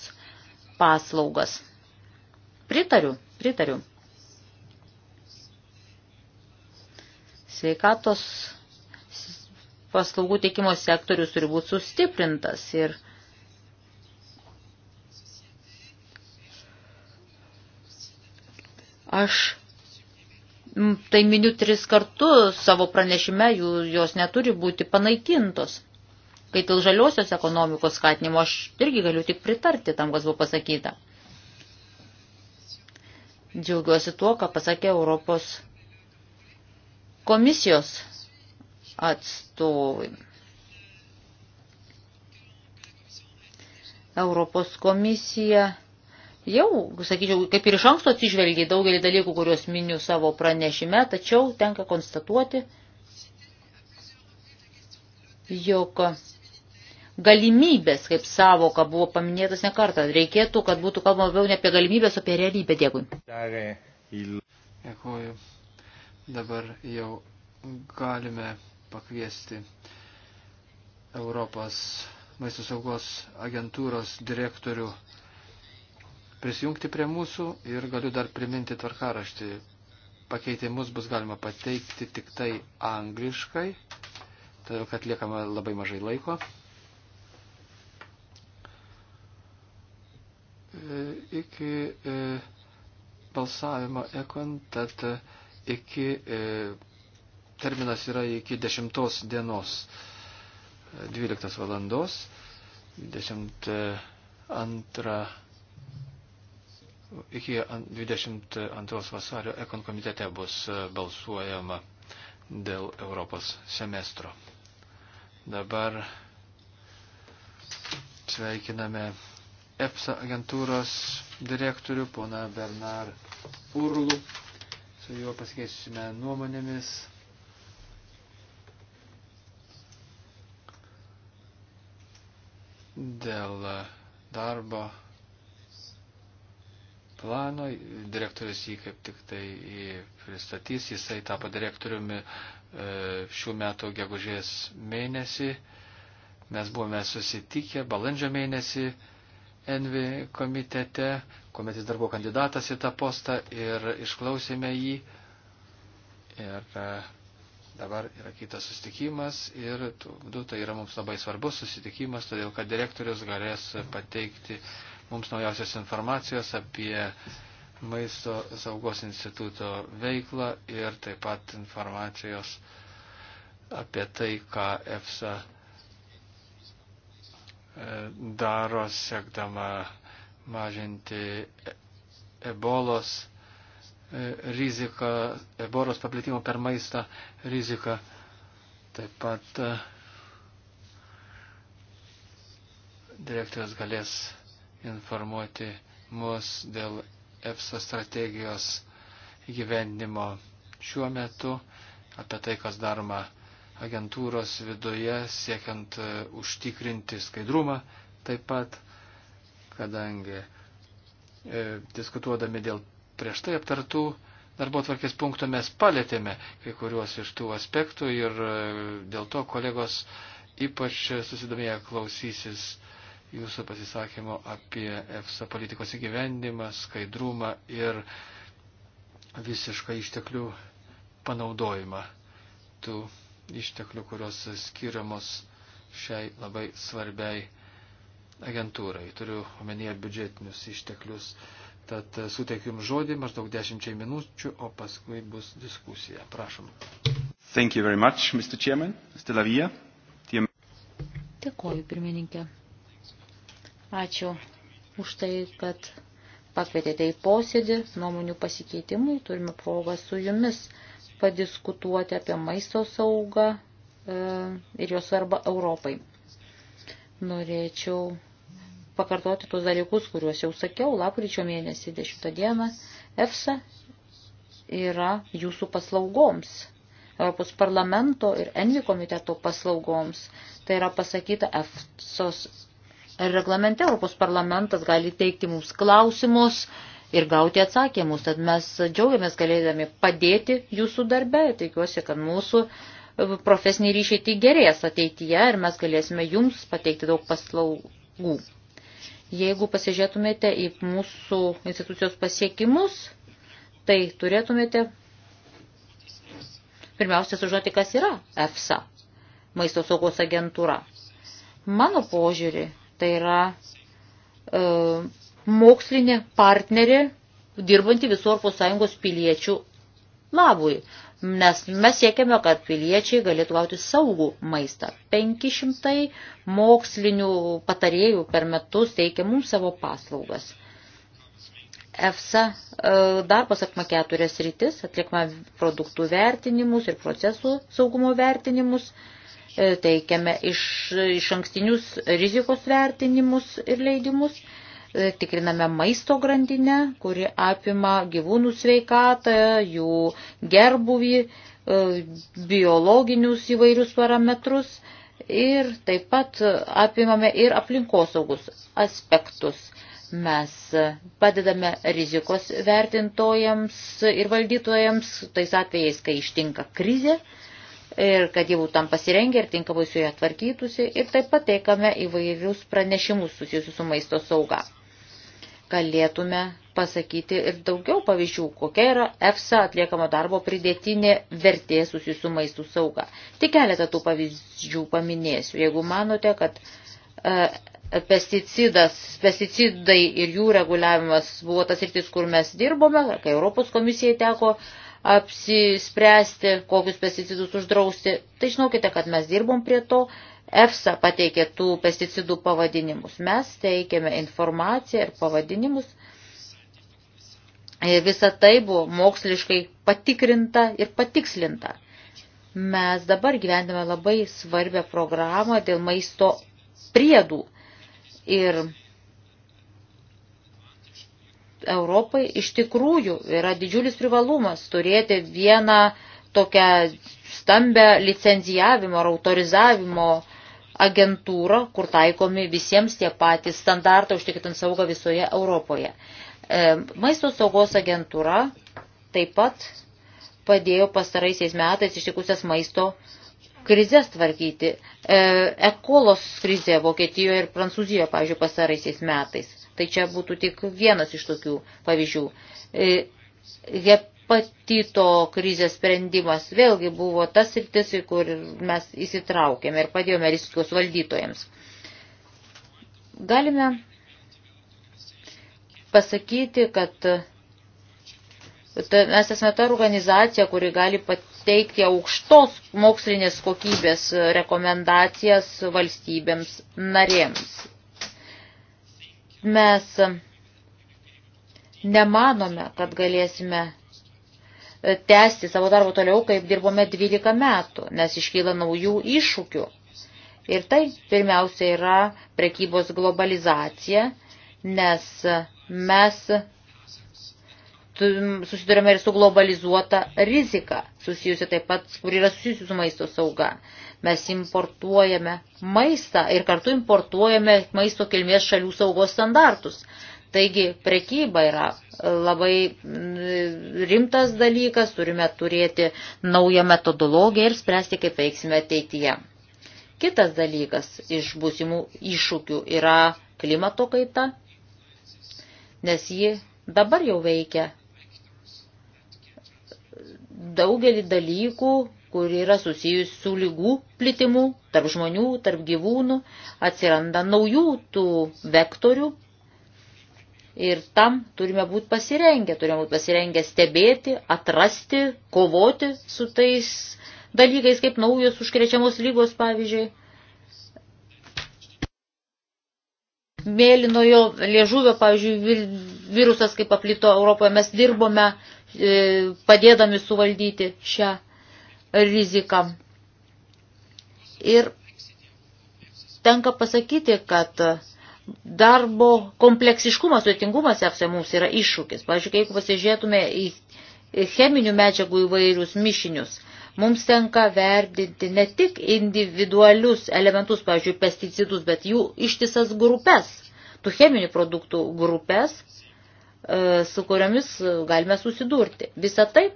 paslaugas. Pritariu, pritariu. Sveikatos paslaugų teikimo sektorius turi būti sustiprintas ir aš tai miniu tris kartus savo pranešime, jų, jos neturi būti panaikintos. Kai dėl žaliosios ekonomikos skatinimo aš irgi galiu tik pritarti tam, kas buvo pasakyta. Džiaugiuosi tuo, ką pasakė Europos Komisijos atstovai. Europos komisija jau, sakyčiau, kaip ir iš anksto atsižvelgia daugelį dalykų, kuriuos miniu savo pranešime, tačiau tenka konstatuoti, jog galimybės kaip savoka buvo paminėtas ne kartą. Reikėtų, kad būtų kalbama labiau ne apie galimybės, o apie realybę. Dėkui. Dėkuoju Dabar jau galime pakviesti Europos maisto saugos agentūros direktorių prisijungti prie mūsų ir galiu dar priminti tvarkaraštį. Pakeitimus bus galima pateikti tik tai angliškai, todėl kad liekama labai mažai laiko. E, iki e, balsavimo ekon, tad iki, e, terminas yra iki 10 dienos 12 e, valandos. 22 iki 22 vasario Ekon komitete bus e, balsuojama dėl Europos semestro. Dabar sveikiname EPSA agentūros direktorių, pona Bernard Urlų su juo pasikeisime nuomonėmis. Dėl darbo plano, direktorius jį kaip tik tai pristatys, jisai tapo direktoriumi e, šių metų gegužės mėnesį, mes buvome susitikę balandžio mėnesį, Envi komitete, kuomet jis dar buvo kandidatas į tą postą ir išklausėme jį. Ir e, dabar yra kitas susitikimas ir du, tai yra mums labai svarbus susitikimas, todėl kad direktorius galės pateikti mums naujausios informacijos apie maisto saugos instituto veiklą ir taip pat informacijos apie tai, ką EFSA daro siekdama mažinti ebolos e, riziką, ebolos paplitimo per maistą riziką. Taip pat e, direktorius galės informuoti mus dėl EFSA strategijos įgyvendimo šiuo metu, apie tai, kas daroma agentūros viduje, siekiant e, užtikrinti skaidrumą taip pat, kadangi e, diskutuodami dėl prieš tai aptartų darbo tvarkės punktų mes palėtėme kai kuriuos iš tų aspektų ir e, dėl to kolegos ypač susidomėję klausysis jūsų pasisakymo apie EFSA politikos įgyvendimą, skaidrumą ir visišką išteklių panaudojimą tų išteklių, kurios skiriamos šiai labai svarbiai agentūrai. Turiu omenyje biudžetinius išteklius. Tad suteikiu jums žodį maždaug dešimčiai minučių, o paskui bus diskusija. Prašom. Thank you very much, Mr. Chairman. Mr. Lavija. Tiem... Dėkoju, pirmininkė. Ačiū už tai, kad pakvietėte į posėdį nuomonių pasikeitimui. Turime progą su jumis uh, padiskutuoti apie maisto saugą e, ir jos svarbą Europai. Norėčiau pakartoti tos dalykus, kuriuos jau sakiau, lapkričio mėnesį 10 dieną EFSA yra jūsų paslaugoms, Europos parlamento ir ENVI komiteto paslaugoms. Tai yra pasakyta EFSOS reglamente, Europos parlamentas gali teikti mums klausimus, ir gauti atsakymus. Tad mes džiaugiamės galėdami padėti jūsų darbę. Tikiuosi, kad mūsų e, profesiniai ryšiai tik gerės ateityje ir mes galėsime jums pateikti daug paslaugų. Jeigu pasižiūrėtumėte į mūsų institucijos pasiekimus, tai turėtumėte pirmiausia sužinoti, kas yra EFSA, maisto saugos agentūra. Mano požiūrį, tai yra e, mokslinė partnerė, dirbanti visų ES piliečių labui. Nes mes siekiame, kad piliečiai galėtų gauti saugų maistą. 500 mokslinių patarėjų per metus teikia mums savo paslaugas. EFSA e, darbas apima keturias rytis, atlikma produktų vertinimus ir procesų saugumo vertinimus, e, teikiame iš, iš ankstinius rizikos vertinimus ir leidimus tikriname maisto grandinę, kuri apima gyvūnų sveikatą, jų gerbuvį, e, biologinius įvairius parametrus ir taip pat apimame ir aplinkosaugus aspektus. Mes padedame rizikos vertintojams ir valdytojams tais atvejais, kai ištinka krizė ir kad jau tam pasirengę ir tinkamai su ją tvarkytųsi ir taip pat teikame įvairius pranešimus susijusius su maisto sauga galėtume pasakyti ir daugiau pavyzdžių, kokia yra EFSA atliekamo darbo pridėtinė vertė susijusių maistų sauga. Tik keletą tų pavyzdžių paminėsiu. Jeigu manote, kad e, pesticidas, pesticidai ir jų reguliavimas buvo tas rytis, kur mes dirbome, kai Europos komisijai teko apsispręsti, kokius pesticidus uždrausti, tai žinokite, kad mes dirbom prie to EFSA pateikė tų pesticidų pavadinimus. Mes teikėme informaciją ir pavadinimus. Ir visa tai buvo moksliškai patikrinta ir patikslinta. Mes dabar gyvendame labai svarbią programą dėl maisto priedų. Ir Europai iš tikrųjų yra didžiulis privalumas turėti vieną tokią stambę licenzijavimo ar autorizavimo uh, agentūrą, kur taikomi visiems tie patys standartai užtikrinant saugą visoje Europoje. E, maisto saugos agentūra taip pat padėjo pastaraisiais metais ištikusias maisto krizės tvarkyti. E, Ekolos krizė Vokietijoje ir Prancūzijoje, pavyzdžiui, pastaraisiais metais. Tai čia būtų tik vienas iš tokių pavyzdžių. Hep e, hepatito krizės sprendimas vėlgi buvo tas rytis, į kur mes įsitraukėme ir padėjome riskius valdytojams. Galime pasakyti, kad mes esame ta organizacija, kuri gali pateikti aukštos mokslinės kokybės rekomendacijas valstybėms narėms. Mes nemanome, kad galėsime E, tęsti savo darbą toliau, kaip dirbome 12 metų, nes iškyla naujų iššūkių. Ir tai pirmiausia yra prekybos globalizacija, nes mes susidurime ir su globalizuota rizika, susijusi taip pat, kur yra susijusi su maisto sauga. Mes importuojame maistą ir kartu importuojame maisto kilmės šalių saugos standartus. Taigi prekyba yra labai rimtas dalykas, turime turėti naują metodologiją ir spręsti, kaip veiksime ateityje. Kitas dalykas iš būsimų iššūkių yra klimato kaita, nes ji dabar jau veikia daugelį dalykų, kur yra susijus su lygų plitimu tarp žmonių, tarp gyvūnų, atsiranda naujų tų vektorių, Ir tam turime būti pasirengę, turime būti pasirengę stebėti, atrasti, kovoti su tais dalykais, kaip naujos užkrečiamos lygos, pavyzdžiui. Mėlynojo liežuvio, pavyzdžiui, virusas, kaip paplito Europoje, mes dirbome e, padėdami suvaldyti šią riziką. Ir tenka pasakyti, kad darbo kompleksiškumas, sudėtingumas sekse mums yra iššūkis. Pavyzdžiui, jeigu pasižiūrėtume į cheminių medžiagų įvairius mišinius, mums tenka verdinti ne tik individualius elementus, pavyzdžiui, pesticidus, bet jų ištisas grupės, tų cheminių produktų grupės, e, su kuriomis galime susidurti. Visą tai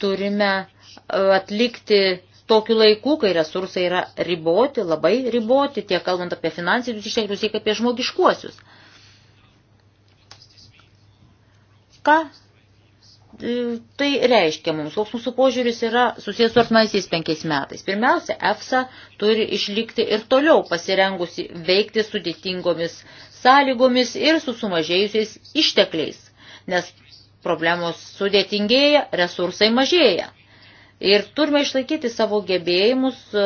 turime e, atlikti tokiu laiku, kai resursai yra riboti, labai riboti, tiek kalbant apie finansinius išteklius, tiek apie žmogiškuosius. Ką e, tai reiškia mums, koks mūsų požiūris yra susijęs su artimaisiais penkiais metais. Pirmiausia, EFSA turi išlikti ir toliau pasirengusi veikti sudėtingomis sąlygomis ir su sumažėjusiais ištekliais, nes problemos sudėtingėja, resursai mažėja. Ir turime išlaikyti savo gebėjimus e,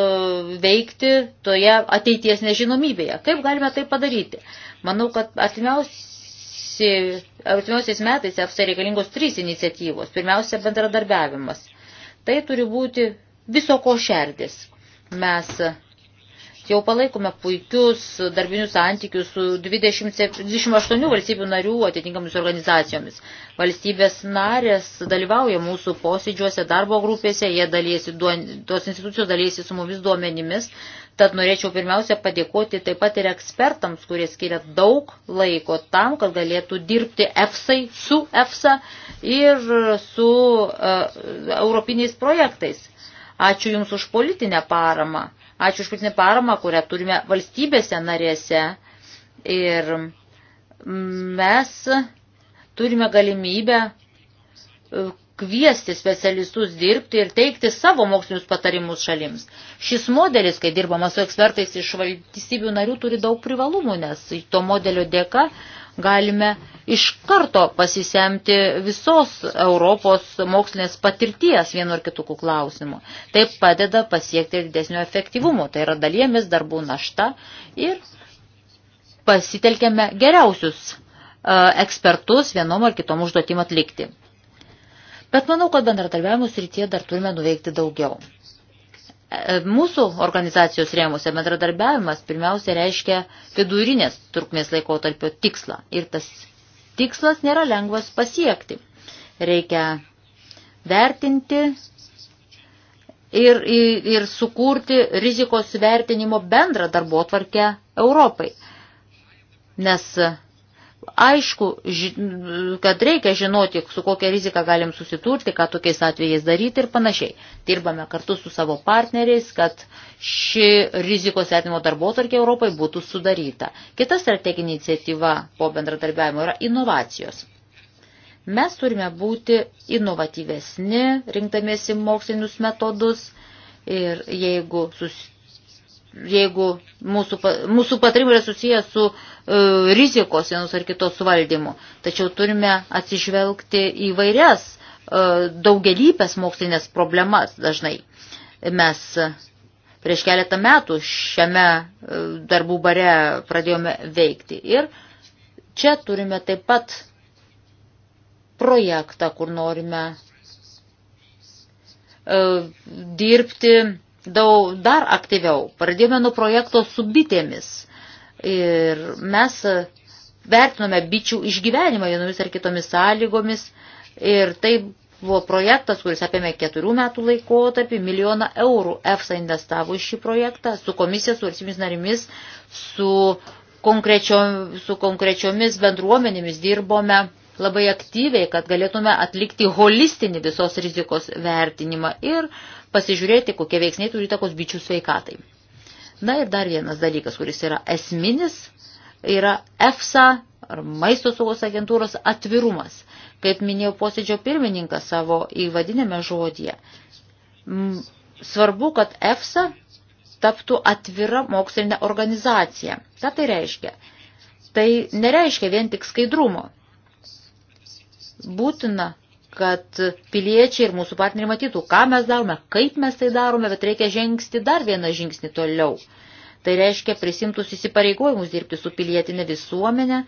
veikti toje ateities nežinomybėje. Kaip galime tai padaryti? Manau, kad artimiausiais metais EFSA reikalingos trys iniciatyvos. Pirmiausia, bendradarbiavimas. Tai turi būti viso ko šerdis. Mes Jau palaikome puikius darbinius santykius su 20, 28 valstybių narių atitinkamis organizacijomis. Valstybės narės dalyvauja mūsų posėdžiuose, darbo grupėse, jie dalyjasi, tos institucijos dalyjasi su mumis duomenimis. Tad norėčiau pirmiausia padėkoti taip pat ir ekspertams, kurie skiria daug laiko tam, kad galėtų dirbti EFSA su EFSA ir su uh, europiniais projektais. Ačiū Jums už politinę paramą. Ačiū už politinę paramą, kurią turime valstybėse narėse. Ir mes turime galimybę e, kviesti specialistus dirbti ir teikti savo mokslinius patarimus šalims. Šis modelis, kai dirbama su ekspertais iš valstybių narių, turi daug privalumų, nes to modelio dėka galime iš karto pasisemti visos Europos mokslinės patirties vienu ar kitų klausimų. Tai padeda pasiekti didesnio efektyvumo, tai yra dalėmis darbų našta ir pasitelkiame geriausius e, ekspertus vienom ar kitom užduotim atlikti. Bet manau, kad bendradarbiavimo srityje dar turime nuveikti daugiau. Mūsų organizacijos rėmose bendradarbiavimas pirmiausia reiškia vidurinės trukmės laikotarpio tikslą. Ir tas tikslas nėra lengvas pasiekti. Reikia vertinti ir, ir, ir sukurti rizikos vertinimo bendrą darbo tvarkę Europai. Nes Aišku, kad reikia žinoti, su kokia rizika galim susiturti, ką tokiais atvejais daryti ir panašiai. Dirbame kartu su savo partneriais, kad ši rizikos vertinimo darbotvarkė Europai būtų sudaryta. Kita strateginė iniciatyva po bendradarbiavimo yra inovacijos. Mes turime būti inovatyvesni, rinkdamėsi mokslinius metodus ir jeigu susitiksime, jeigu mūsų, mūsų patarimai yra susijęs su e, rizikos vienos ar kitos suvaldymu. Tačiau turime atsižvelgti į vairias e, daugelypės mokslinės problemas dažnai. Mes e, prieš keletą metų šiame e, darbų bare pradėjome veikti. Ir čia turime taip pat projektą, kur norime e, dirbti daug, dar aktyviau. Pradėjome nuo projekto su bitėmis. Ir mes e, vertinome bičių išgyvenimą vienomis ar kitomis sąlygomis. Ir tai buvo projektas, kuris apėmė keturių metų laikotarpį, milijoną eurų EFSA investavo į šį projektą su komisija, su valstybės narimis, su, konkrečio, su konkrečiomis bendruomenėmis dirbome labai aktyviai, kad galėtume atlikti holistinį visos rizikos vertinimą ir pasižiūrėti, kokie veiksniai turi takos bičių sveikatai. Na ir dar vienas dalykas, kuris yra esminis, yra EFSA ar maisto saugos agentūros atvirumas. Kaip minėjo posėdžio pirmininkas savo įvadinėme žodėje, svarbu, kad EFSA taptų atvira mokslinė organizacija. Ką tai reiškia? Tai nereiškia vien tik skaidrumo. Būtina, kad piliečiai ir mūsų partneriai matytų, ką mes darome, kaip mes tai darome, bet reikia žengsti dar vieną žingsnį toliau. Tai reiškia prisimtus įsipareigojimus dirbti su pilietinė visuomenė,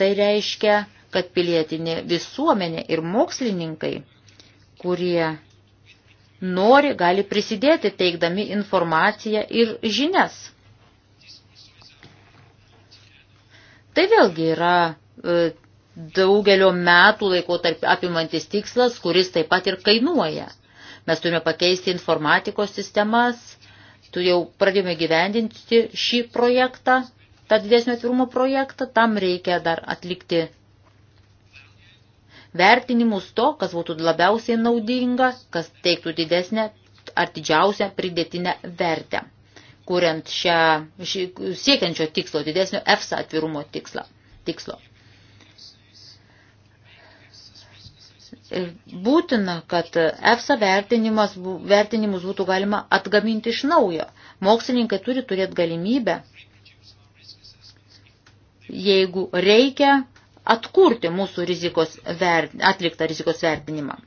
tai reiškia, kad pilietinė visuomenė ir mokslininkai, kurie nori, gali prisidėti teikdami informaciją ir žinias. Tai vėlgi yra e, daugelio metų laiko tarp apimantis tikslas, kuris taip pat ir kainuoja. Mes turime pakeisti informatikos sistemas, tu jau pradėjome gyvendinti šį projektą, tą didesnio atvirumo projektą, tam reikia dar atlikti vertinimus to, kas būtų labiausiai naudinga, kas teiktų didesnę ar didžiausią pridėtinę vertę, kuriant šią, šį, siekiančio tikslo, didesnio EFSA atvirumo tikslo. tikslo. būtina, kad EFSA vertinimus būtų galima atgaminti iš naujo. Mokslininkai turi turėti galimybę, jeigu reikia, atkurti mūsų rizikos vert, atliktą rizikos vertinimą.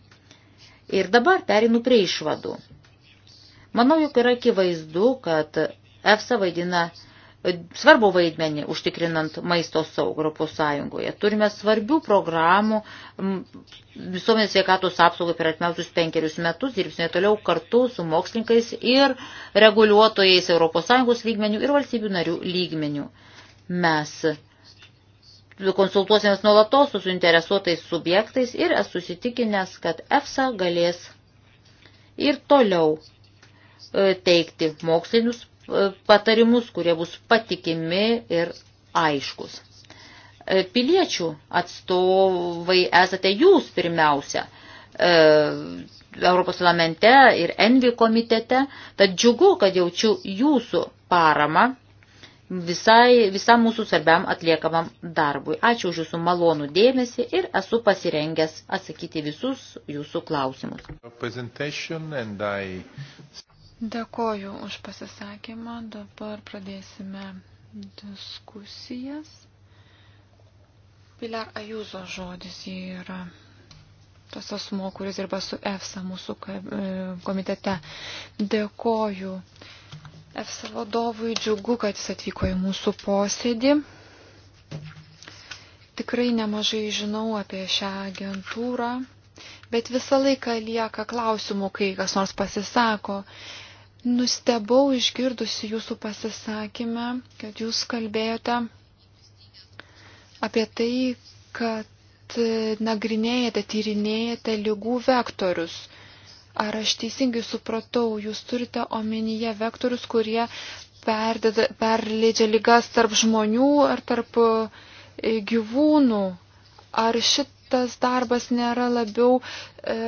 Ir dabar perinu prie išvadų. Manau, jog yra akivaizdu, kad EFSA vaidina svarbu vaidmenį užtikrinant maisto saugą Europos Sąjungoje. Turime svarbių programų visuomenės sveikatos apsaugai per atmiausius penkerius metus, dirbsime toliau kartu su mokslininkais ir reguliuotojais Europos Sąjungos lygmenių ir valstybių narių lygmenių. Mes konsultuosimės nuolatos su suinteresuotais subjektais ir esu susitikinęs, kad EFSA galės ir toliau e, teikti mokslinius patarimus, kurie bus patikimi ir aiškus. E, piliečių atstovai esate jūs pirmiausia. E, Europos parlamente ir Envi komitete, tad džiugu, kad jaučiu jūsų paramą visai, visam mūsų svarbiam atliekamam darbui. Ačiū už jūsų malonų dėmesį ir esu pasirengęs atsakyti visus jūsų klausimus. I... Dėkoju už pasisakymą. Dabar pradėsime diskusijas. Pilar Ajuzo žodis yra tas asmo, kuris dirba su EFSA mūsų e, komitete. Dėkoju EFSA vadovui, džiugu, kad jis atvyko į mūsų posėdį. Tikrai nemažai žinau apie šią agentūrą, bet visą laiką lieka klausimų, kai kas nors pasisako. Nustebau išgirdusi jūsų pasisakymę, kad jūs kalbėjote apie tai, kad e, nagrinėjate, tyrinėjate lygų vektorius. Ar aš teisingai supratau, jūs turite omenyje vektorius, kurie perdeda, perleidžia lygas tarp žmonių ar tarp e, gyvūnų? Ar šitas darbas nėra labiau. E,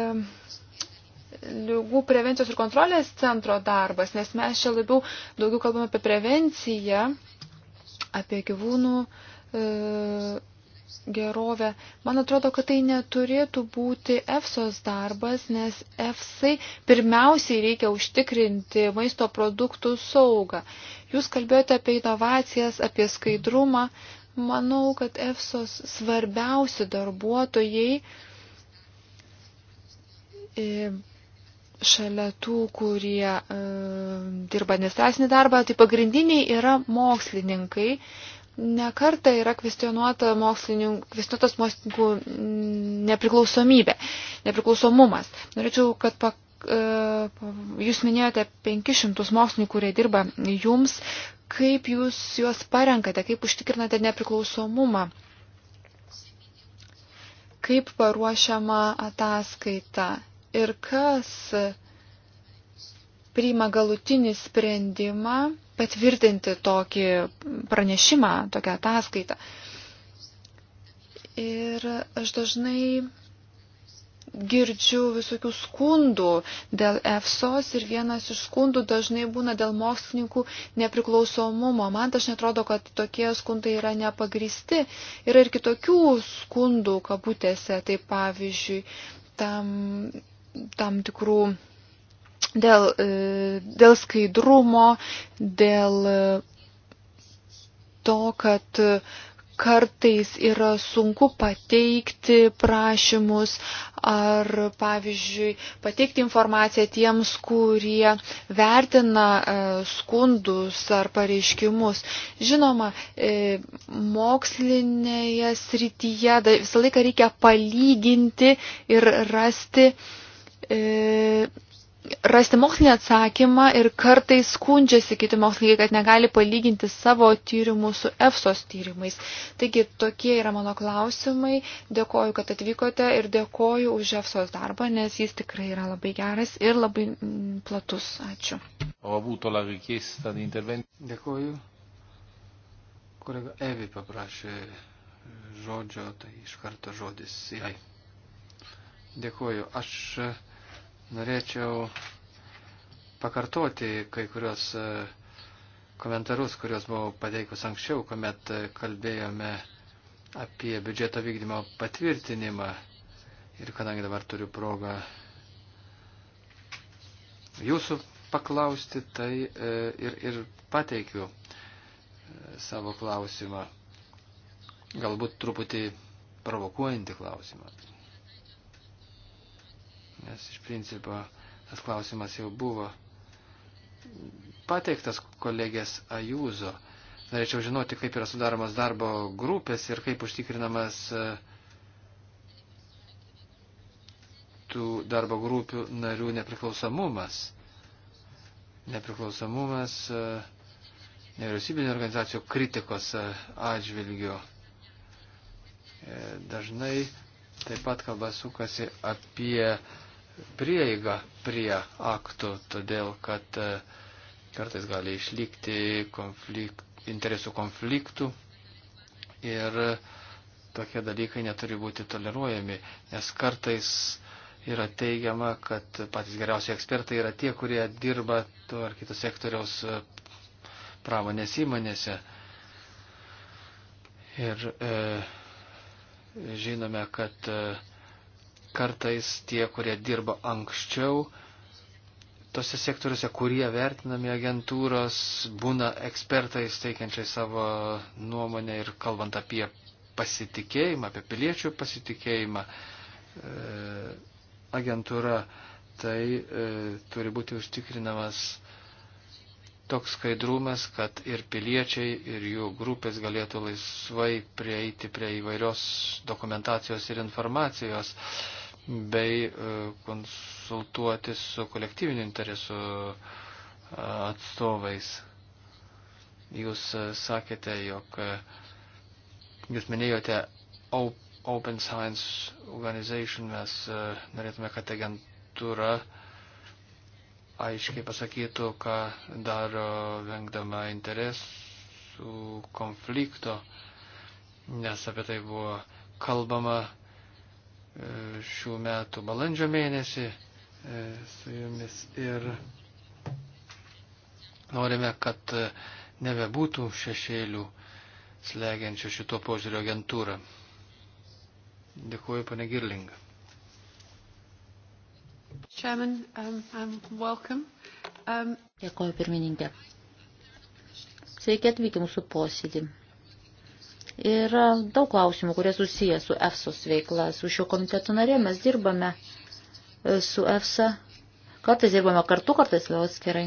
lygų prevencijos ir kontrolės centro darbas, nes mes čia labiau daugiau kalbame apie prevenciją, apie gyvūnų e, gerovę. Man atrodo, kad tai neturėtų būti EFSOS darbas, nes EFSAI pirmiausiai reikia užtikrinti maisto produktų saugą. Jūs kalbėjote apie inovacijas, apie skaidrumą. Manau, kad EFSOS svarbiausi darbuotojai e, šalia tų, kurie e, dirba administracinį darbą, tai pagrindiniai yra mokslininkai. Nekarta yra kvestionuota mokslininkų, kvestionuotas mokslininkų mm, nepriklausomybė, nepriklausomumas. Norėčiau, kad pak, e, jūs minėjote 500 mokslininkų, kurie dirba jums. Kaip jūs juos parenkate, kaip užtikrinate nepriklausomumą? Kaip paruošiama ataskaita? ir kas priima galutinį sprendimą patvirtinti tokį pranešimą, tokią ataskaitą. Ir aš dažnai girdžiu visokių skundų dėl EFSOS ir vienas iš skundų dažnai būna dėl mokslininkų nepriklausomumo. Man dažnai atrodo, kad tokie skundai yra nepagristi. Yra ir kitokių skundų kabutėse, tai pavyzdžiui, tam tam tikrų dėl, e, dėl skaidrumo, dėl e, to, kad kartais yra sunku pateikti prašymus ar, pavyzdžiui, pateikti informaciją tiems, kurie vertina e, skundus ar pareiškimus. Žinoma, mokslinėje srityje visą laiką reikia palyginti ir rasti E, rasti mokslinį atsakymą ir kartais skundžiasi kiti mokslininkai, kad negali palyginti savo tyrimų su EFSOS tyrimais. Taigi tokie yra mano klausimai. Dėkoju, kad atvykote ir dėkoju už EFSOS darbą, nes jis tikrai yra labai geras ir labai mm, platus. Ačiū. Dėkoju. Kolega Evi paprašė žodžio, tai iš karto žodis jai. Dėkoju. Aš Norėčiau pakartoti kai kurios e, komentarus, kuriuos buvau pateikus anksčiau, kuomet kalbėjome apie biudžeto vykdymo patvirtinimą. Ir kadangi dabar turiu progą jūsų paklausti, tai e, ir, ir pateikiu e, savo klausimą. Galbūt truputį provokuojantį klausimą nes iš principo tas klausimas jau buvo pateiktas kolegės Ajūzo. Norėčiau žinoti, kaip yra sudaromas darbo grupės ir kaip užtikrinamas e, tų darbo grupių narių nepriklausomumas. Nepriklausomumas e, nevyriausybinio organizacijų kritikos e, atžvilgiu. Dažnai taip pat kalba sukasi apie prieigą prie aktų, todėl kad e, kartais gali išlikti konflikt, interesų konfliktų ir tokie dalykai neturi būti toleruojami, nes kartais yra teigiama, kad patys geriausi ekspertai yra tie, kurie dirba to ar kitos sektoriaus e, pramonės įmonėse. Ir e, žinome, kad e, kartais tie, kurie dirba anksčiau, tose sektoriuose, kurie vertinami agentūros, būna ekspertais teikiančiai savo nuomonę ir kalbant apie pasitikėjimą, apie piliečių pasitikėjimą e, agentūra, tai e, turi būti užtikrinamas toks skaidrumas, kad ir piliečiai, ir jų grupės galėtų laisvai prieiti prie įvairios dokumentacijos ir informacijos. E, bei e, konsultuotis su kolektyviniu interesu e, atstovais. Jūs e, sakėte, jog jūs minėjote Open Science Organization, mes norėtume, kad agentūra aiškiai pasakytų, ką daro vengdama interesų konflikto, nes apie tai buvo kalbama šių metų balandžio mėnesį e, su jumis ir norime, kad e, nebebūtų šešėlių slegiančių šito požiūrio agentūrą. Dėkuoju, pane Girling. Chairman, um, um, welcome. Um... Dėkuoju, pirmininkė. Sveiki atvykę mūsų posėdį. Yra daug klausimų, kurie susiję su EFSOS veikla, su šio komiteto narė. Mes dirbame e, su EFSA, kartais dirbame kartu, kartais vėl atskirai.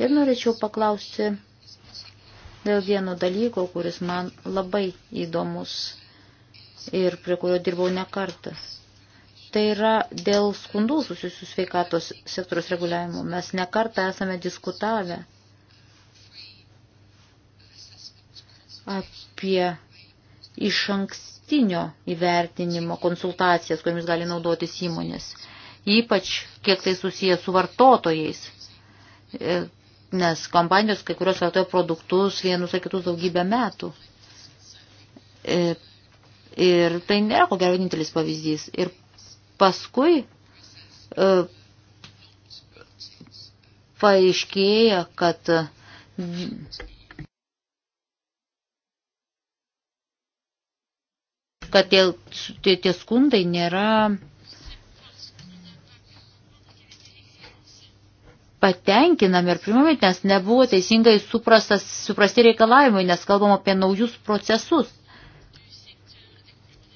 Ir norėčiau paklausti dėl vieno dalyko, kuris man labai įdomus ir prie kurio dirbau ne kartą. Tai yra dėl skundų susijusių sveikatos sektoriaus reguliavimo. Mes ne kartą esame diskutavę apie iš ankstinio įvertinimo konsultacijas, kuriamis gali naudotis įmonės. Ypač kiek tai susiję su vartotojais, e, nes kompanijos kai kurios vartoja produktus vienus ar kitus daugybę metų. E, ir tai nėra ko gero vienintelis pavyzdys. Ir paskui e, paaiškėja, kad kad tie, tie, tie skundai nėra patenkinami ir primami, nes nebuvo teisingai suprastas, suprasti reikalavimai, nes kalbam apie naujus procesus.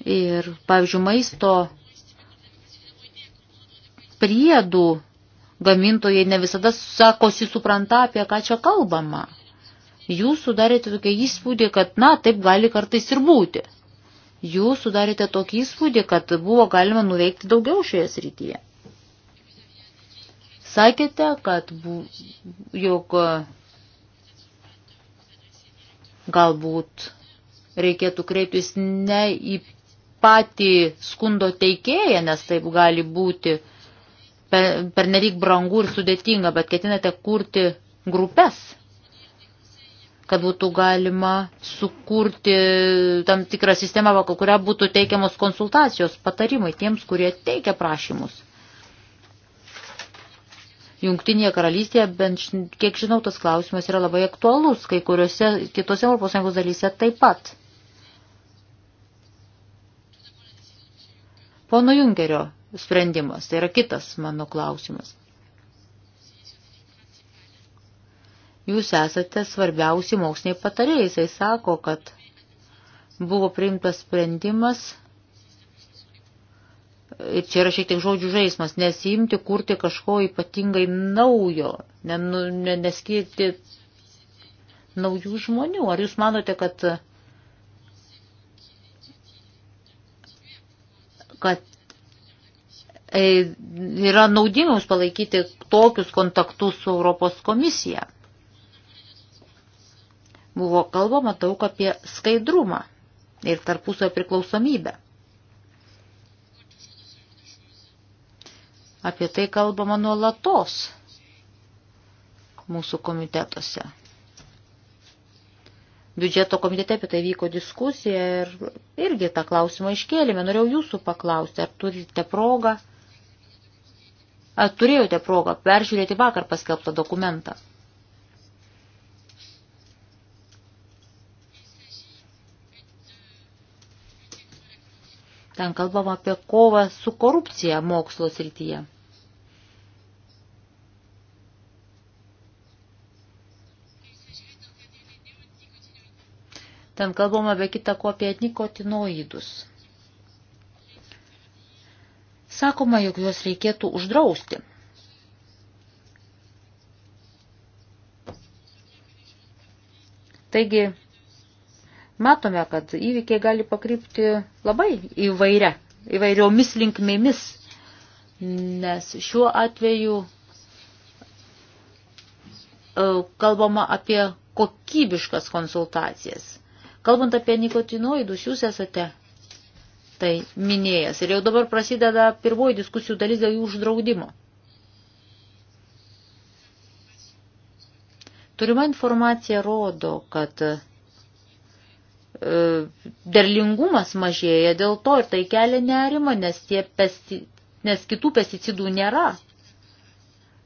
Ir, pavyzdžiui, maisto priedų gamintojai ne visada sakosi supranta, apie ką čia kalbama. Jūs sudarėte tokia įspūdį, kad, na, taip gali kartais ir būti jūs sudarėte tokį įspūdį, kad buvo galima nuveikti daugiau šioje srityje. Sakėte, kad bu, jog galbūt reikėtų kreiptis ne į patį skundo teikėją, nes taip gali būti per, per nelik brangų ir sudėtinga, bet ketinate kurti grupės kad būtų galima sukurti tam tikrą sistemą, pagal kurią būtų teikiamos konsultacijos, patarimai tiems, kurie teikia prašymus. Jungtinėje karalystėje, bent kiek žinau, tas klausimas yra labai aktualus, kai kuriuose kitose ES dalyse taip pat. Pono Junkerio sprendimas, tai yra kitas mano klausimas. Jūs esate svarbiausi moksliniai patarėjai. Jisai sako, kad buvo priimtas sprendimas, ir čia yra šiek tiek žodžių žaismas, nesimti kurti kažko ypatingai naujo, nenu, neskirti naujų žmonių. Ar jūs manote, kad, kad e, yra naudinga jums palaikyti tokius kontaktus su Europos komisija? Buvo kalbama daug apie skaidrumą ir tarpusio priklausomybę. Apie tai kalbama nuolatos mūsų komitetuose. Biudžeto komitete apie tai vyko diskusija ir irgi tą klausimą iškėlėme. Norėjau jūsų paklausti, ar turite progą, ar turėjote progą peržiūrėti vakar paskelbtą dokumentą. Ten kalbama apie kovą su korupcija mokslo srityje. Ten kalbama be kita ko apie nikotinoidus. Sakoma, jog juos reikėtų uždrausti. Taigi, matome, kad įvykiai gali pakrypti labai įvairia, įvairiomis linkmėmis, nes šiuo atveju e, kalbama apie kokybiškas konsultacijas. Kalbant apie nikotinoidus, jūs esate tai minėjęs. Ir jau dabar prasideda pirmoji diskusijų dalis dėl jų uždraudimo. Turima informacija rodo, kad E, derlingumas mažėja dėl to ir tai kelia nerimą, nes, pesti, nes kitų pesticidų nėra.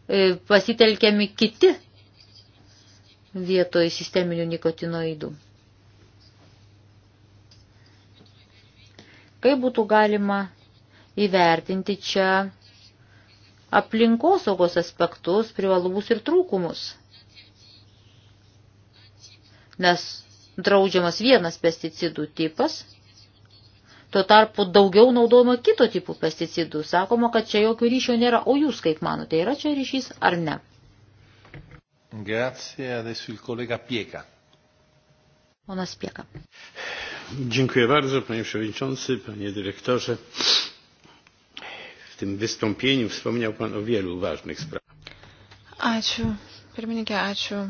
E, pasitelkiami kiti vietoj sisteminių nikotinoidų. Kaip būtų galima įvertinti čia aplinkosaugos aspektus, privalumus ir trūkumus? Nes draudžiamas vienas pesticidų tipas, tuo tarpu daugiau naudojama kito tipų pesticidų. Sakoma, kad čia jokio ryšio nėra, o jūs kaip manote, yra čia ryšys ar ne? Grazie, adesso il collega Pieka. Ponas Pieka. Dziękuję bardzo, panie przewodniczący, panie dyrektorze. W tym wystąpieniu wspomniał pan o wielu ważnych sprawach. Ačiū, pirmininkė, ačiū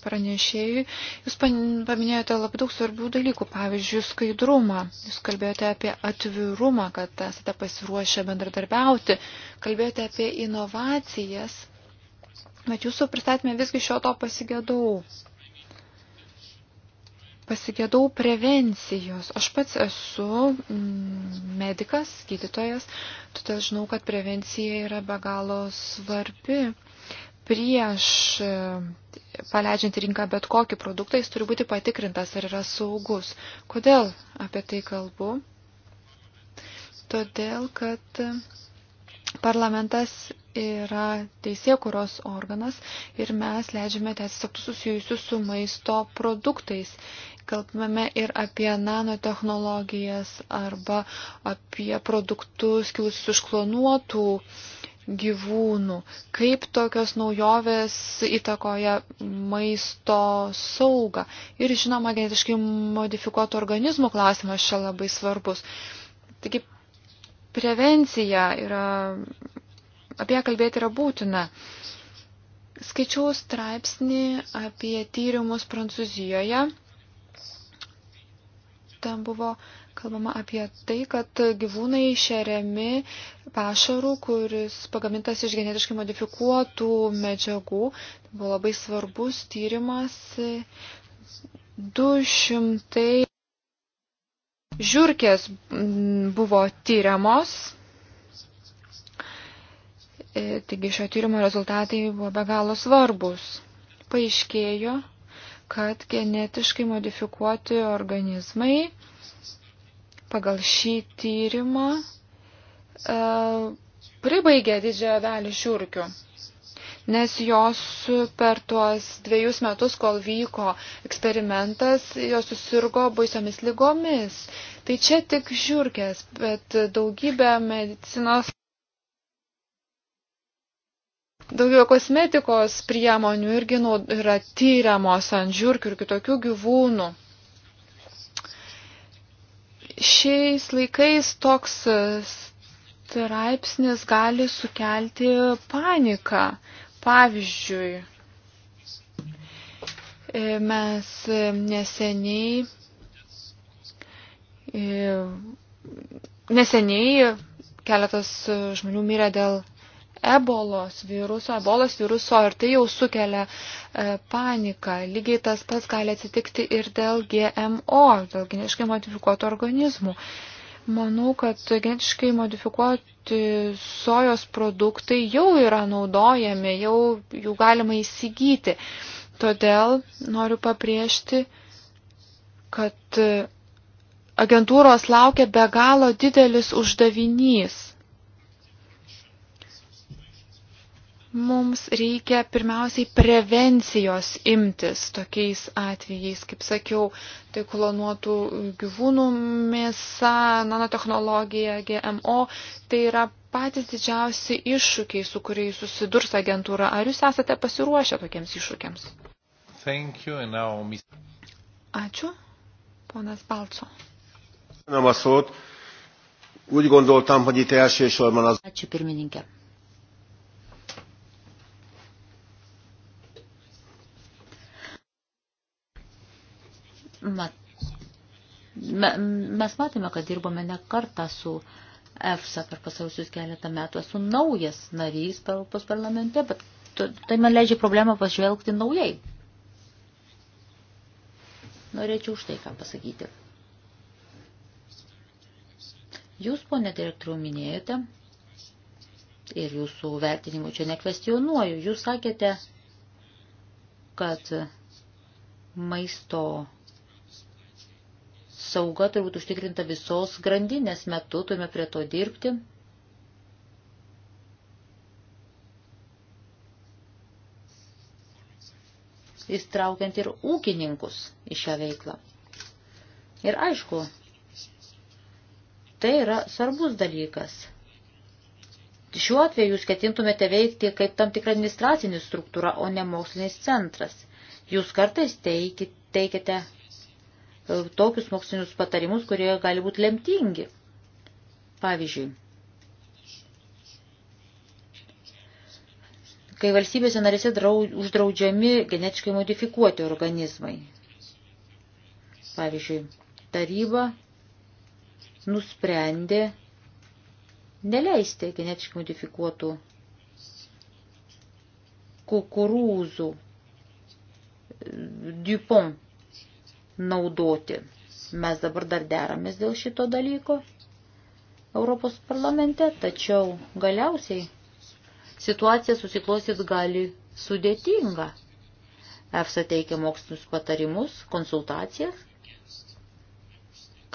pranešėjui. Jūs paminėjote labai daug svarbių dalykų, pavyzdžiui, skaidrumą. Jūs kalbėjote apie atvirumą, kad esate pasiruošę bendradarbiauti. Kalbėjote apie inovacijas, bet jūsų pristatymė visgi šio to pasigėdau. Pasigėdau prevencijos. Aš pats esu mm, medikas, gydytojas, todėl žinau, kad prevencija yra be galo svarbi prieš paleidžiant į rinką bet kokį produktą, jis turi būti patikrintas, ar yra saugus. Kodėl apie tai kalbu? Todėl, kad parlamentas yra teisėkuros organas ir mes leidžiame teisės aktus susijusius su maisto produktais. Kalbame ir apie nanotehnologijas arba apie produktus kilusius iš klonuotų uh, gyvūnų, kaip tokios naujovės įtakoja maisto saugą. Ir žinoma, genetiškai modifikuotų organizmų klausimas čia labai svarbus. Taigi prevencija yra, apie ją kalbėti yra būtina. Skaičiau straipsnį apie tyrimus Prancūzijoje. Ten buvo uh, Kalbama apie tai, kad gyvūnai šeriami pašarų, kuris pagamintas iš genetiškai modifikuotų medžiagų. Tai buvo labai svarbus tyrimas. 200 žiūrkės buvo tyriamos. Taigi šio tyrimo rezultatai buvo be galo svarbus. Paaiškėjo, kad genetiškai modifikuoti organizmai pagal šį tyrimą e, pribaigė didžiąją dalį šiurkių, nes jos per tuos dviejus metus, kol vyko eksperimentas, jos susirgo baisiomis lygomis. Tai čia tik žiūrkės, bet daugybė medicinos daugiau kosmetikos priemonių irgi nu, yra tyriamos ant žiūrkių ir kitokių gyvūnų. Šiais laikais toks e, straipsnis gali sukelti paniką. Pavyzdžiui, e, mes e, neseniai, neseniai keletas žmonių mirė dėl ebolos viruso, ebolos viruso ir tai jau sukelia e, paniką. Lygiai tas pats gali atsitikti ir dėl GMO, dėl geniškai modifikuotų organizmų. Manau, kad genetiškai modifikuoti sojos produktai jau yra naudojami, jau jų galima įsigyti. Todėl noriu pabrėžti, kad agentūros laukia be galo didelis uždavinys Mums reikia pirmiausiai prevencijos imtis tokiais atvejais, kaip sakiau, tai klonuotų gyvūnų mėsa, nanotehnologija, GMO, tai yra patys didžiausi iššūkiai, su kuriais susidurs agentūra. Ar jūs esate pasiruošę tokiems iššūkiams? Now... Ačiū, ponas Balco. Ačiū pirmininkė. mat, me, mes matėme, kad dirbome ne kartą su EFSA per pasausius keletą metų. Esu naujas narys Europos parlamente, bet tai man leidžia problemą pažvelgti naujai. Norėčiau už tai ką pasakyti. Jūs, ponė direktorių, minėjote ir jūsų vertinimų čia nekvestionuoju. Jūs sakėte, kad maisto sauga turi būti užtikrinta visos grandinės metu, turime prie to dirbti. Įstraukiant ir ūkininkus į šią veiklą. Ir aišku, tai yra svarbus dalykas. Šiuo atveju jūs ketintumėte veikti kaip tam tikra administracinė struktūra, o ne mokslinis centras. Jūs kartais teikite E, tokius mokslinius patarimus, kurie gali būti lemtingi. Pavyzdžiui, kai valstybėse narėse draud, uždraudžiami genetiškai modifikuoti organizmai. Pavyzdžiui, taryba nusprendė neleisti genetiškai modifikuotų kukurūzų e, Dupont naudoti. Mes dabar dar deramės dėl šito dalyko Europos parlamente, tačiau galiausiai situacija susiklostys gali sudėtinga. EFSA teikia mokslinius patarimus, konsultacijas.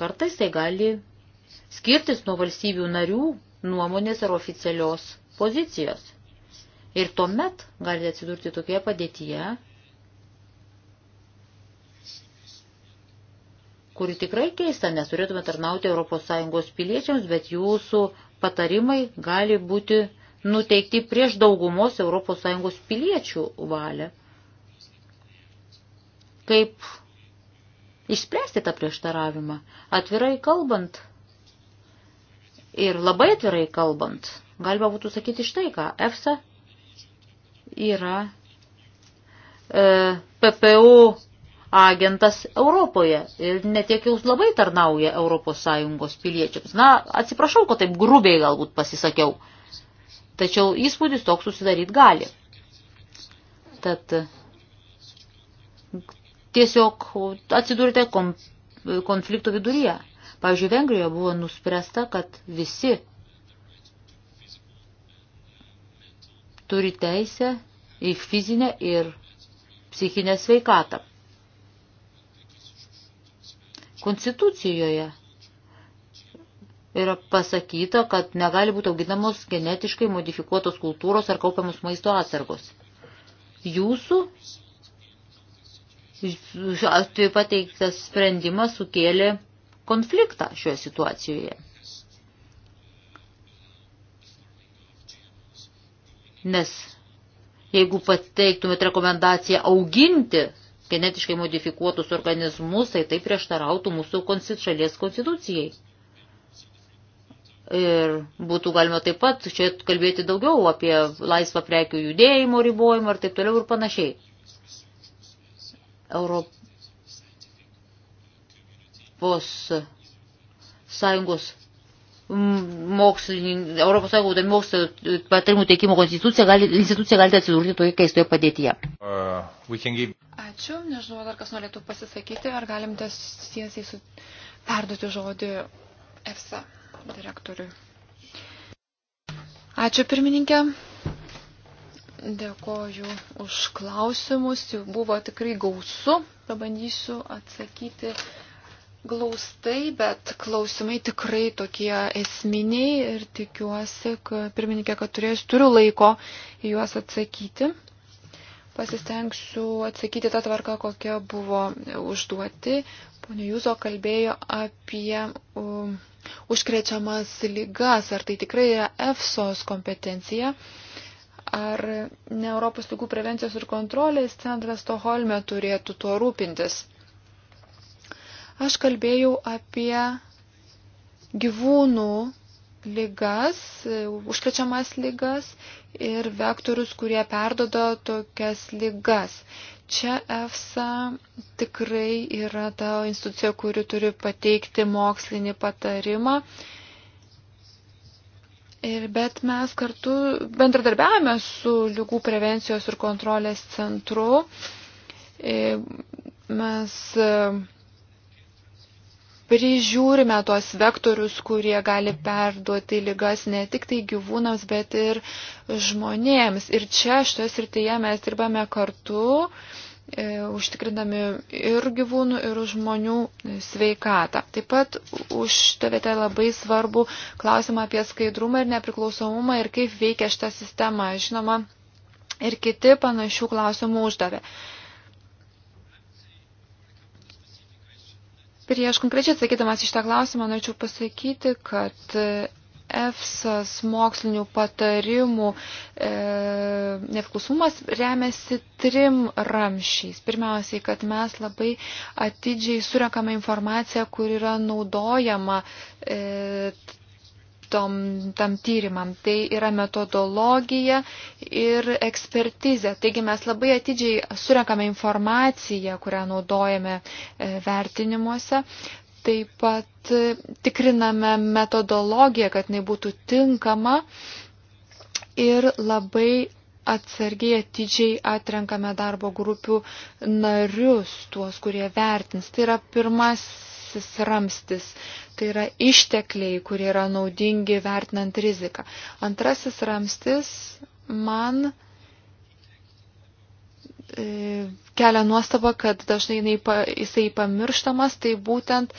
Kartais tai gali skirtis nuo valstybių narių nuomonės ar oficialios pozicijos. Ir tuomet gali atsidurti tokie padėtyje, kuri tikrai keista, nes turėtume tarnauti ES piliečiams, bet jūsų patarimai gali būti nuteikti prieš daugumos ES piliečių valią. Kaip išspręsti tą prieštaravimą? Atvirai kalbant ir labai atvirai kalbant, galima būtų sakyti štai ką, EFSA yra e, PPU agentas Europoje ir netiek jau labai tarnauja ES piliečiams. Na, atsiprašau, kad taip grubiai galbūt pasisakiau, tačiau įspūdis toks susidaryt gali. Tad tiesiog atsidūrite konflikto viduryje. Pavyzdžiui, Vengrijoje buvo nuspręsta, kad visi turi teisę į fizinę ir psichinę sveikatą. Konstitucijoje yra pasakyta, kad negali būti auginamos genetiškai modifikuotos kultūros ar kaupiamos maisto atsargos. Jūsų pateiktas sprendimas sukėlė konfliktą šioje situacijoje. Nes jeigu pateiktumėt rekomendaciją auginti genetiškai modifikuotus organizmus, tai tai prieštarautų mūsų šalies konstitucijai. Ir būtų galima taip pat čia kalbėti daugiau apie laisvą prekių judėjimo ribojimą ir taip toliau ir panašiai. Europos Sąjungos mokslininkų, Europos Sąjungos mokslo patarimų teikimo konstitucija gali, institucija galite atsidurti toje keistoje padėtyje. Uh, give... Ačiū. Nežinau, ar kas norėtų pasisakyti, ar galim tiesiai su... perduoti žodį EFSA direktoriui. Ačiū pirmininkė. Dėkoju už klausimus. Jų buvo tikrai gausu. Pabandysiu atsakyti glaustai, bet klausimai tikrai tokie esminiai ir tikiuosi, kad pirmininkė, kad turėsiu, turiu laiko juos atsakyti. Pasistengsiu atsakyti tą tvarką, kokia buvo užduoti. Pone Jūzo kalbėjo apie um, užkrečiamas lygas, ar tai tikrai yra EFSOS kompetencija, ar ne Europos lygų prevencijos ir kontrolės centras Stoholme turėtų tuo rūpintis. Aš kalbėjau apie gyvūnų lygas, užkrečiamas lygas ir vektorius, kurie perdoda tokias lygas. Čia EFSA tikrai yra ta institucija, kuri turi pateikti mokslinį patarimą. Ir bet mes kartu bendradarbiavame su lygų prevencijos ir kontrolės centru. Mes prižiūrime tuos vektorius, kurie gali perduoti lygas ne tik tai gyvūnams, bet ir žmonėms. Ir čia šitoje srityje mes dirbame kartu, e, užtikrindami ir gyvūnų, ir žmonių sveikatą. Taip pat užtavėte labai svarbu klausimą apie skaidrumą ir nepriklausomumą ir kaip veikia šitą sistemą. Žinoma, ir kiti panašių klausimų uždavė. E, Prieš konkrečiai atsakydamas iš tą klausimą, norėčiau pasakyti, kad e, EFSAS mokslinių patarimų e, nepriklausomumas remiasi trim ramšiais. Pirmiausiai, kad mes labai atidžiai surenkame informaciją, kur yra naudojama e, tom, tam tyrimam. Tai yra metodologija ir ekspertizė. Taigi mes labai atidžiai surenkame informaciją, kurią naudojame e, vertinimuose. Taip pat e, tikriname metodologiją, kad jinai būtų tinkama ir labai atsargiai atidžiai atrenkame darbo grupių narius, tuos, kurie vertins. Tai yra pirmasis ramstis, tai yra ištekliai, kurie yra naudingi vertinant riziką. Antrasis ramstis man E, kelia nuostaba, kad dažnai jisai pamirštamas, tai būtent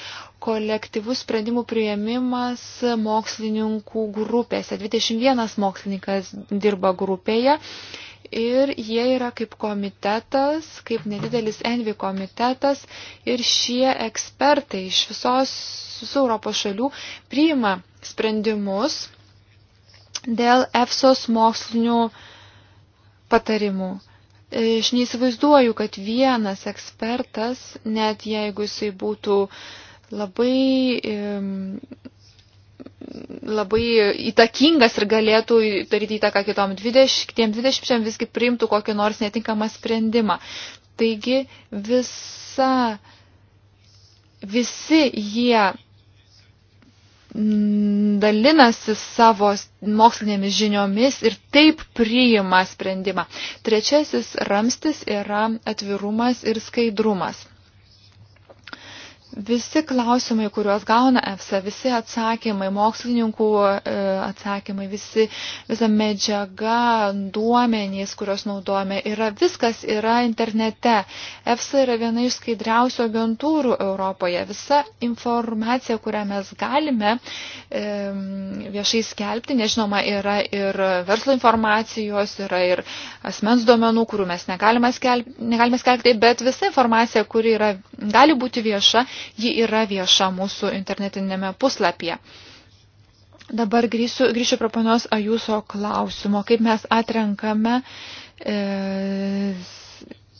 kolektyvus sprendimų prieimimas mokslininkų grupėse. 21 mokslininkas dirba grupėje ir jie yra kaip komitetas, kaip nedidelis Envi komitetas ir šie ekspertai iš visos visų Europos šalių priima sprendimus dėl EFSOS mokslinių patarimų. E, aš neįsivaizduoju, kad vienas ekspertas, net jeigu jisai būtų labai, labai įtakingas ir galėtų daryti įtaką kitom 20, 20 visgi priimtų kokį nors netinkamą sprendimą. Taigi visa, visi jie Mm, dalinasi savo mokslinėmis žiniomis ir taip priima sprendimą. Trečiasis ramstis yra atvirumas ir skaidrumas. Visi klausimai, kuriuos gauna EFSA, visi atsakymai, mokslininkų e, atsakymai, visi, visa medžiaga, duomenys, kuriuos naudojame, yra, viskas yra internete. EFSA yra viena iš skaidriausių agentūrų Europoje. Visa informacija, kurią mes galime e, viešai skelbti, nežinoma, yra ir verslo informacijos, yra ir asmens duomenų, kurių mes negalime skelbti, negalime skelbti bet visa informacija, kuri yra, gali būti vieša, ji yra vieša mūsų internetinėme puslapyje. Dabar grįšiu, grįšiu prie ponios Ajuso klausimo, kaip mes atrenkame e,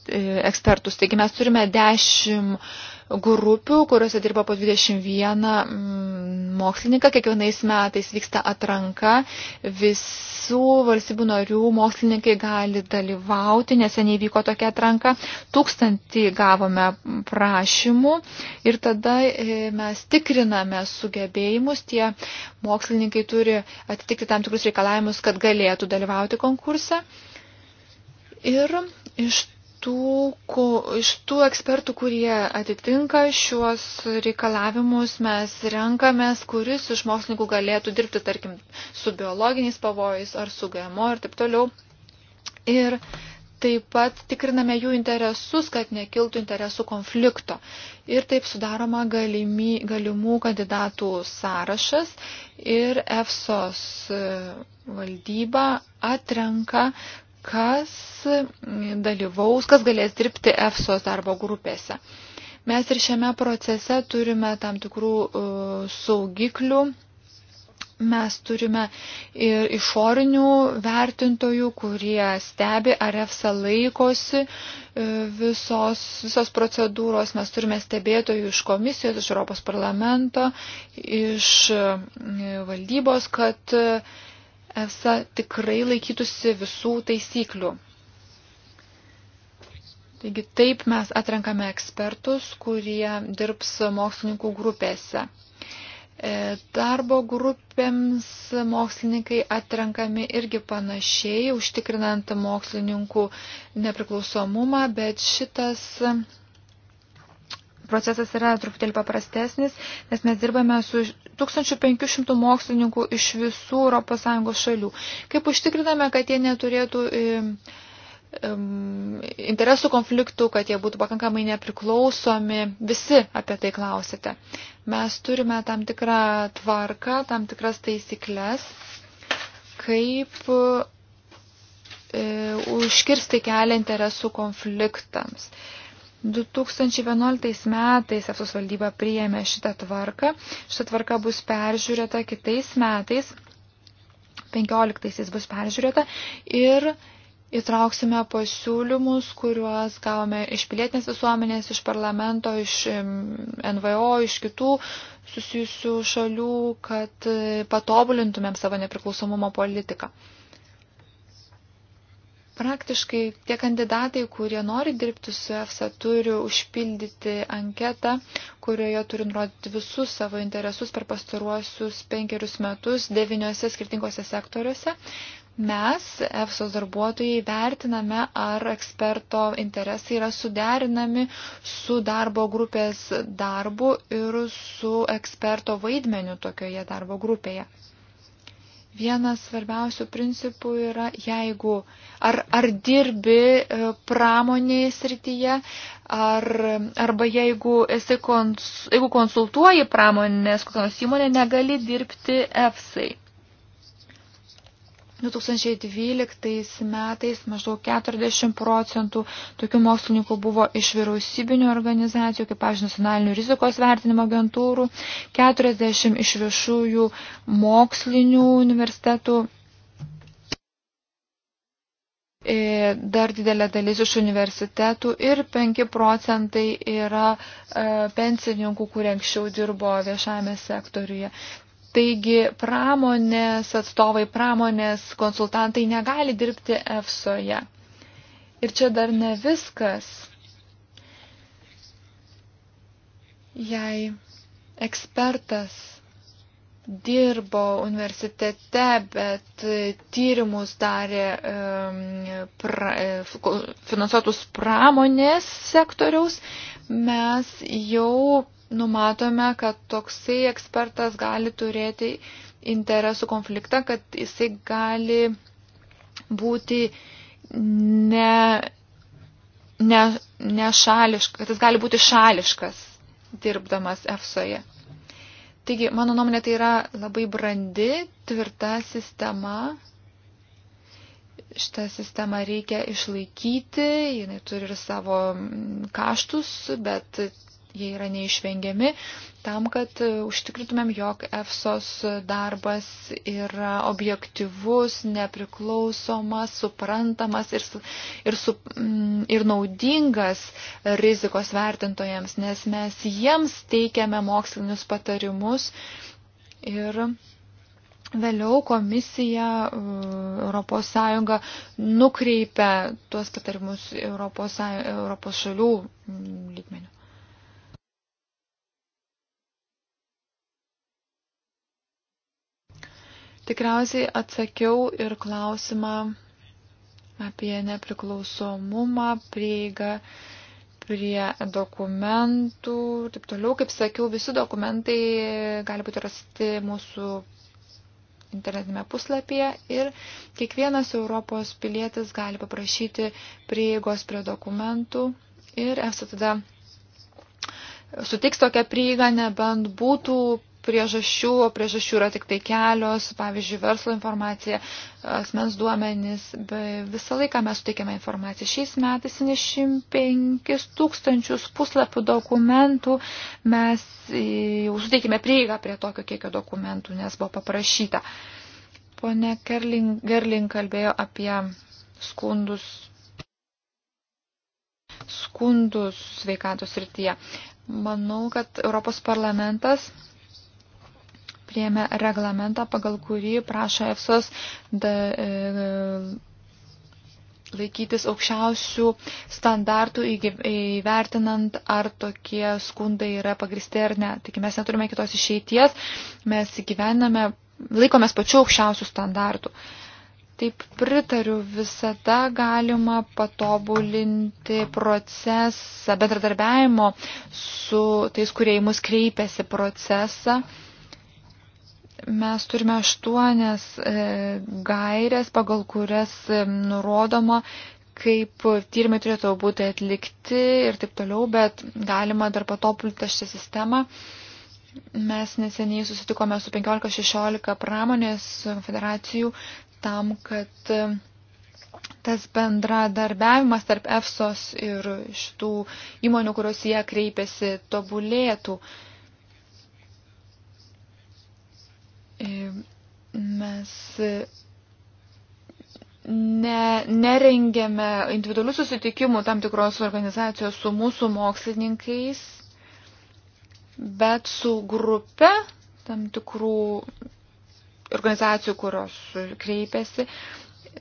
e ekspertus. Taigi mes turime dešimt grupių, kuriuose dirba po 21 mm, mokslininką. Kiekvienais metais vyksta atranka. Visų valstybių narių mokslininkai gali dalyvauti. Neseniai vyko tokia atranka. Tūkstantį gavome prašymų ir tada e, mes tikriname sugebėjimus. Tie mokslininkai turi atitikti tam tikrus reikalavimus, kad galėtų dalyvauti konkurse. Ir iš tų, ku, iš tų ekspertų, kurie atitinka šiuos reikalavimus, mes renkamės, kuris iš mokslininkų galėtų dirbti, tarkim, su biologiniais pavojais ar su GMO ir taip toliau. Ir taip pat tikriname jų interesus, kad nekiltų interesų konflikto. Ir taip sudaroma galimy, galimų kandidatų sąrašas ir EFSOS valdyba atrenka kas dalyvaus, kas galės dirbti EFSOS darbo grupėse. Mes ir šiame procese turime tam tikrų e, saugiklių. Mes turime ir išorinių vertintojų, kurie stebi, ar EFSA laikosi e, visos, visos procedūros. Mes turime stebėtojų iš komisijos, iš Europos parlamento, iš e, valdybos, kad uh, ESA tikrai laikytųsi visų taisyklių. Taigi taip mes atrenkame ekspertus, kurie dirbs mokslininkų grupėse. E, darbo grupėms mokslininkai atrenkami irgi panašiai, užtikrinant mokslininkų nepriklausomumą, bet šitas procesas yra truputėlį paprastesnis, nes mes dirbame su 1500 mokslininkų iš visų ES šalių. Kaip užtikriname, kad jie neturėtų e, interesų konfliktų, kad jie būtų pakankamai nepriklausomi, visi apie tai klausite. Mes turime tam tikrą tvarką, tam tikras taisyklės, kaip e, užkirsti kelią interesų konfliktams. E, 2011 metais EFSOS valdyba priėmė šitą tvarką. Šitą tvarką bus peržiūrėta kitais metais, 15 bus peržiūrėta ir įtrauksime pasiūlymus, kuriuos gavome iš pilietinės visuomenės, iš parlamento, iš NVO, iš kitų susijusių šalių, kad patobulintumėm savo nepriklausomumo politiką. Praktiškai tie kandidatai, kurie nori dirbti su EFSA, turi užpildyti anketą, kurioje turi nurodyti visus savo interesus per pastaruosius penkerius metus deviniuose skirtingose sektoriuose. Mes, EFSOS darbuotojai, vertiname, ar eksperto interesai yra suderinami su darbo grupės darbu ir su eksperto vaidmeniu tokioje darbo grupėje. Vienas svarbiausių principų yra, jeigu ar, ar dirbi e, pramonėje srityje, ar, arba jeigu, esi kons, jeigu konsultuoji pramonės kokios įmonė, negali dirbti EFSAI. 2012 metais maždaug 40 procentų tokių mokslininkų buvo iš vyriausybinių organizacijų, kaip, pavyzdžiui, nacionalinių rizikos vertinimo agentūrų, 40 iš viešųjų mokslinių universitetų, e, dar didelė dalis iš universitetų ir 5 procentai yra e, pensininkų, kurie anksčiau dirbo viešajame sektoriuje. Taigi pramonės atstovai, pramonės konsultantai negali dirbti EFSOje. Ir čia dar ne viskas. Jei ekspertas dirbo universitete, bet tyrimus darė pra, finansuotus pramonės sektoriaus, mes jau numatome, kad toksai ekspertas gali turėti interesų konfliktą, kad jisai gali būti ne, ne, nešališkas, kad jis gali būti šališkas dirbdamas EFSOje. Taigi, mano nuomonė, tai yra labai brandi, tvirta sistema. Šitą sistemą reikia išlaikyti, jinai turi ir savo kaštus, bet jie yra neišvengiami tam, kad e, užtikrintumėm, jog EFSOS darbas yra objektivus, nepriklausomas, suprantamas ir, ir, su, mm, ir naudingas rizikos vertintojams, nes mes jiems teikiame mokslinius patarimus ir Vėliau komisija, ES nukreipia tuos patarimus ES, ES šalių mm, lygmenį. Tikriausiai atsakiau ir klausimą apie nepriklausomumą, prieigą prie dokumentų ir taip toliau. Kaip sakiau, visi dokumentai gali būti rasti mūsų internetinėme puslapyje ir kiekvienas Europos pilietis gali paprašyti prieigos prie dokumentų ir EFSA tada sutiks tokią prieigą, nebent būtų priežasčių, o priežasčių yra tik tai kelios, pavyzdžiui, verslo informacija, asmens duomenys. Visą laiką mes suteikiame informaciją. Šiais metais 75 tūkstančius puslapių dokumentų mes jau suteikime prieigą prie tokio kiekio dokumentų, nes buvo paprašyta. Pone Gerling, Gerling kalbėjo apie skundus skundus sveikatos rytyje. Manau, kad Europos parlamentas priemė reglamentą, pagal kurį prašo EFSOS da, e, laikytis aukščiausių standartų įvertinant, ar tokie skundai yra pagristi ar ne. Taigi mes neturime kitos išeities, mes gyvename, laikomės pačių aukščiausių standartų. Taip pritariu, visada galima patobulinti procesą, bendradarbiavimo su tais, kurie į mus kreipiasi procesą. Uh, Mes turime aštuonias e, gairias, pagal kurias e, nurodoma, kaip tyrimai turėtų būti atlikti ir taip toliau, bet galima dar patobulinti šią sistemą. Mes neseniai susitikome su 15-16 pramonės federacijų tam, kad e, tas bendradarbiavimas tarp EFSOS ir šitų įmonių, kurios jie kreipiasi, tobulėtų. Uh, E, mes ne, nerengėme individualių susitikimų tam tikros organizacijos su mūsų mokslininkais, bet su grupe tam tikrų organizacijų, kurios kreipiasi.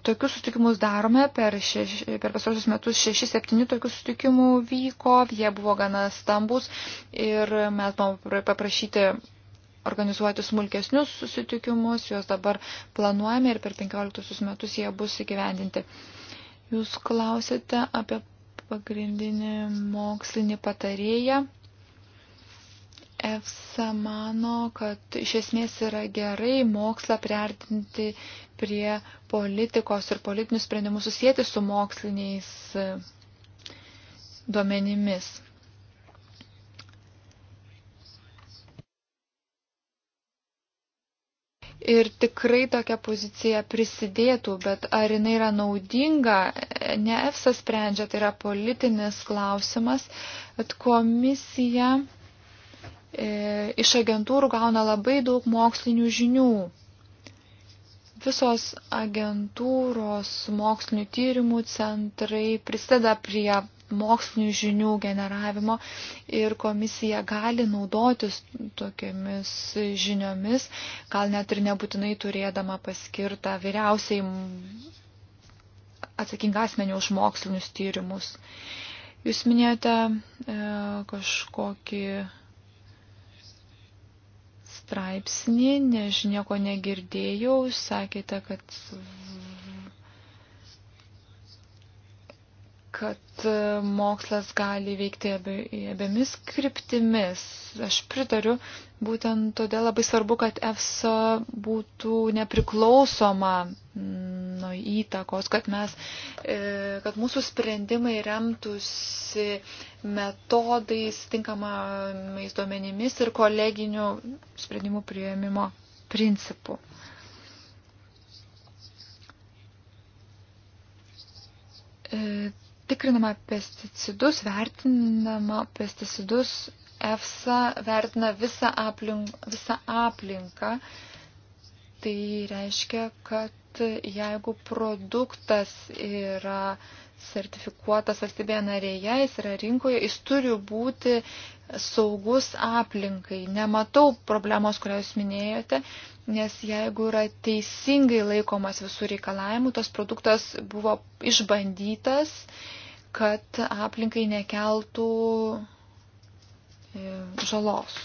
Tokius sutikimus darome, per, šeš, per pasarosius metus 6-7 tokių sutikimų vyko, jie buvo gana stambus ir mes buvome paprašyti organizuoti smulkesnius susitikimus, juos dabar planuojame ir per 15 metus jie bus įgyvendinti. Jūs klausėte apie pagrindinį mokslinį patarėją. EFSA mano, kad iš esmės yra gerai mokslą priartinti prie politikos ir politinius sprendimus susijęti su moksliniais e, duomenimis. Ir tikrai tokia pozicija prisidėtų, bet ar jinai yra naudinga, ne EFSA sprendžia, tai yra politinis klausimas, bet komisija e, iš agentūrų gauna labai daug mokslinių žinių. Visos agentūros mokslinių tyrimų centrai prisideda prie mokslinių žinių generavimo ir komisija gali naudotis tokiamis žiniomis, gal net ir nebūtinai turėdama paskirtą vyriausiai atsakingą asmenį už mokslinius tyrimus. Jūs minėjote e, kažkokį straipsnį, nežinau, nieko negirdėjau, sakėte, kad kad e, mokslas gali veikti abiemis kryptimis. Aš pritariu, būtent todėl labai svarbu, kad EFSA būtų nepriklausoma mm, nuo įtakos, kad, mes, e, kad mūsų sprendimai remtųsi metodais, tinkamais duomenimis ir koleginių sprendimų prieimimo principų. E, tikrinama pesticidus, vertinama pesticidus, EFSA vertina visą, aplink, visą aplinką. Tai reiškia, kad jeigu produktas yra sertifikuotas valstybėje narėje, jis yra rinkoje, jis turi būti saugus aplinkai. Nematau problemos, kurią jūs minėjote, nes jeigu yra teisingai laikomas visų reikalavimų, tas produktas buvo išbandytas, kad aplinkai nekeltų e, žalos.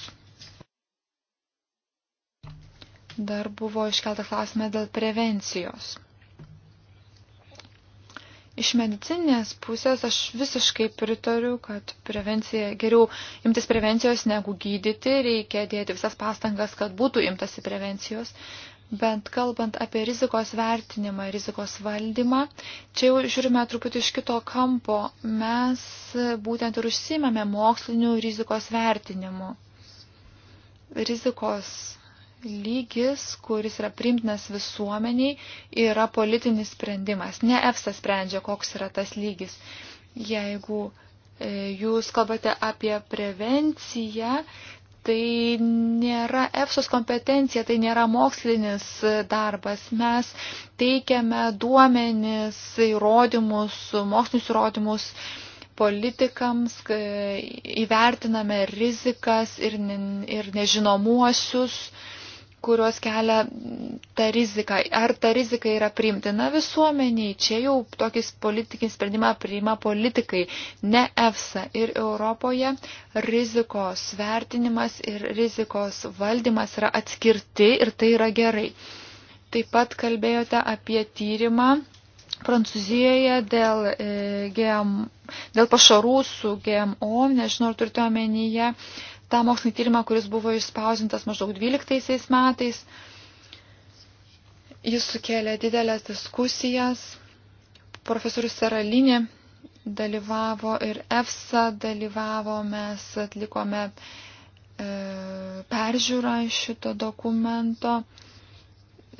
Dar buvo iškeltas klausimas dėl prevencijos. Iš medicinės pusės aš visiškai pritariu, kad prevencija, geriau imtis prevencijos negu gydyti, reikia dėti visas pastangas, kad būtų imtasi prevencijos. Bent kalbant apie rizikos vertinimą, rizikos valdymą, čia jau žiūrime truputį iš kito kampo. Mes būtent ir užsimame mokslinių rizikos vertinimu. Rizikos lygis, kuris yra primtinas visuomeniai, yra politinis sprendimas. Ne EFSA sprendžia, koks yra tas lygis. Jeigu e, jūs kalbate apie prevenciją, tai nėra EFSOS kompetencija, tai nėra mokslinis e, darbas. Mes teikiame duomenis, įrodymus, mokslinius įrodymus politikams, e, įvertiname rizikas ir, ne, ir nežinomuosius kurios kelia tą riziką. Ar ta rizika yra priimtina visuomeniai? Čia jau tokį politinį sprendimą priima politikai, ne EFSA. Ir Europoje rizikos vertinimas ir rizikos valdymas yra atskirti ir tai yra gerai. Taip pat kalbėjote apie tyrimą Prancūzijoje dėl, e, GM, dėl pašarų su GMO, nežinau, ar turite omenyje. E, tą mokslinį tyrimą, kuris buvo išspausintas maždaug 12 metais. Jis sukėlė didelės diskusijas. Profesorius Seralinė dalyvavo ir EFSA dalyvavo, mes atlikome e, peržiūrą šito dokumento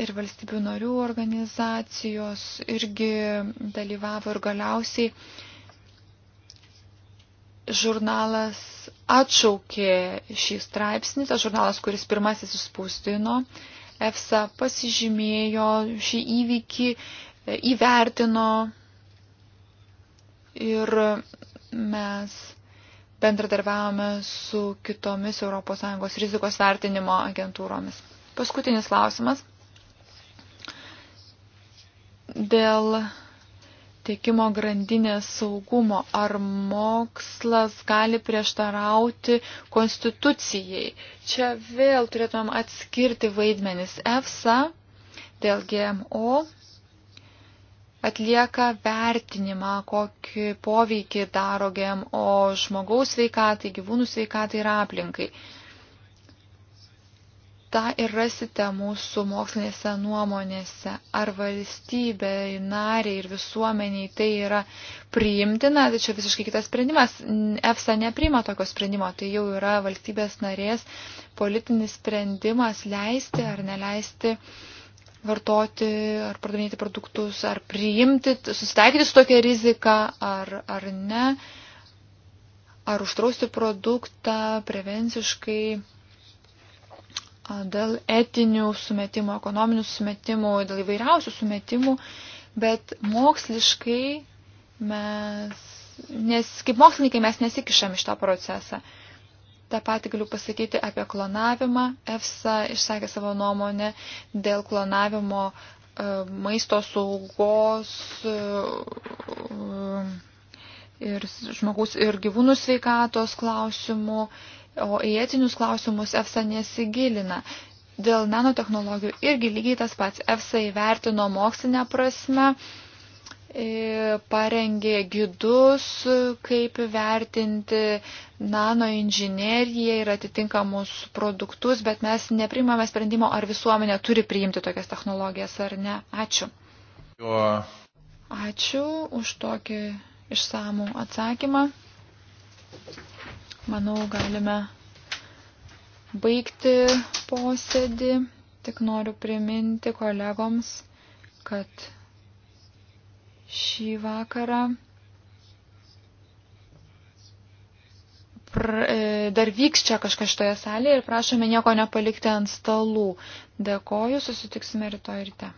ir valstybių narių organizacijos irgi dalyvavo ir galiausiai žurnalas atšaukė šį straipsnį, tas žurnalas, kuris pirmasis suspausdino, EFSA pasižymėjo šį įvykį, įvertino ir mes bendradarbiavome su kitomis ES rizikos vertinimo agentūromis. Paskutinis klausimas. Dėl tiekimo grandinės saugumo, ar mokslas gali prieštarauti konstitucijai. Čia vėl turėtumėm atskirti vaidmenis. EFSA dėl GMO atlieka vertinimą, kokį poveikį daro GMO žmogaus sveikatai, gyvūnų sveikatai ir aplinkai tą ir rasite mūsų mokslinėse nuomonėse. Ar valstybė, nariai ir visuomeniai tai yra priimtina, tai čia visiškai kitas sprendimas. EFSA neprima tokio sprendimo, tai jau yra valstybės narės politinis sprendimas leisti ar neleisti vartoti ar pardavinėti produktus, ar priimti, susitaikyti su tokia rizika ar, ar ne, ar uždrausti produktą prevenciškai dėl etinių sumetimų, ekonominių sumetimų, dėl įvairiausių sumetimų, bet moksliškai mes, nes kaip mokslininkai mes nesikišam iš tą procesą. Ta pati galiu pasakyti apie klonavimą. EFSA išsakė savo nuomonę dėl klonavimo e, maisto saugos e, e, ir žmogus ir gyvūnų sveikatos klausimų o į etinius klausimus EFSA nesigilina. Dėl nanotehnologijų irgi lygiai tas pats EFSA įvertino mokslinę prasme, e, parengė gidus, kaip vertinti nanoinžineriją ir atitinkamus produktus, bet mes neprimame sprendimo, ar visuomenė turi priimti tokias technologijas ar ne. Ačiū. Jo. Ačiū už tokį išsamų atsakymą. Manau, galime baigti posėdį. Tik noriu priminti kolegoms, kad šį vakarą pr, e, dar vyks čia kažkas šitoje salėje ir prašome nieko nepalikti ant stalų. Dėkoju, susitiksime rytoj ryte.